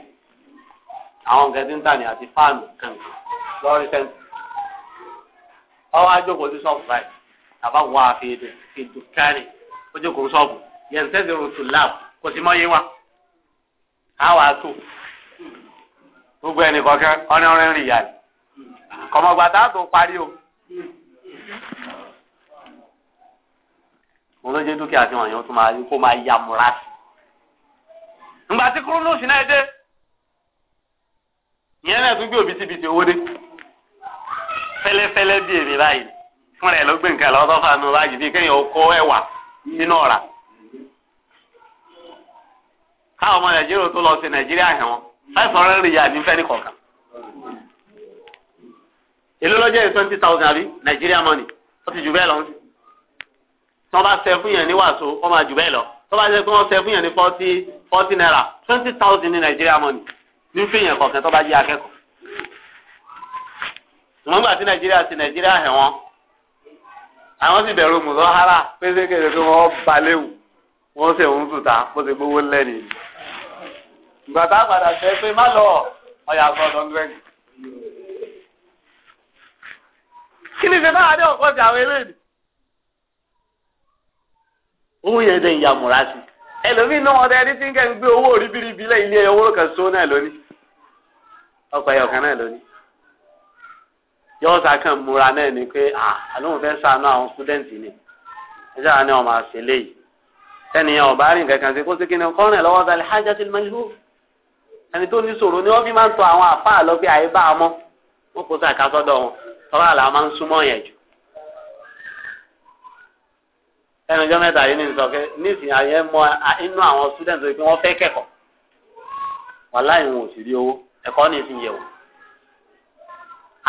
àwọn nǹkan tí ń tà ní àti fáànù kankan lọ́rí sẹ́ńtì ọwọ́ ajókòó sí sọ́ọ̀bù báyìí àbá wọ́n á fi sọ́ọ̀bù yẹn tẹ́sí kò sí mọ́ wa á wàá gbogbo ẹnì kọ̀ọ̀kan ọ̀rìn ọ̀rìn rìn yàrá kọ̀mọ̀gbà a parí o. mo ló jẹ́ dúkìá tí wọ́n yàn tó máa ya mura sí. ǹgbà kúrúnù sí náà dé náà tún gbé òbítíbitì owó dé. fẹ́lẹ́fẹ́lẹ́ bí èmi báyìí fún rẹ̀ ló gbé nǹkan lọ́wọ́ fà nù báyìí bí kéèyàn kó ẹ̀wà nínú ọ̀rà. káwọn ọmọ nàìjíríà tó lọ sí nàìjíríà hàn wọn fẹ́sọ̀ rẹ̀ rìyà ní fẹ́ni kọ̀ọ̀kan. èló lọ́jọ́ yìí twenty thousand àbí nàìjíríà money ó ti jù bẹ́ẹ̀ lọ ń sìn. bá ṣe fún yẹn ní wàásù ó máa jù bẹ́ẹ̀ lọ tí bá ṣe fún wọn ní forty forty naira twenty thousand ní nàìjíríà money ní fíyàn kọ̀ọ̀kan tó bá jẹ́ akẹ́kọ̀ọ́. ṣùgbọ́n gbà tí nàìjíríà ti nàìjíríà hẹ̀ wọ́n àwọn sì bẹ̀rù mùsọ̀hárà pèsè kéde pé wọ́n balẹ̀wù wọ́n sì ń sùn ta bó ti gbówó lẹ́nu yìí. bàtà padà ma pé má lọ ọ̀yà gbọ́dọ̀ ń kí ni sẹ́dá àdé ọ̀pọ̀ sí àwọn eléyìí. owó yẹn dẹ̀ ń múra sí. ẹlòmíín náà ọdẹ ẹni tí ń kẹ́ ń gbé owó lẹ́yìn ilé kan lónìí. yóò sàkàn múra náà ni pé àlóhùn fẹ́ sànú àwọn sítúdẹ̀ǹtì ni ẹjọ́ àná ọmọ àṣẹlẹ̀ yìí ẹnìyàn ọ̀bá rìn kankan sí kó sí kíni kọ́rin lọ́wọ́ dalẹ̀ hajjatul majhul ẹni tó ní sọ̀rọ̀ ni wọ́n fi máa ń tọ àwọn àfáà lọ bí àyè bá a mọ́ wọn kò sàkà sọ́dọ̀ wọn tọ́lá làá máa ń súnmọ́ yẹn jù. ẹnu ọjọ́ mẹ́ta yìí ní ìsọ̀kẹ́ nísìnyí ayé mọ inú àwọn sítúdẹ̀ǹtì pé wọ́n fẹ́ kẹ́kọ̀ọ́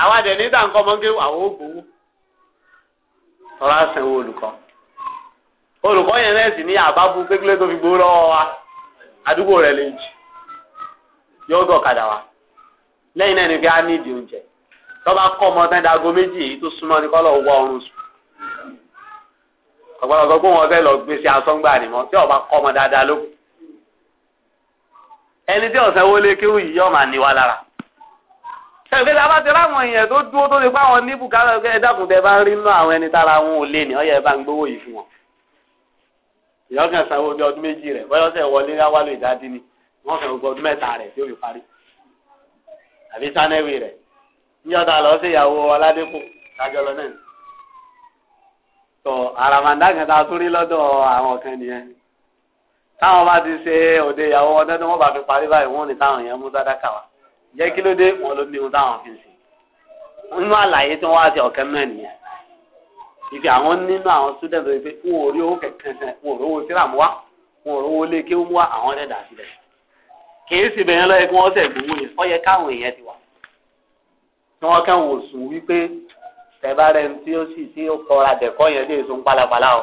àwọn àdẹ̀ nígbà nǹkan ọmọ gé àwọn ògbówó tọ́lá sẹ́wọ́ olùkọ́ olùkọ́ yẹn náà sì ní àbábú pékélé tó fi gbowó lọ́wọ́ wa àdúgbò rẹ̀ lè jì yóò dọ̀kadà wa lẹ́yìn náà ni pé a ní ìdí oúnjẹ tọ́ba kọ́ ọmọ tán dago méjì èyí tó súnmọ́ ní kọ́lọ̀ ọrùn sùn ọ̀pọ̀lọpọ̀ fẹ́ lọ gbé sí asọ́ngbà tí ẹni tí ọ̀sẹ̀ wọlé kéwù yìí yọ̀ máa ní wa lára ṣàgbé tá a bá ti ráwọn èèyàn tó dúró tó ti pa àwọn ní bùkátà ẹ dákun tẹ bá ń rí nínú àwọn ẹni tára wọn ò lè ní ọyẹ bá ń gbowó yìí fún wọn. ìyọkàn sanwó bí ọdún méjì rẹ bọ́yọ̀ sẹ̀ wọlé láwálò ìdádí ni wọ́n fẹ́ gbọ́ ọdún mẹ́ta rẹ̀ tí ó fi parí. àbí sanẹ́wì rẹ̀ níjọ́ta lọ sí ìyàwó ọládẹ́kù kájọ lọ náà. tó àràmàǹdà kan tá a tún rí lọ́dọ̀ àwọn kan nìyẹn. táwọn bá ti ṣe òde ìyàwó ọdún tí bá fi parí báyìí wọ́n ní táwọn èèyàn mú sádàkà wá jẹ́ kí ló dé wọn ló ní ohun táwọn fi sìn nínú àlàyé tí wọ́n á ti ọ̀kẹ́ mẹ́rin nìyẹn ìfi àwọn nínú àwọn student rẹ pé wọn ò rí owó kẹ̀kẹ́ wọn ò rówó síra mú wa wọn ò rówó lé kí ó mú wa àwọn ọ̀rẹ́ dà sílẹ̀ kìí sì bẹ̀rẹ̀ lọ́yẹ kí wọ́n tẹ̀ gbowó yẹn ọ yẹ káwọn èèyàn ti wà tí wọ́n kàn wò sùn wípé tẹ̀bá rẹ̀ ń tí ó sì tí ó kọra dẹ̀kọ́ yẹn lè sun pálapàla o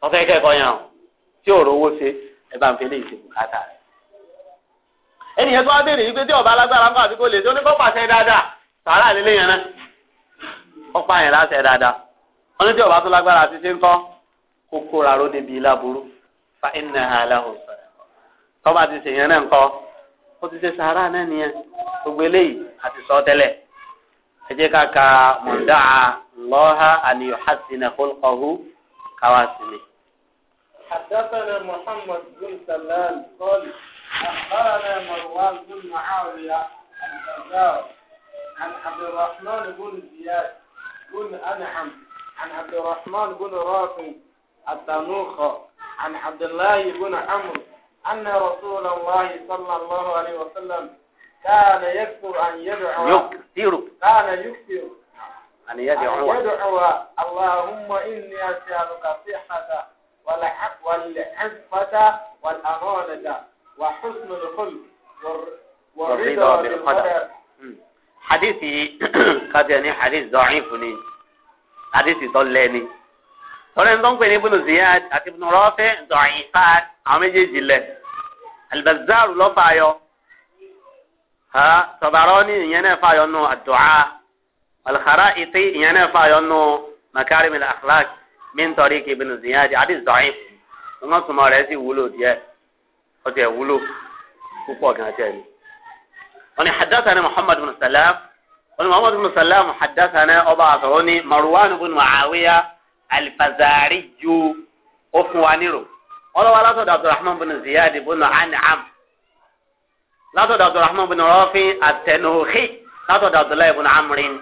wọ́n fẹ́ kẹ́kọ̀ọ́ yẹn o tí ò rówó ṣe ẹ bá ń fi lè ṣe bùkátà rẹ̀ ẹnìyẹn tó wá béèrè yìí pé tí ọba alágbára ń kọ àti kò lè tó ní kó pàṣẹ dáadáa sàárà lélẹ̀ yẹn náà ọ̀pá yẹn láṣẹ dáadáa wọn ní tí ọba tó lágbára àti ṣe ń kọ́ kó kóra ró débi ilá burú fa iná aláhùn sọ̀rọ̀ tọ́ba ti ṣèyẹn náà ń kọ́ ó ti ṣe sàárà náà nìyẹn gbogbo eléyìí àti sọ tẹ́lẹ̀ ẹ jẹ́ ká ka mọ̀ndá lọ́ha àníyàn hàṣìnà kọ́lùkọ́hù káwá sí حدثنا محمد بن سلام قال أخبرنا مروان بن معاوية عن عن عبد الرحمن بن زياد بن أنعم عن عبد الرحمن بن رافع التنوخة عن عبد الله بن عمرو أن رسول الله صلى الله عليه وسلم كان يكثر أن يدعو يكثر كان يكثر أن يدعو يدعو اللهم إني أسألك الصحة والعفة والأمانة وحسن الخلق والرضا بالقدر حديثي قد يعني حديث ضعيف ني حديث ضلني ọ̀rẹ́ ń tọ́ ń pè ní ibùdó ziyad àti ibùdó rọ́fẹ́ dọ̀ìfàd àwọn méjèèjì lẹ̀ albazaru lọ́ fàyọ tọ̀bàrọ́ ní ìyẹn náà fàyọ nù àdùá alxara ìtì ìyẹn náà fàyọ nù makarim al-akhlaq min tariq ibùdó ziyad àti dọ̀ìf wọn túmọ̀ rẹ̀ sì wúlò díẹ̀ ọtí ẹ̀ wúlò púpọ̀ gan tẹ̀ ni. wọ́n ní hadathana muhammad bin salam wọ́n ní muhammad bin salam hadathana ọba àtọ̀rọ̀ ní marwan bin muawiya alifazari ju ó fún wa nírò wọ́n lọ́wọ́ látọ̀dọ̀ abdulrahman bin ziyad bin anam látọ̀dọ̀ abdulrahman bin rọ́fin àtẹnuhi látọ̀dọ̀ abdullahi bin amrin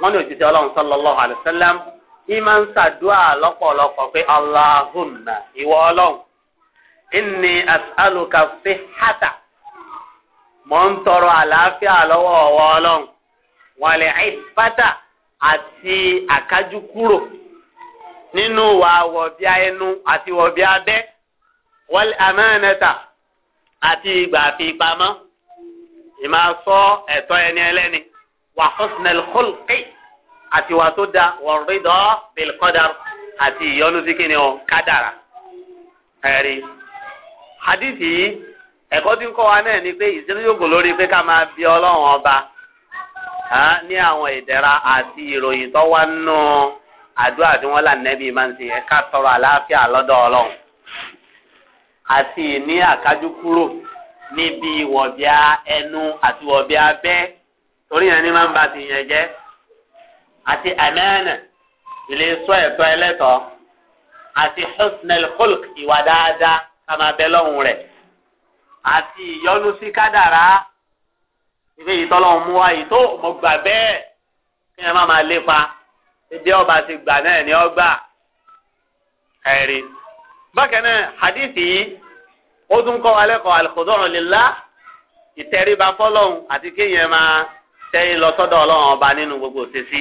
wọ́n ní òjijì ọlọ́run sallallahu alayhi wa sallam ìmọ̀ ń lọ́pọ̀lọpọ̀ pé allahumma ìwọ ọlọ́run inni as'aluka sihhata mò ń tọrọ àlàáfíà lọ́wọ́ ọwọ Ọlọ́run wàlẹ àìfàtà àti àkájú kúrò nínú wa wọbi ẹnu àti wọbi abẹ wọlé amẹnẹta àti ìgbà àfipamọ́ ìmọ̀ sọ ẹ̀tọ́ ẹni ẹlẹ́ni wà husnul khulqi àti wà tó da wọ̀rìdọ́ bil àti ìyọnu sí kádàrà ẹ̀rí hadith yìí ẹ̀kọ́ tí ń kọ́ wa náà ni pé ìṣẹ́lẹ́yògò lórí pé ká máa bí ọlọ́run ọba ní àwọn ìdẹ̀ra àti ìròyìn tó wá nù àdúrà tí wọ́n là nẹ́bí máa ń ṣe ẹ̀ka tọrọ àlàáfíà lọ́dọ̀ ọlọ́run àti ìní àkájú kúrò níbi wọ̀bíà ẹnu àti wọ̀bíà bẹ́ẹ̀ torí yẹn ni máa ń ba ti yẹn jẹ́ àti àmẹ́ẹ̀nà ilé sọ ẹ̀tọ́ ẹlẹ́tọ̀ọ́ àti husnul khulq ìwà dáadáa kama bẹ lọ́hùn rẹ̀ àti ìyọnu sí kádàrá ìwé ìtọ́lọ́hùn mú wa yìí tó mo gbà bẹ́ẹ̀ kí ẹ má máa lépa ìdí ọba ti gbà náà ni ọ gbà ẹ̀rí. bákan náà hadith yìí ó tún kọ́ wa lẹ́kọ̀ọ́ al-khudu' lillah ìtẹríba fọ́lọ́hùn àti kéèyàn máa tẹ́ lọ sọ́dọ̀ ọlọ́run ọba nínú gbogbo òṣèṣì.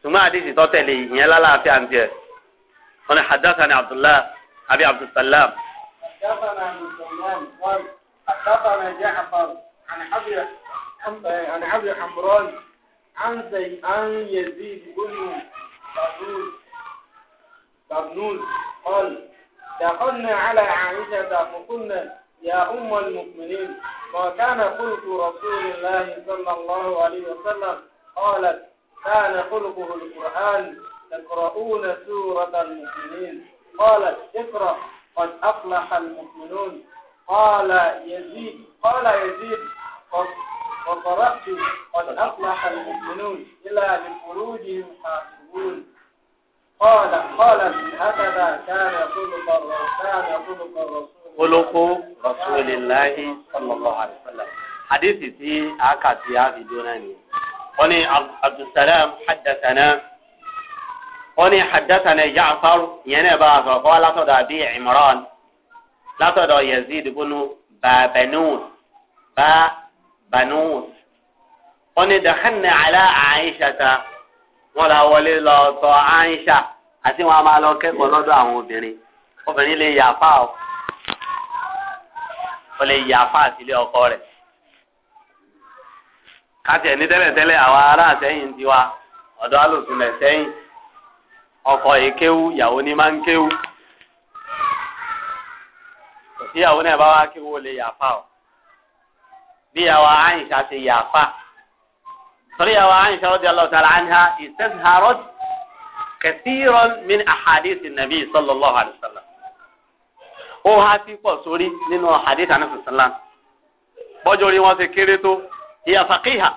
ṣùgbọ́n hadith tó tẹ̀lé ìyẹn lálàáfíà ń tiẹ̀. wọn ni haddathana Abdullah. أبي عبد السلام حدثنا مسلمان قال حدثنا جعفر عن أبي عن أبي حمران عن زي عن يزيد بن طبنوس طبنوس قال دخلنا على عائشة فقلنا يا أم المؤمنين ما كان خلق رسول الله صلى الله عليه وسلم قالت كان خلقه القرآن تقرؤون سورة المؤمنين قالت اقرأ قد أفلح المؤمنون قال يزيد قال يزيد وقرأت قد أفلح المؤمنون إلى لفروجهم حافظون قال قال هكذا كان خلق كان خلق الرسول خلق رسول الله صلى الله عليه وسلم حديثي في عكا في هذه دوناني وني عبد السلام حدثنا wọ́n ní hadathana ja'far yẹn náà bá a sọ̀rọ̀ kọ́ látọ̀dọ̀ àbí imran látọ̀dọ̀ yazid bunu babanus babanus wọ́n ní dakhanna ala aisha ta wọ́n la wọlé lọ tọ̀ aisha àti wọn a máa lọ kẹ́kọ̀ọ́ lọ́dọ̀ àwọn obìnrin obìnrin lè yàfa o ó lè yàfa àti ilé ọkọ tiwa ọ̀dọ́ àlòsùn lẹ̀ ọkọ yìí kéwú ìyàwó ni máa ń kéwú tí ìyàwó náà bá wá kéwú ó lè yàfa o bí ìyàwó àyìnṣà ti yàfa torí ìyàwó àyìnṣà ó di ọlọ́ọ̀tà láńhà ìsẹ́sàárọ̀ kẹsìrọ̀ min àhàdìsì nàbí sallallahu alaihi wasallam ó há sí pọ̀ sórí nínú àhàdìsì àná sọ̀sọ́lá bọ́jọ́ orí wọn ti kéré tó ìyàfàkìhà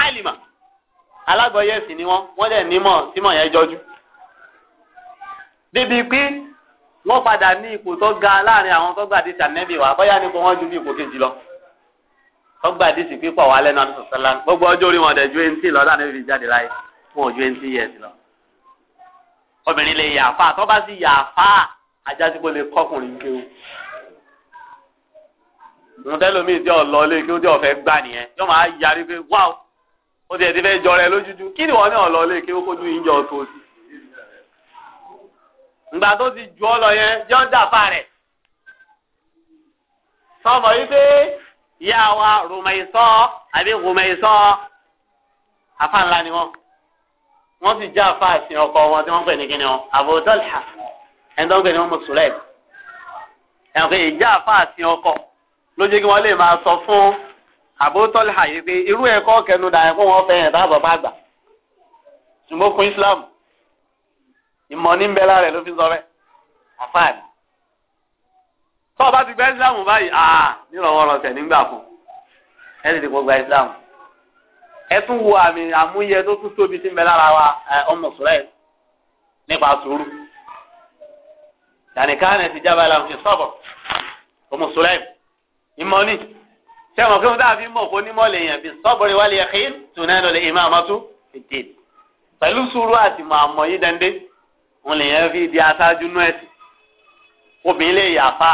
àìlìmà alágbọ̀yẹ̀sì ni wọ́n wọ́n dẹ̀ nímọ̀ símọ̀ yẹn jọjú débi pé wọ́n padà ní ipò tó ga láàrin àwọn tó gbàdí sànẹ́bì wa bóyá nípò wọ́n ju bí ipò kejì lọ tó gbàdí sì pípọ̀ wà lẹ́nu àti sọ̀sọ́lá gbogbo ọjọ́ orí wọn dẹ̀ ju eighty lọ láàrin ibi jáde láyé wọn ò ju eighty years lọ. obìnrin lè yà fa tó bá sì yà fa ajá tí kò lè kọkùnrin kéwù. mo tẹ́lómi ìdí ọ̀lọ́ lé kí ó jẹ́ ọ̀fẹ́ gbà nìyẹn yóò máa yarí pé wáò ó ti ẹ̀ ti fẹ́ jọrẹ lójújú kí ni wọ́n ní ọ̀lọ́ lé kí ó kójú ìjọ tó ǹgbà tó ti jù ọ lọ yẹn jẹ́ ń dàfà rẹ̀. sọ́mọ yìí pé ìyá wa rùmẹ̀sọ́ àbí rùmẹ̀sọ́ afá ńlá ni wọ́n. wọ́n sì já afá àti ọkọ wọn tí wọ́n pè ní kíni wọn Abu Talha ẹni tó ń pè ní wọn mùsùlẹ̀. ẹ̀wọ̀n pé ìjà afá àti ọkọ ló kí wọ́n lè máa sọ fún Abu Talha yìí pé irú ẹ̀kọ́ kẹnu dàrẹ́ fún wọn fẹ́yìn tá àbọ̀ bá gbà. ṣùgbọ́n fún Islam ìmọ̀ ní bẹ́lá rẹ̀ ló fi sọ bẹ́ẹ̀ àfáàní. tó o bá ti gba ìsìláàmù báyìí àà nírọ̀wọ́rọ̀sẹ̀ nígbà fún ẹ ti dìbò gba ìsìláàmù. ẹ tún wo àmì àmúyẹ tó tún tóbi sí bẹ lára wa ọmọ sùrẹ́ nípa sùúrù. yànníkànnì ti jábọ̀ ẹ̀ làwọn fi sọ̀bọ̀ ọmọ sùrẹ́ ìmọ̀ ni ṣé wọn kí wọn dáàbí mọ̀ kó ní mọ̀lẹ̀ yẹn bí sọ́bùrì wálé ẹ̀kí tùnẹ́ lọ́lẹ̀ ìmọ̀ àmọ́tú fìdí pẹ̀lú sùúrù àti mọ̀ àmọ́ yí dẹ́ndé wọn lè yẹn fi di aṣáájú nú ẹ̀sìn obìnrin lè yàfa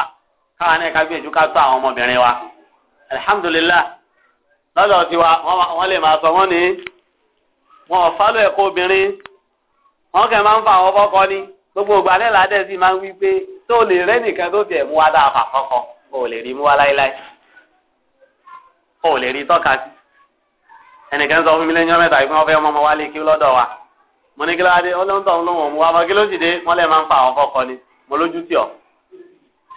káwọn ẹ̀ka gbìyànjú ká tó àwọn ọmọbìnrin wa alihamudulilayi lọ́dọ̀ tiwa wọ́n lè máa sọ wọ́n ní wọn ò fálọ̀ ẹ̀kọ́ obìnrin wọn kẹ́ máa ń fa àwọn fọ́kọ ni gbogbo ìgbà náà ládẹ́ sì máa ń wí pé tó lè rẹ́ nìkan tó tiẹ̀ mú wa dáa fà fọ́kọ kò lè rí mú wa láéláé kò lè rí tọ́ka sí ẹnìkan sọ fún mi lẹ́yìn ọmọ mẹ́ta yìí pé wọ́n ọmọ wa lé kí lọ́dọ̀ wa mo ní kílá dé ọlọ́ńtọ̀ ọlọ́wọ̀n mo wá mọ́ kí ló sì dé wọ́n lẹ̀ máa ń fa àwọn fọkọ ni mo lójú tì ọ́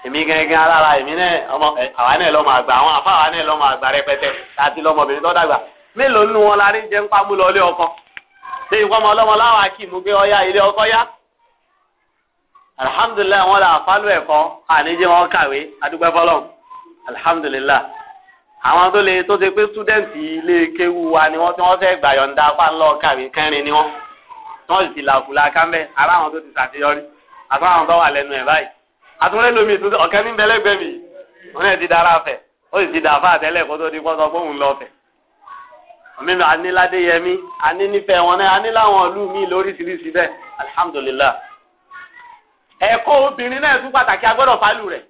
èmi gẹ́gẹ́ alára èmi náà ọmọ àwa náà lọ́mọ àgbà àwọn àfa àwa náà lọ́mọ àgbà rẹpẹtẹ àti lọ́mọbìnrin tó dàgbà mélòó nínú wọn la rí jẹ́ ń pamú lọ ilé ọkọ ṣé ìwọ ọmọ ọlọ́mọ láwọn akí mú pé ọyá ilé ọkọ yá alihamudulilayi wọn là fálù ẹ̀kọ́ àníjẹ wọn kàwé adúgbẹ́ fọlọ́m alihamudulilayi àwọn tó lè tó ṣe pé túdẹ̀ǹtì ilé kéwu wa ni wọ́n tí wọ́n fẹ́ gbàyọ̀ǹda apá ńlọ kàwé kẹrin ni wọ́n tọ́ọ̀lù ti làkùlà kámẹ́ ara àwọn tó ti ṣàṣeyọrí àtàwọn àwọn tó wà lẹ́nu ẹ̀ báyìí àtúnrẹ́ lómi ìtúntò ọ̀kẹ́ ní bẹ́lẹ́gbẹ́ mi wọn náà ti dára fẹ̀ ó sì ti dàáfà tẹ́lẹ̀ kó tó di kó sọ pé òun lọ fẹ̀. àmì mi anilade yẹmi anínífẹ̀ wọn náà aniláwọn ìlú mi lóríṣiríṣi bẹ́ẹ̀ alihamudulilayi. ẹ̀kọ́ obìnrin náà tún pàtàkì agbọ́dọ̀ fálù rẹ̀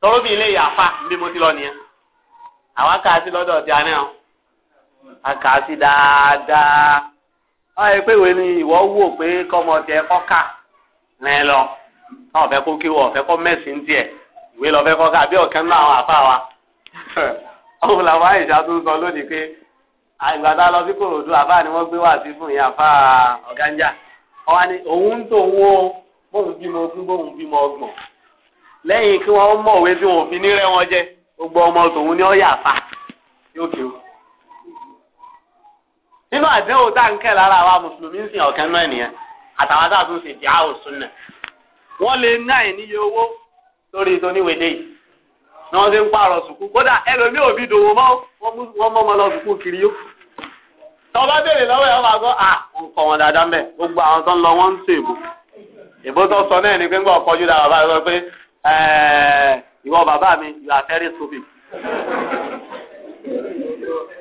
tọ́rọ́ mi ilé yàfa bí mo ti lọ nìyẹn àwa kà á sí lọ́dọ̀ ti báyìí pé ìwé ni ìwọ wò pé kọ́mọ tiẹ̀ kọ́ kà lọ náà ọ̀fẹ́ kó kí wọ ọ̀fẹ́ kọ́ mẹ́sìn tiẹ̀ ìwé lọ́fẹ́ kọ́ kà bí ọ̀kan náà àwọn àfa wa ọ̀hún làwọn àyíṣà tó ń sọ lónìí pé àgbà tá sí kòròdú àfa ni wọ́n gbé wá sí fún ìyá àfa ọ̀gánjà ọ̀wá ni òun ń tò wọ́n bóun bímọ ogún bóun bímọ ọgbọ̀n lẹ́yìn kí wọ́n mọ̀wé tí wọn ò fi ní wọn jẹ gbogbo ọmọ tòun ni ó yà fa yóò kéwòn. nínú àdéhùn tá à ń kẹ́ lára àwa mùsùlùmí ń sìn ọ̀kẹ́ náà nìyẹn àtàwọn tá a tún òsùn nà wọ́n lè ná ìníye owó lórí tóníwèdè yìí ni wọ́n ti ń pààrọ̀ sùkú kódà ẹlòmíì òbí dòwò mọ́ wọ́n mọ́ ọmọ lọ sùkú kiri yó tọ́ba béèrè lọ́wọ́ ẹ̀ wọ́n máa gbọ́ à ń kọ́ wọn dáadáa mbẹ́ gbogbo àwọn tó ń lọ wọ́n ń tó sọ náà ni pé ń ọkọ̀ júdà bàbá rẹ pé ìwọ bàbá mi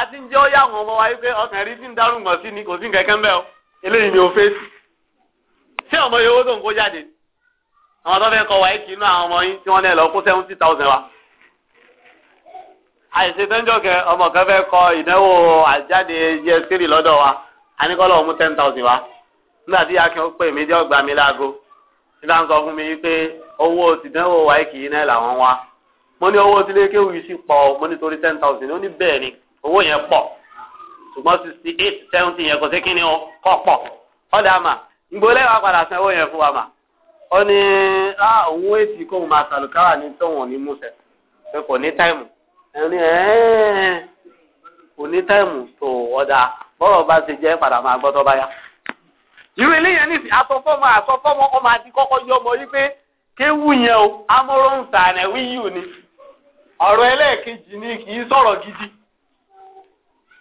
àti ń jẹ́ ó yá àwọn ọmọ wa wípé ọkàn rí sí ń dárú mọ̀ sí ni kò sí kẹ̀kẹ́ mbẹ́ o eléyìí ni o fẹ́ sí. ṣé ọmọ yìí tó ń kó jáde àwọn tó fẹ́ kọ wáyé kì í nú àwọn ọmọ yín tí wọ́n ní ẹ̀ lọ kó seventy thousand wa. àìsè tẹ́jọ́ kẹ ọmọ kan fẹ́ kọ ìdánwò àjáde yẹ sírì lọ́dọ̀ wa a ní ten thousand wa nígbà tí akin pè mí jẹ́ ọgbà mi láago nígbà ń sọ fún mi wípé owó tìdánwò wáyé kì í náà làwọn wa mo ní owó tilé kéwì sí pọ̀ mo nítorí ten thousand ó ní bẹ́ẹ̀ ni owó yẹn pọ̀ ṣùgbọ́n sixty yẹn kò sí kíni o kọ́ pọ̀ ọ̀dà padà san owó yẹn fún wa mà ó ní òun èsì kóun máa ní tóun ní múṣẹ pé ní táìmù ẹni ẹ̀ẹ́ kò táìmù tó ní ọmọ àti yọ ọmọ yìí pé kéwù yẹn o amúrò ń sàn ẹ̀wí yìí ò ní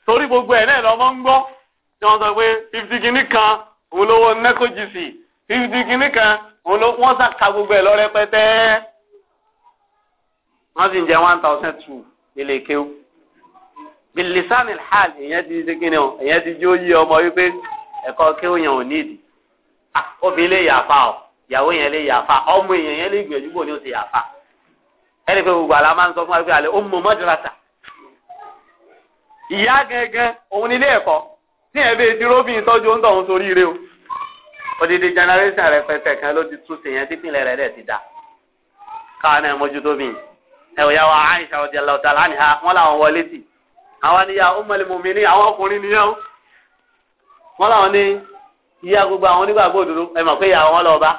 torí gbogbo ẹ̀ náà lọ́mọ ń gbọ́ tí wọ́n sọ pé fifty kìíní kan òun lówó nẹ́kọ̀jìsì fifty kìíní kan òun ló wọ́n sàkà gbogbo ẹ̀ lọ rẹpẹtẹ. wọ́n sì ń jẹ one thousand two ilé kéwù. bilisanil hal èyàn ti ṣe kíni o èyàn ti jó yí ọmọ wípé ẹ̀kọ́ kéwù yẹn ò nídìí. Ah, obìnrin lè yàfa o ìyàwó yẹn lè yàfa ọmọ èèyàn yẹn lè gbìyànjú bò ní o ti yàfa. ẹnì pé gbogbo àlá máa ń sọ fún wa pé àlẹ́ ó mú mọ́dúrásà ìyá gangan òun nílé ẹ̀kọ́ tí ẹ̀ bẹ́ẹ̀ dúró bí ìtọ́jú ń tọ̀hún sórí ire o odidi generation rẹpẹtẹ kan ló ti tún yẹn rẹ rẹ̀ ti dá káwọn náà mójútó mi ẹ ò Aisha wọn làwọn wọlé tì àwọn ya ummul àwọn ọkùnrin wọn làwọn ní ìyá gbogbo àwọn ẹ pé ìyá wọn lọ bá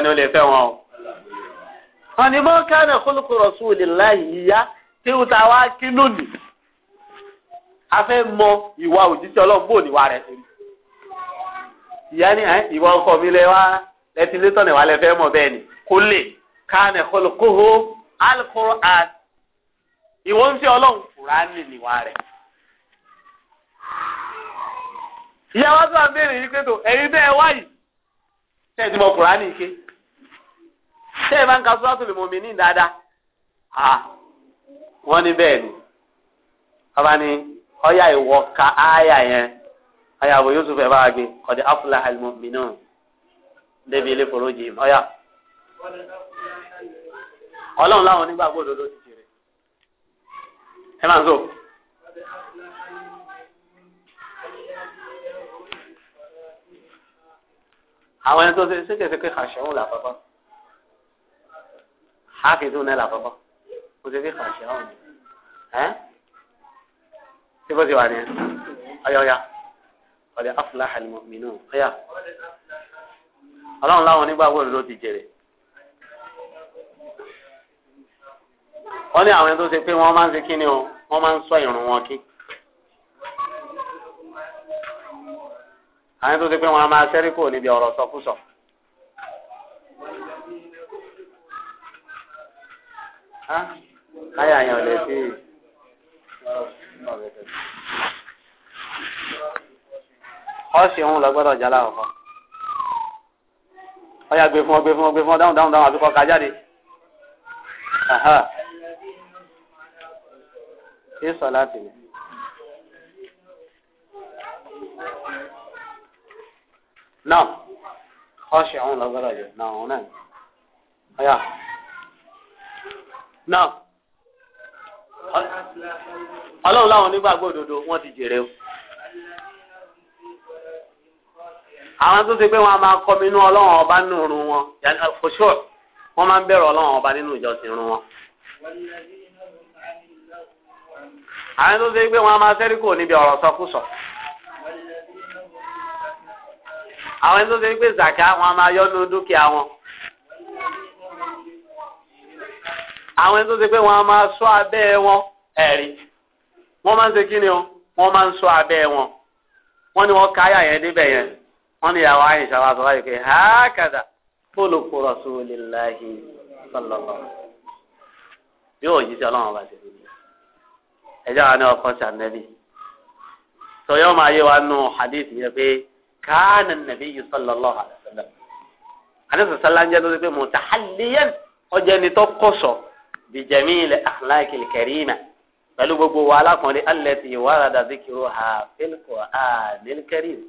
ni ó lè o. wọn ni tí a mọ ìwà òjíṣẹ́ ọlọ́run bó rẹ̀ ṣe ìyá ni ìwà ọkọ mi lẹ wá ẹtí wà lẹ fẹ́ mọ bẹ́ẹ̀ ni kó lè káàní kọlù kóhó alukoro at ìwọ fi ọlọ́run rẹ̀. ìyá wa sọ ike ń ka lè mọ̀ mí ní wọ́n ni. ọyà ìwọ ka áyà yẹn ọyà àbò Yusuf ẹ bá gbé qad aflaha al-mu'minun débi ilé forojì ọyà ọlọ́run láwọn onígbàgbọ́ òdodo ti jèrè ẹ máa ń sọ. àwọn ẹni tó ṣe ṣe kẹsẹ pé kàṣẹwọn là pápá hákìtún náà là pápá mo ṣe pé kàṣẹwọn ẹ tí bó ti wà ní ọyọ ya ọdẹ afúláhà ni mọ̀mínú ọyà ọlọ́run láwọn onígbàgbọ́ òdodo ti jèrè wọ́n ní àwọn ẹni tó ṣe pé wọ́n máa ń ṣe kíni o wọ́n máa ń sọ ìrun wọn kí àwọn ẹni tó ṣe pé wọ́n máa ṣẹ́rí kò níbi ọ̀rọ̀ sọkúsọ. Káyà yẹn ò lè ọ̀sẹ̀ òun lọ gbọ́dọ̀ jálá ọ̀fọ̀ ọ̀yà gbé fún ọ fún ọ fún ọ dáhùn dáhùn dáhùn àbíkọ́ kájáde. ṣé sọlá tèmi. náà ọ̀sẹ̀ òun lọ gbọ́dọ̀ jẹ náà òun náà ọ̀yà náà. ọlọ́run láwọn onígbàgbọ́ òdodo wọ́n ti jèrè o. àwọn tó ti pé wọn a máa kọ́ mi inú ọlọ́run ọba wọn wọ́n máa ń ọlọ́run ọba nínú ìjọsìn wọn. àwọn tó ti pé wọn a máa sẹ́rí níbi ọ̀rọ̀ sọkúsọ. àwọn tó ti pé zaka wọn a máa wọn. àwọn ẹni tó ṣe pé wọ́n á máa sọ abẹ́ wọn ẹ̀rí wọ́n máa ń ṣe kíni o wọ́n máa ń sọ abẹ́ wọn wọ́n ní wọ́n káyà yẹn débẹ̀ yẹn wọ́n ní ìyàwó àyìnṣà wa sọ wáyé pé ha kàdà fólùkù rasulillahi sallallahu yóò òjíṣẹ́ ọlọ́run bá ṣe fi ní wa ní ọkọ sànẹ́bì sọyọ́ máa yé wa nù hadith yẹn pé káàní nabiyyu sallallahu alaihi wasallam àdéhùn sàlá ń jẹ́ tó ṣe pé mùtàhálíyẹ́n ọjà ẹni tó kọ̀ bijamil akhlaqil karima pẹ̀lú gbogbo wa alákùnrin allati warada dhikruha fil Qur'anil karim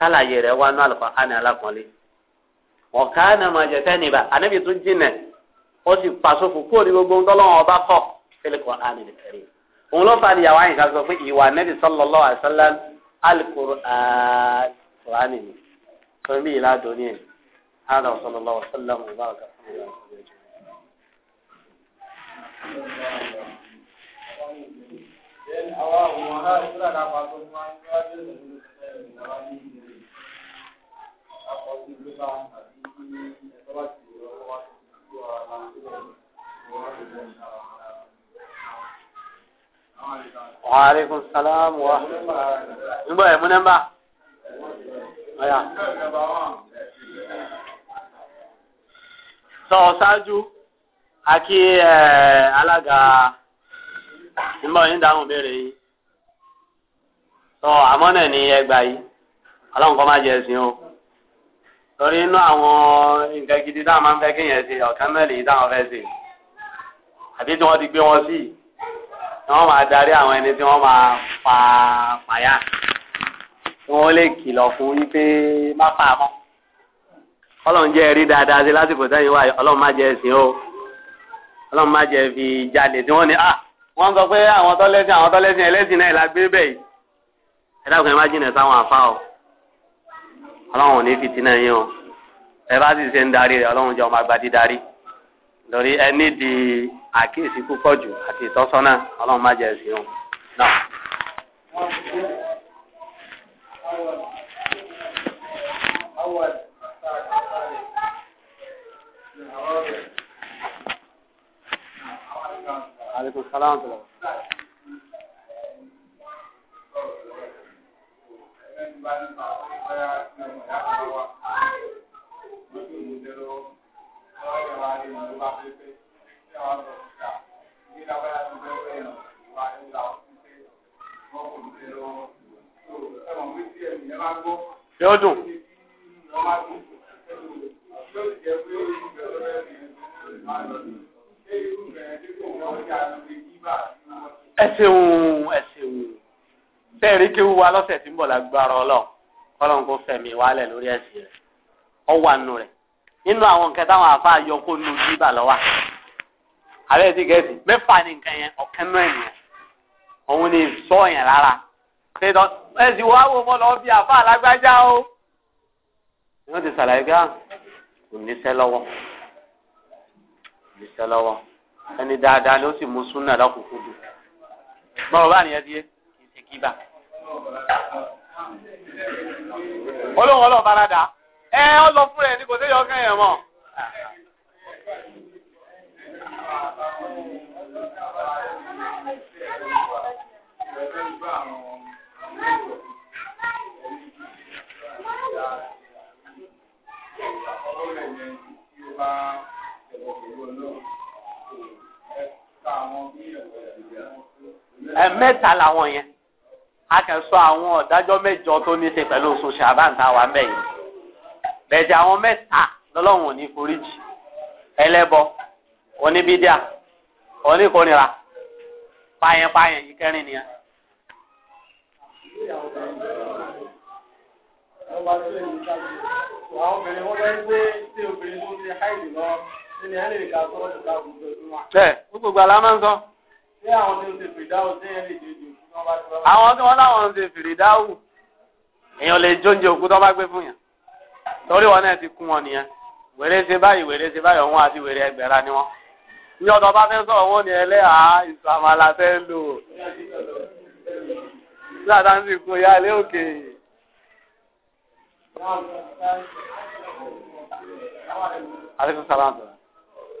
sálàyé rẹ̀ wà nù al-Qur'an alákùnrin wa kana majtaniba anábì tún jìnà ó sì pàṣọfù kúrò ní gbogbo ńdọ́lọ́wọ́n ọba kọ́ fil Qur'anil karim òun ló fàdí àwọn àyìnká sọ pé ìwà anábì sallallahu alaihi wasallam al-Qur'anil karim sọ Wàhálẹ́kùn sálám wà. Nígbà ẹ̀mú nẹ́mbà. Ọ̀yà. Sọ ṣáájú àti eh, alaga ìmọ̀ yín dáhùn béèrè yìí sọ àmọ́ náà ní ẹgbàá yìí ọlọ́run kọ́ máa jẹ ẹ̀sìn o torí inú àwọn nǹkan gidi táwọn máa ń fẹ́ kéèyàn ṣe ọ̀kan náà lèyí táwọn fẹ́ ṣe àbí tí wọ́n ti gbé wọn sí ni wọ́n máa darí àwọn ẹni tí wọ́n máa pa pàyà tí wọ́n lè kìlọ̀ fún yín pé má pa mọ́ ọlọ́run jẹ́ ẹ̀rí dáadáa sí lásìkò sẹ́yìn wáyé ọlọ́run má jẹ ẹ̀sìn o ọlọ́run má jẹ́ fi jalè tí wọ́n ní à ah, wọ́n sọ pé àwọn tọ́lẹ́sìn àwọn tọ́lẹ́sìn ẹlẹ́sìn náà ìlàgbé bẹ́ẹ̀ ẹ dákun ẹ má jìnà sáwọn àfa o ọlọ́run ò ní fi tinà yín o ẹ bá sì ṣe ń darí rẹ ọlọ́run jẹ́ ọmọ àgbà dídarí lórí ẹni di àkíyèsí púpọ̀ jù àti ìtọ́sọ́nà ọlọ́run má jẹ́ ẹ̀sìn o náà. Thank you. عليكم السلام ورحمة الله yóò dùn. Thank you ẹ ṣeun ẹ ṣeun sẹ́ẹ̀rí kéwu wa lọ́sẹ̀ tí ń bọ̀ lágbára ọlọ́run kọ́lọ́n kó fẹ̀mí wálẹ̀ lórí ẹ̀sìn rẹ̀ ọwọ́ àánú rẹ̀ nínú àwọn nǹkan táwọn àfáà yọ kó nu bíbà lọ́wọ́ ààrẹ ti gẹ̀ẹ́sì mẹ́fà ni nǹkan yẹn ọ̀kan náà nìyẹn òun ni sọ yẹn rárá ṣètò ẹ̀sìn wa wo mọ́ lọ́ọ́ bí àfáà lágbájá o ni wọ́n ti ṣàlàyé gbá ah, kò níṣẹ́ lọ́wọ́ ìṣẹ́ lọ́wọ́ ẹni dáadáa ni ó sì mú súnà lọ́kùnkún dùn bọ́ọ̀ bá nìyẹn díẹ̀ kì í ṣe kíbà. olóhùn ọlọ́ọ̀ bára dà ẹ ọ lọ fún ẹ ní kò séyọ ọkàn yẹn mọ́. Thank you ẹ̀mẹ́ta làwọn yẹn a kàn sọ àwọn ọ̀dájọ́ mẹ́jọ tó ní í ṣe pẹ̀lú oṣù ṣàbáǹtà wa mẹ́yìn bẹ̀jẹ̀ àwọn mẹ́ta lọ́lọ́run ò ní foríjì ẹlẹ́bọ oníbídíà oníkónira páyẹnpáyẹn yìí kẹrin nìyẹn. wọ́n wá sí ẹ̀yìn ká ló wà obìnrin wọ́n lọ gbé sí obìnrin tó ti háìlì lọ bẹ́ẹ̀ gbogbo àlá máa ń sọ. àwọn tí wọ́n láwọn ń ṣe fìrìdáwù èèyàn lè jóúnjẹ òkú tó bá gbé fún yàn torí wọn náà ti kún wọn nìyẹn wèrè ṣe báyìí wèrè ṣe báyìí ọ̀hún àti wèrè ẹgbẹ̀ra ni wọn. ní ọ̀dọ̀ bá fẹ́ sọ̀rọ̀ wọn ni ẹlẹ́hàá ìsàmù aláfẹ́ ń lò ó. ń sì kún ìyá ilé òkè. aleykum salaam.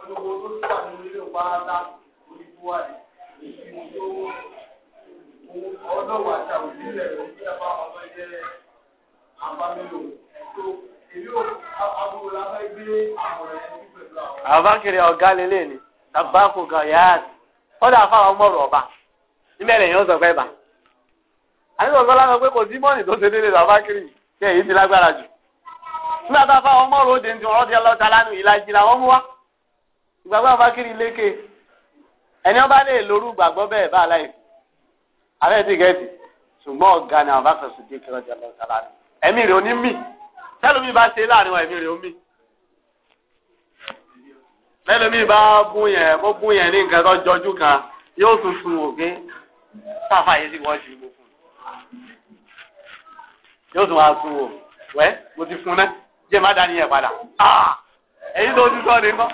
wọ́n ní owó tó ti wà nínú ilé òpá ńlá orí tó wà ní èyí mo tó ọlọ́wọ́ àti àwòsílẹ̀ rẹ̀ ní ẹ̀fọ́ àwọn ọmọ ẹgbẹ́ àbámẹ́lò tó èmi ò aburú la fẹ́ gbé àmọ̀ràn ẹ̀ sí kọ́dà fáwọn ọmọ rẹ̀ ọba níbẹ̀ lẹ́yìn ó sọ pé bà àníṣọ́ sọ́lá sọ pé kò sí tó ṣe délé àbákiri kí èyí ti lágbára jù nígbà tá a fáwọn ọmọ rẹ̀ ó de ní ọlọ́dẹ ọlọ́ta lánàá ìlàjì làwọn mú wa ìgbàgbọ́ àbákiri lékè ẹni ọba lè lórú gbàgbọ́ bẹ́ẹ̀ bá aláì alẹ́ ti gẹ̀ẹ́sì ṣùgbọ́n ọ̀gá ni àwọn bákan sì dékè ọjà lọ sára ni ẹ̀mí rẹ̀ oní mì tẹ́lómi bá ṣe láàrin wa ẹ̀mí rẹ̀ omi tẹ́lómi bá gún yẹn ó gún yẹn ní nǹkan tó jọjú kan yóò tuntun òkè sáfà yìí sì wọ́n ṣe gbogbo yóò tún wá sun wò wẹ́ mo ti fún náà jẹ́ má dání yẹn padà. Ah! èyí tó ti sọ ni kọ́. Ah,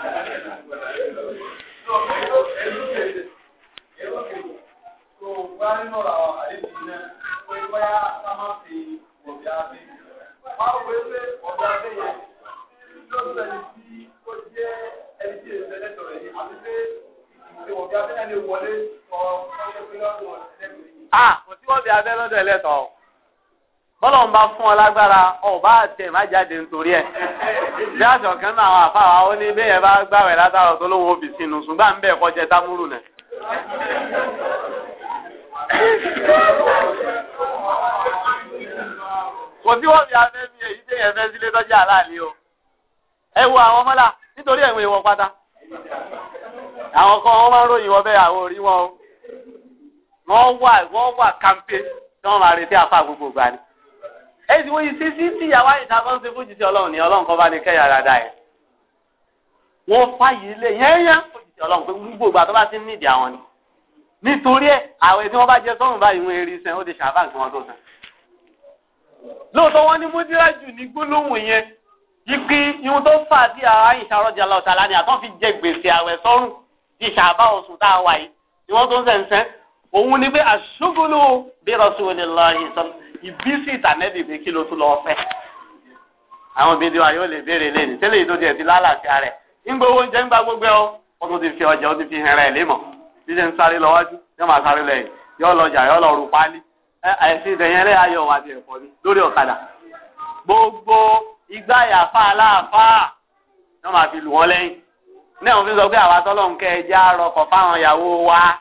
kò sí wọ́n bí abẹ́ lọ́dọ̀ ẹlẹ́tọ̀ọ́. bọ́lọ̀ ń bá fún ọ lágbára ọba àti ẹ̀ má jáde nítorí ẹ̀. bí àṣọ kan náà àwọn àfáà ó ní bẹ́ẹ̀ bá gbàwẹ̀ látàrọ̀ tó lóun òbí sínú ṣùgbọ́n ń bẹ̀ kọjá támúrù nà. kò sí wọ́n fi afẹ́ mi èyí tí fẹ́ sílé tọ́jú o. ẹ wo àwọn ọmọlá nítorí ẹ̀wọ̀n ìwọ̀n pátá. àwọn kan wọ́n máa ń ròyìn wọn bẹ́ẹ̀ àwọn orí wọn o. wọ́n wà wọ́n wà ẹ ti wo ìṣe sí ti ìyàwó àyíká kan ṣe fún jìṣẹ́ ọlọ́run ni ọlọ́run kan bá ní kẹ́yà rárá ẹ̀ wọ́n fàyè lé yẹ́nyẹ́ fún jìṣẹ́ ọlọ́run pé gbogbo ìgbà tó bá ti ń nídìí àwọn ni nítorí ẹ̀ àwẹ̀ tí wọ́n bá jẹ sọ́run báyìí wọn eré sẹ́n ó ti ṣàbá nǹkan wọn tó sàn. lóòótọ́ wọn ní múdírájù ní gbólóhùn yẹn yípi ihun tó fà sí àyíká rọ́jà lọ́ọ̀tà lánàá àtọ́ fi jẹ gbèsè àwẹ̀ sọ́run ti ṣàbá oṣù tá a wà yìí ni wọ́n tó ń sẹ̀nsẹ̀ òun ni pé àṣùgbọ́n bí rọ́ṣùwọ̀n ni lọ́ọ́ yìí sọ́run ìbísí ìtànẹ́bì pé kí ló tún lọ fẹ́ àwọn obìnrin wa yóò lè béèrè lẹ́nu tẹ́lẹ̀ yìí tó tiẹ̀ ti lálàáfíà rẹ̀ ńgbà owó oúnjẹ ńgbà gbogbo ẹ̀ ọ́ ó tún ti fi ọjà ó ti fi hẹrẹ̀ lémọ̀ ṣíṣe ń sáré lọ wájú yóò máa sáré lẹ́yìn yóò lọjà yóò lọ rú pálí àìsí ìdẹ̀yẹn lẹ́yà ayọ̀ wà ti ẹ̀fọ́ ni lórí ọ̀kadà gbogbo igbá ìyàfa aláàfáà yóò máa fi lù wọ́n lẹ́yìn náà wọ́n fi sọ pé àwa tọ́lọ́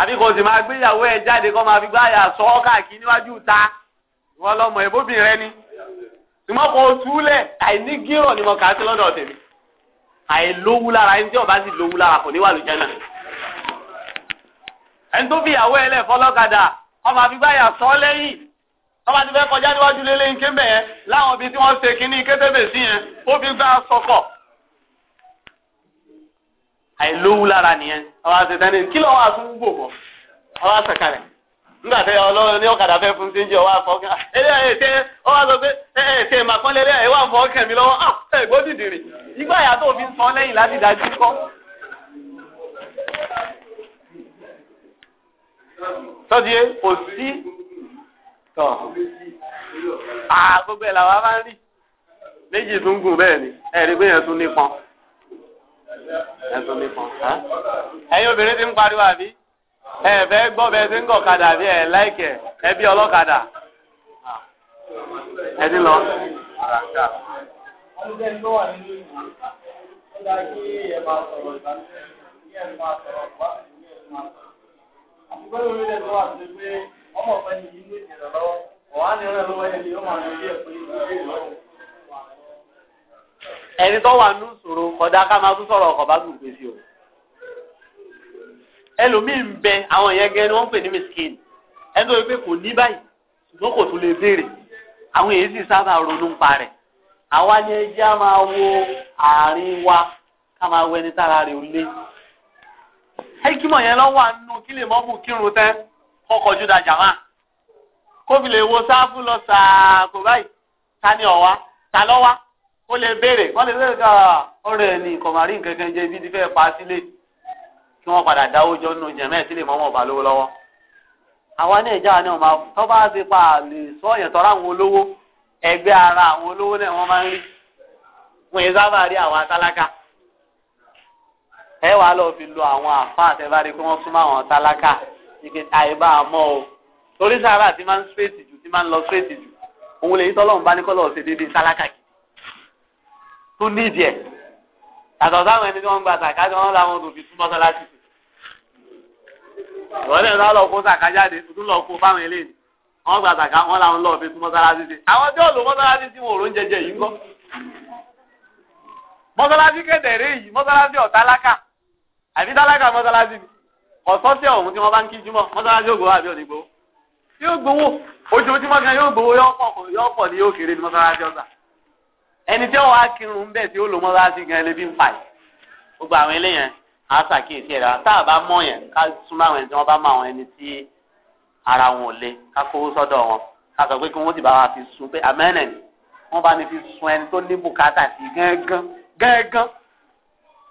àbí kò sì máa gbéyàwó ẹ jáde kó máa fi gbáyà sọ káàkiri níwájú ta wọn lọmọ ìbóbìnrin rẹ ni tùmọ̀ kò túlẹ̀ àìní gírọ̀ ni mo kà á sí lọ́dọ̀ tèmi àìlówú lára ẹni tí ọba sì lówú lára kò ní wà lójẹ́ náà ẹni tó fi ìyàwó ẹ lẹ̀ fọlọ́kadà ọmọ àfigbáyà sọ lẹ́yìn ọba ti fẹ́ kọjá níwájú lélẹ́yìn kébẹ̀ yẹn láwọn ibi tí wọ́n ṣe kínní kébébè sí yẹn ó fi gbá sọkọ̀ àìlówó lára nìyẹn àwọn àtẹ̀tẹ̀ni kí lọ́wọ́ àtún gbò bọ̀ ọwọ́ àtẹ̀kalẹ̀ nígbà tẹ ọlọ́run ní ọ̀kadà fẹ́ fún ṣéńjì ọwọ́ àfọkàn ẹlẹ́ ẹ̀ tẹ ọwọ́ sọ pé eh, eh, ah, ẹ ẹ tẹ màkàn lẹ́lẹ́ ẹ̀ wà fọ́ kẹ̀mí lọ́wọ́ ẹ gbódì dìrì ìgbà yà tó fi sàn lẹ́yìn láti dájú kọ́. sọ́dí ẹ kò sí tọ̀ àgbègbè ah, làwọn máa ń rí méjì tún gùn bẹ́ẹ̀ ni ẹ̀rí pé yẹn tún nípọn. ẹ̀sùn obìnrin ti ń pariwo àbí ẹ fẹ́ gbọ́ bẹ́ẹ̀ ti ń kadà ẹni tó wà nù sòrò kọ̀dá ká máa tún sọ̀rọ̀ ọkọ̀ bá gùn pé sí o ẹlòmíì ń bẹ àwọn yẹn ni pè ní miskin ẹni tó kò ní báyìí ṣùgbọ́n lè béèrè àwọn èyí sábà ronú ń àwa ni ẹjẹ́ á máa wo àárín wa ká máa ẹni tára rẹ̀ ò lé yẹn lọ́wọ́ àánú kí lè mọ́ kírun tẹ́ jù dájà máa ó lè béèrè wọ́n lè béèrè ká ọ̀rọ̀ ẹ̀ ní kọ̀márì nkankan jẹ́ ibi tí fẹ́ pa sílé kí wọ́n padà dáwó jọ nínú jẹ̀mẹ́ sílé mọ́mọ́ ọ̀bà lówó lọ́wọ́. àwa ní ìjà ni ọ̀ma tó bá ti pa àlè sọ́ọ̀yàn tọ́ra àwọn olówó ẹgbẹ́ ara àwọn olówó náà wọ́n máa ń rí wọn yẹn sábà rí àwa tálákà ẹ wàá lọ fi lo àwọn àfáà tẹ bá rí pé wọ́n súnmọ́ àwọn tálákà ike àìbá àmọ́ o torí tún ní ìdí ẹ̀ sáwọn ẹni tí wọ́n ń gba sàkáàdì wọn làwọn tó fi tún mọ́sálásí ìwọ́n lè lọ́ọ́ lọ kó sàkájáde tún lọ kó fáwọn eléyìí wọ́n gba sàká wọn làwọn lọ́ọ́ fi tún mọ́sálásí sí àwọn tí ó lò mọ́sálásí sí wọn ò rón jẹjẹ yìí ń kọ́ mọ́sálásí kẹ̀dẹ̀rẹ́ yìí mọ́sálásí ọ̀tálákà àbí tálákà mọ́sálásí ni ọ̀sán sí ọ̀hún tí wọ́n bá ń kí jùmọ̀ mọ́sálásí ògbówó àbí òdìgbò yóò gbowó ojoojúmọ́ kan yóò gbowó yọ̀ọ̀pọ̀ ni yóò kéré ní mọ́sálásí ọ̀sà ẹni tí wọn wá kírun ń bẹ tí ó lò mọ láti gan ẹni bí ń pa yìí gbogbo àwọn eléyẹn á ṣàkíyèsí ẹ̀rọ tá a bá mọ̀ yẹn ká súnmọ́ àwọn ẹni tí wọ́n bá mọ̀ àwọn ẹni tí ara wọn ò le ká kówó sọ́dọ̀ wọn ká sọ pé kí wọ́n sì bá wa fi sun pé amẹ́nẹ̀ ni wọ́n bá ní fi sun ẹni tó ní bùkátà sí gángan gángan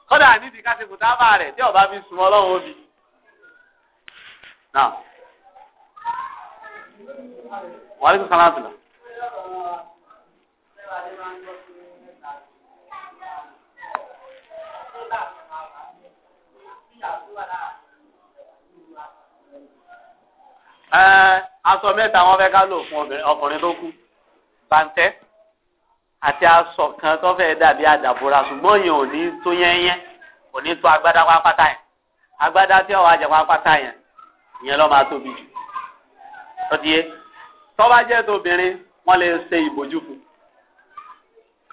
kódà nídìí ká ṣe kò tábà rẹ̀ tí ọba fi sun ọlọ́run òbí. wàhálà sọ́kànlá àtùlọ̀. aṣọ mẹ́ta wọ́n fẹ́ ká lò fún ọkùnrin tó kú pàǹtẹ́ àti aṣọ kan tó fẹ́ dàbí àdàbòrà ṣùgbọ́n yẹn ò ní tó yẹ́nyẹ́ kò ní tó agbádá pápátá yẹn agbádá tí ọ̀wá jẹ pápátá yẹn ìyẹn lọ́ máa tóbi jù tọ́díyé tọ́ba jẹ́ tóbìnrin wọ́n lè ṣe ìbòjú fún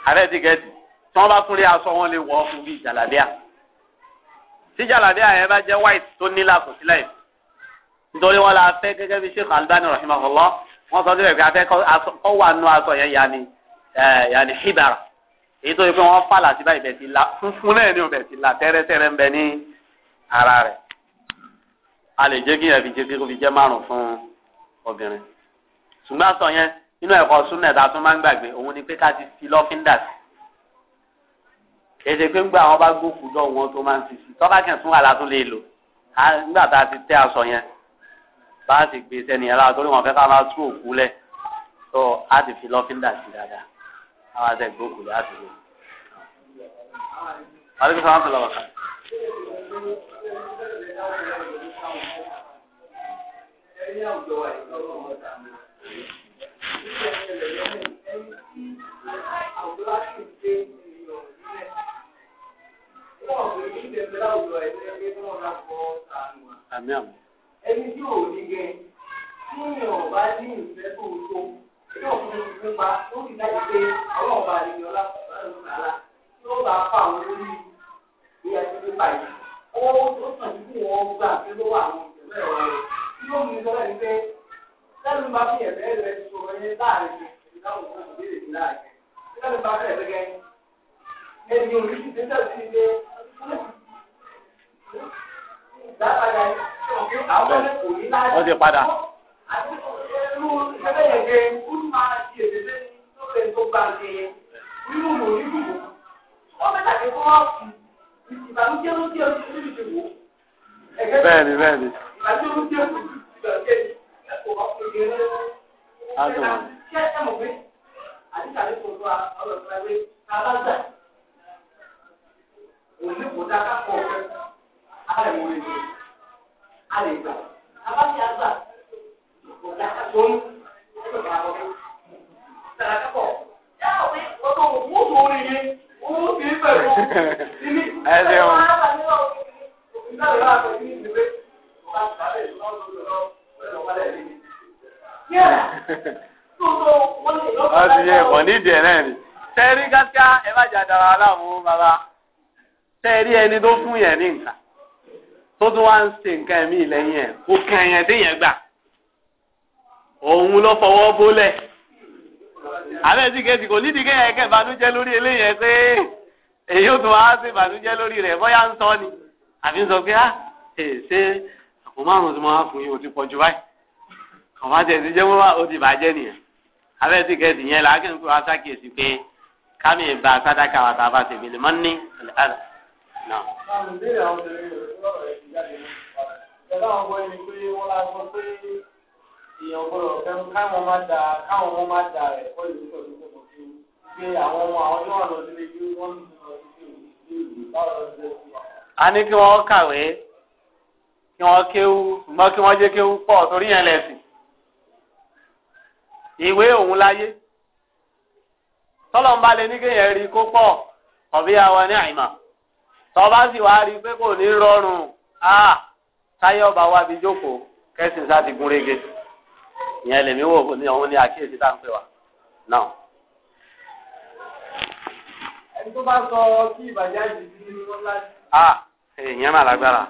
ààrẹ tìkẹ́tì tí wọ́n bá tún rí aṣọ wọn lè wọ̀ ọ́ fún bíi jàlábíà tíjàlàbí àyẹ̀ bá jẹ́ white tó nílà kò sí láì nítorí wọn la fẹ́ gẹ́gẹ́ bí Sheikh Albani rahimahullah wọn sọ síbẹ̀ pé afẹ́ kọ́ wà nù aṣọ yẹn yanni yanni hibara èyí tó yẹ pé wọ́n fàlà sí báyìí bẹ̀ ti la funfun náà ni o bẹ̀ ti la tẹ́rẹ́tẹ́rẹ́ ń bẹ ní ara rẹ̀ a lè jẹ́ kí ẹ̀fí jẹ́ kí kò fi jẹ́ márùn fún obìnrin ṣùgbọ́n aṣọ yẹn nínú ẹ̀kọ́ súnẹ̀ tá máa ń gbàgbé òun ni pé ká ti fi lọ́fíńdà sí èdè pé ńgbà wọn bá gbókùú dọ̀ wọn tó máa ń sisi tọ́ba kẹ̀ tún wà látún lè lò nígbà tá a ti tẹ́ aṣọ yẹn bá a ti gbé sẹ́ni yẹn lára torí fẹ́ ká máa tú òkú lẹ̀ tó a ti fi lọ́fíńdà sí dáadáa àwọn àti gbókùú lẹ̀ a ti lò. wàlúùkù sọ wọn fi lọ́wọ́ kan. Thank you. Àmì àmì. Ẹni tí ò ní gẹ, tí èèyàn ò bá ní ìfẹ́ tó o tó, yóò fún mi nípa ó sì dájú pé ọlọ́ọ̀bá àlejò ọlá tí ó bá fà wọ́n lórí ìyá tí ó bá yìí. Ó ó sàn sí fún wọn gbà pé ló wà àwọn ìjọba ẹ̀rọ rẹ̀. Tí ó mi sọ́lá ni pé sẹ́nu bá fi ẹ̀fẹ́ rẹ̀ sọ ẹni láàrin ìdáhùn fún ìbéèrè láàrin. Sẹ́nu bá fẹ́ ẹ̀fẹ́ gẹ́ ẹni orí ti tẹ́tẹ́ sí ilé wọ́n padà. bẹ́ẹ̀ni bẹ́ẹ̀ni. Adùn òní kò dá ká kọ̀ ọ̀fẹ́ alẹ́ mo lè lò alẹ́ gbà abáfi àgbà kò dá ká tó ń tó bá lọ sara ká kọ̀ yá òwe ọtọ òwú tó rí yé owó tó ń bẹ̀rù ìní ẹ̀sẹ̀ wọn. Ọ̀sìn yẹn kò ní ìdí ẹ̀ náà ni. Tẹ́rí gáṣíá ẹ má jà dára aláàmú bàbá tẹ́ rí ẹni tó fún yẹn ní nǹkan tó tún wá ń ṣe nǹkan ẹ̀mí lẹ́yìn ẹ̀ kó kàn yẹn déyẹn gbà òun ló fọwọ́ bólẹ̀ àbẹ́ tí kejì kò nídìí kẹ́yẹ kẹ́ ìbànújẹ́ lórí eléyẹn pé èyí ó tún wá sí ìbànújẹ́ lórí rẹ̀ bóyá ń sọ ni àbí ń sọ pé á ah, ṣe àpò márùn-ún tí mo máa fún yín ó ti pọ̀ jù báyìí àwọn àti ẹ̀sìn jẹ́ mọ́ ó ti bàjẹ́ nìyẹn abẹ́ ti kẹ́sì yẹn làákẹ́ ń kó aṣákìyèsí pé kámi ìbá sádàkà wà tá a bá ṣe ìbílẹ̀ mọ́ ní àlẹ́ ìbéèrè àwọn obìnrin rẹ̀ o. A ní kí wọ́n kàwé kí wọ́n kéwú ṣùgbọ́n kí wọ́n jẹ́ kéwú pọ̀ yẹn Ìwé òun Tọ́lọ̀ ní kéèyàn rí kó pọ̀ ọ̀bí tọ́ba sì wá rí i pé kò ní rọrùn á táyọ̀ bá wá bí jókòó kẹ́sìn sá ti gún régé ìyẹn lèmi wò ní òun ní àkíyèsí tá à ń pè wá náà. ẹni tó bá sọ kí ìbàjẹ́ àjèjì ní wọ́n láti. a èèyàn mà lágbára.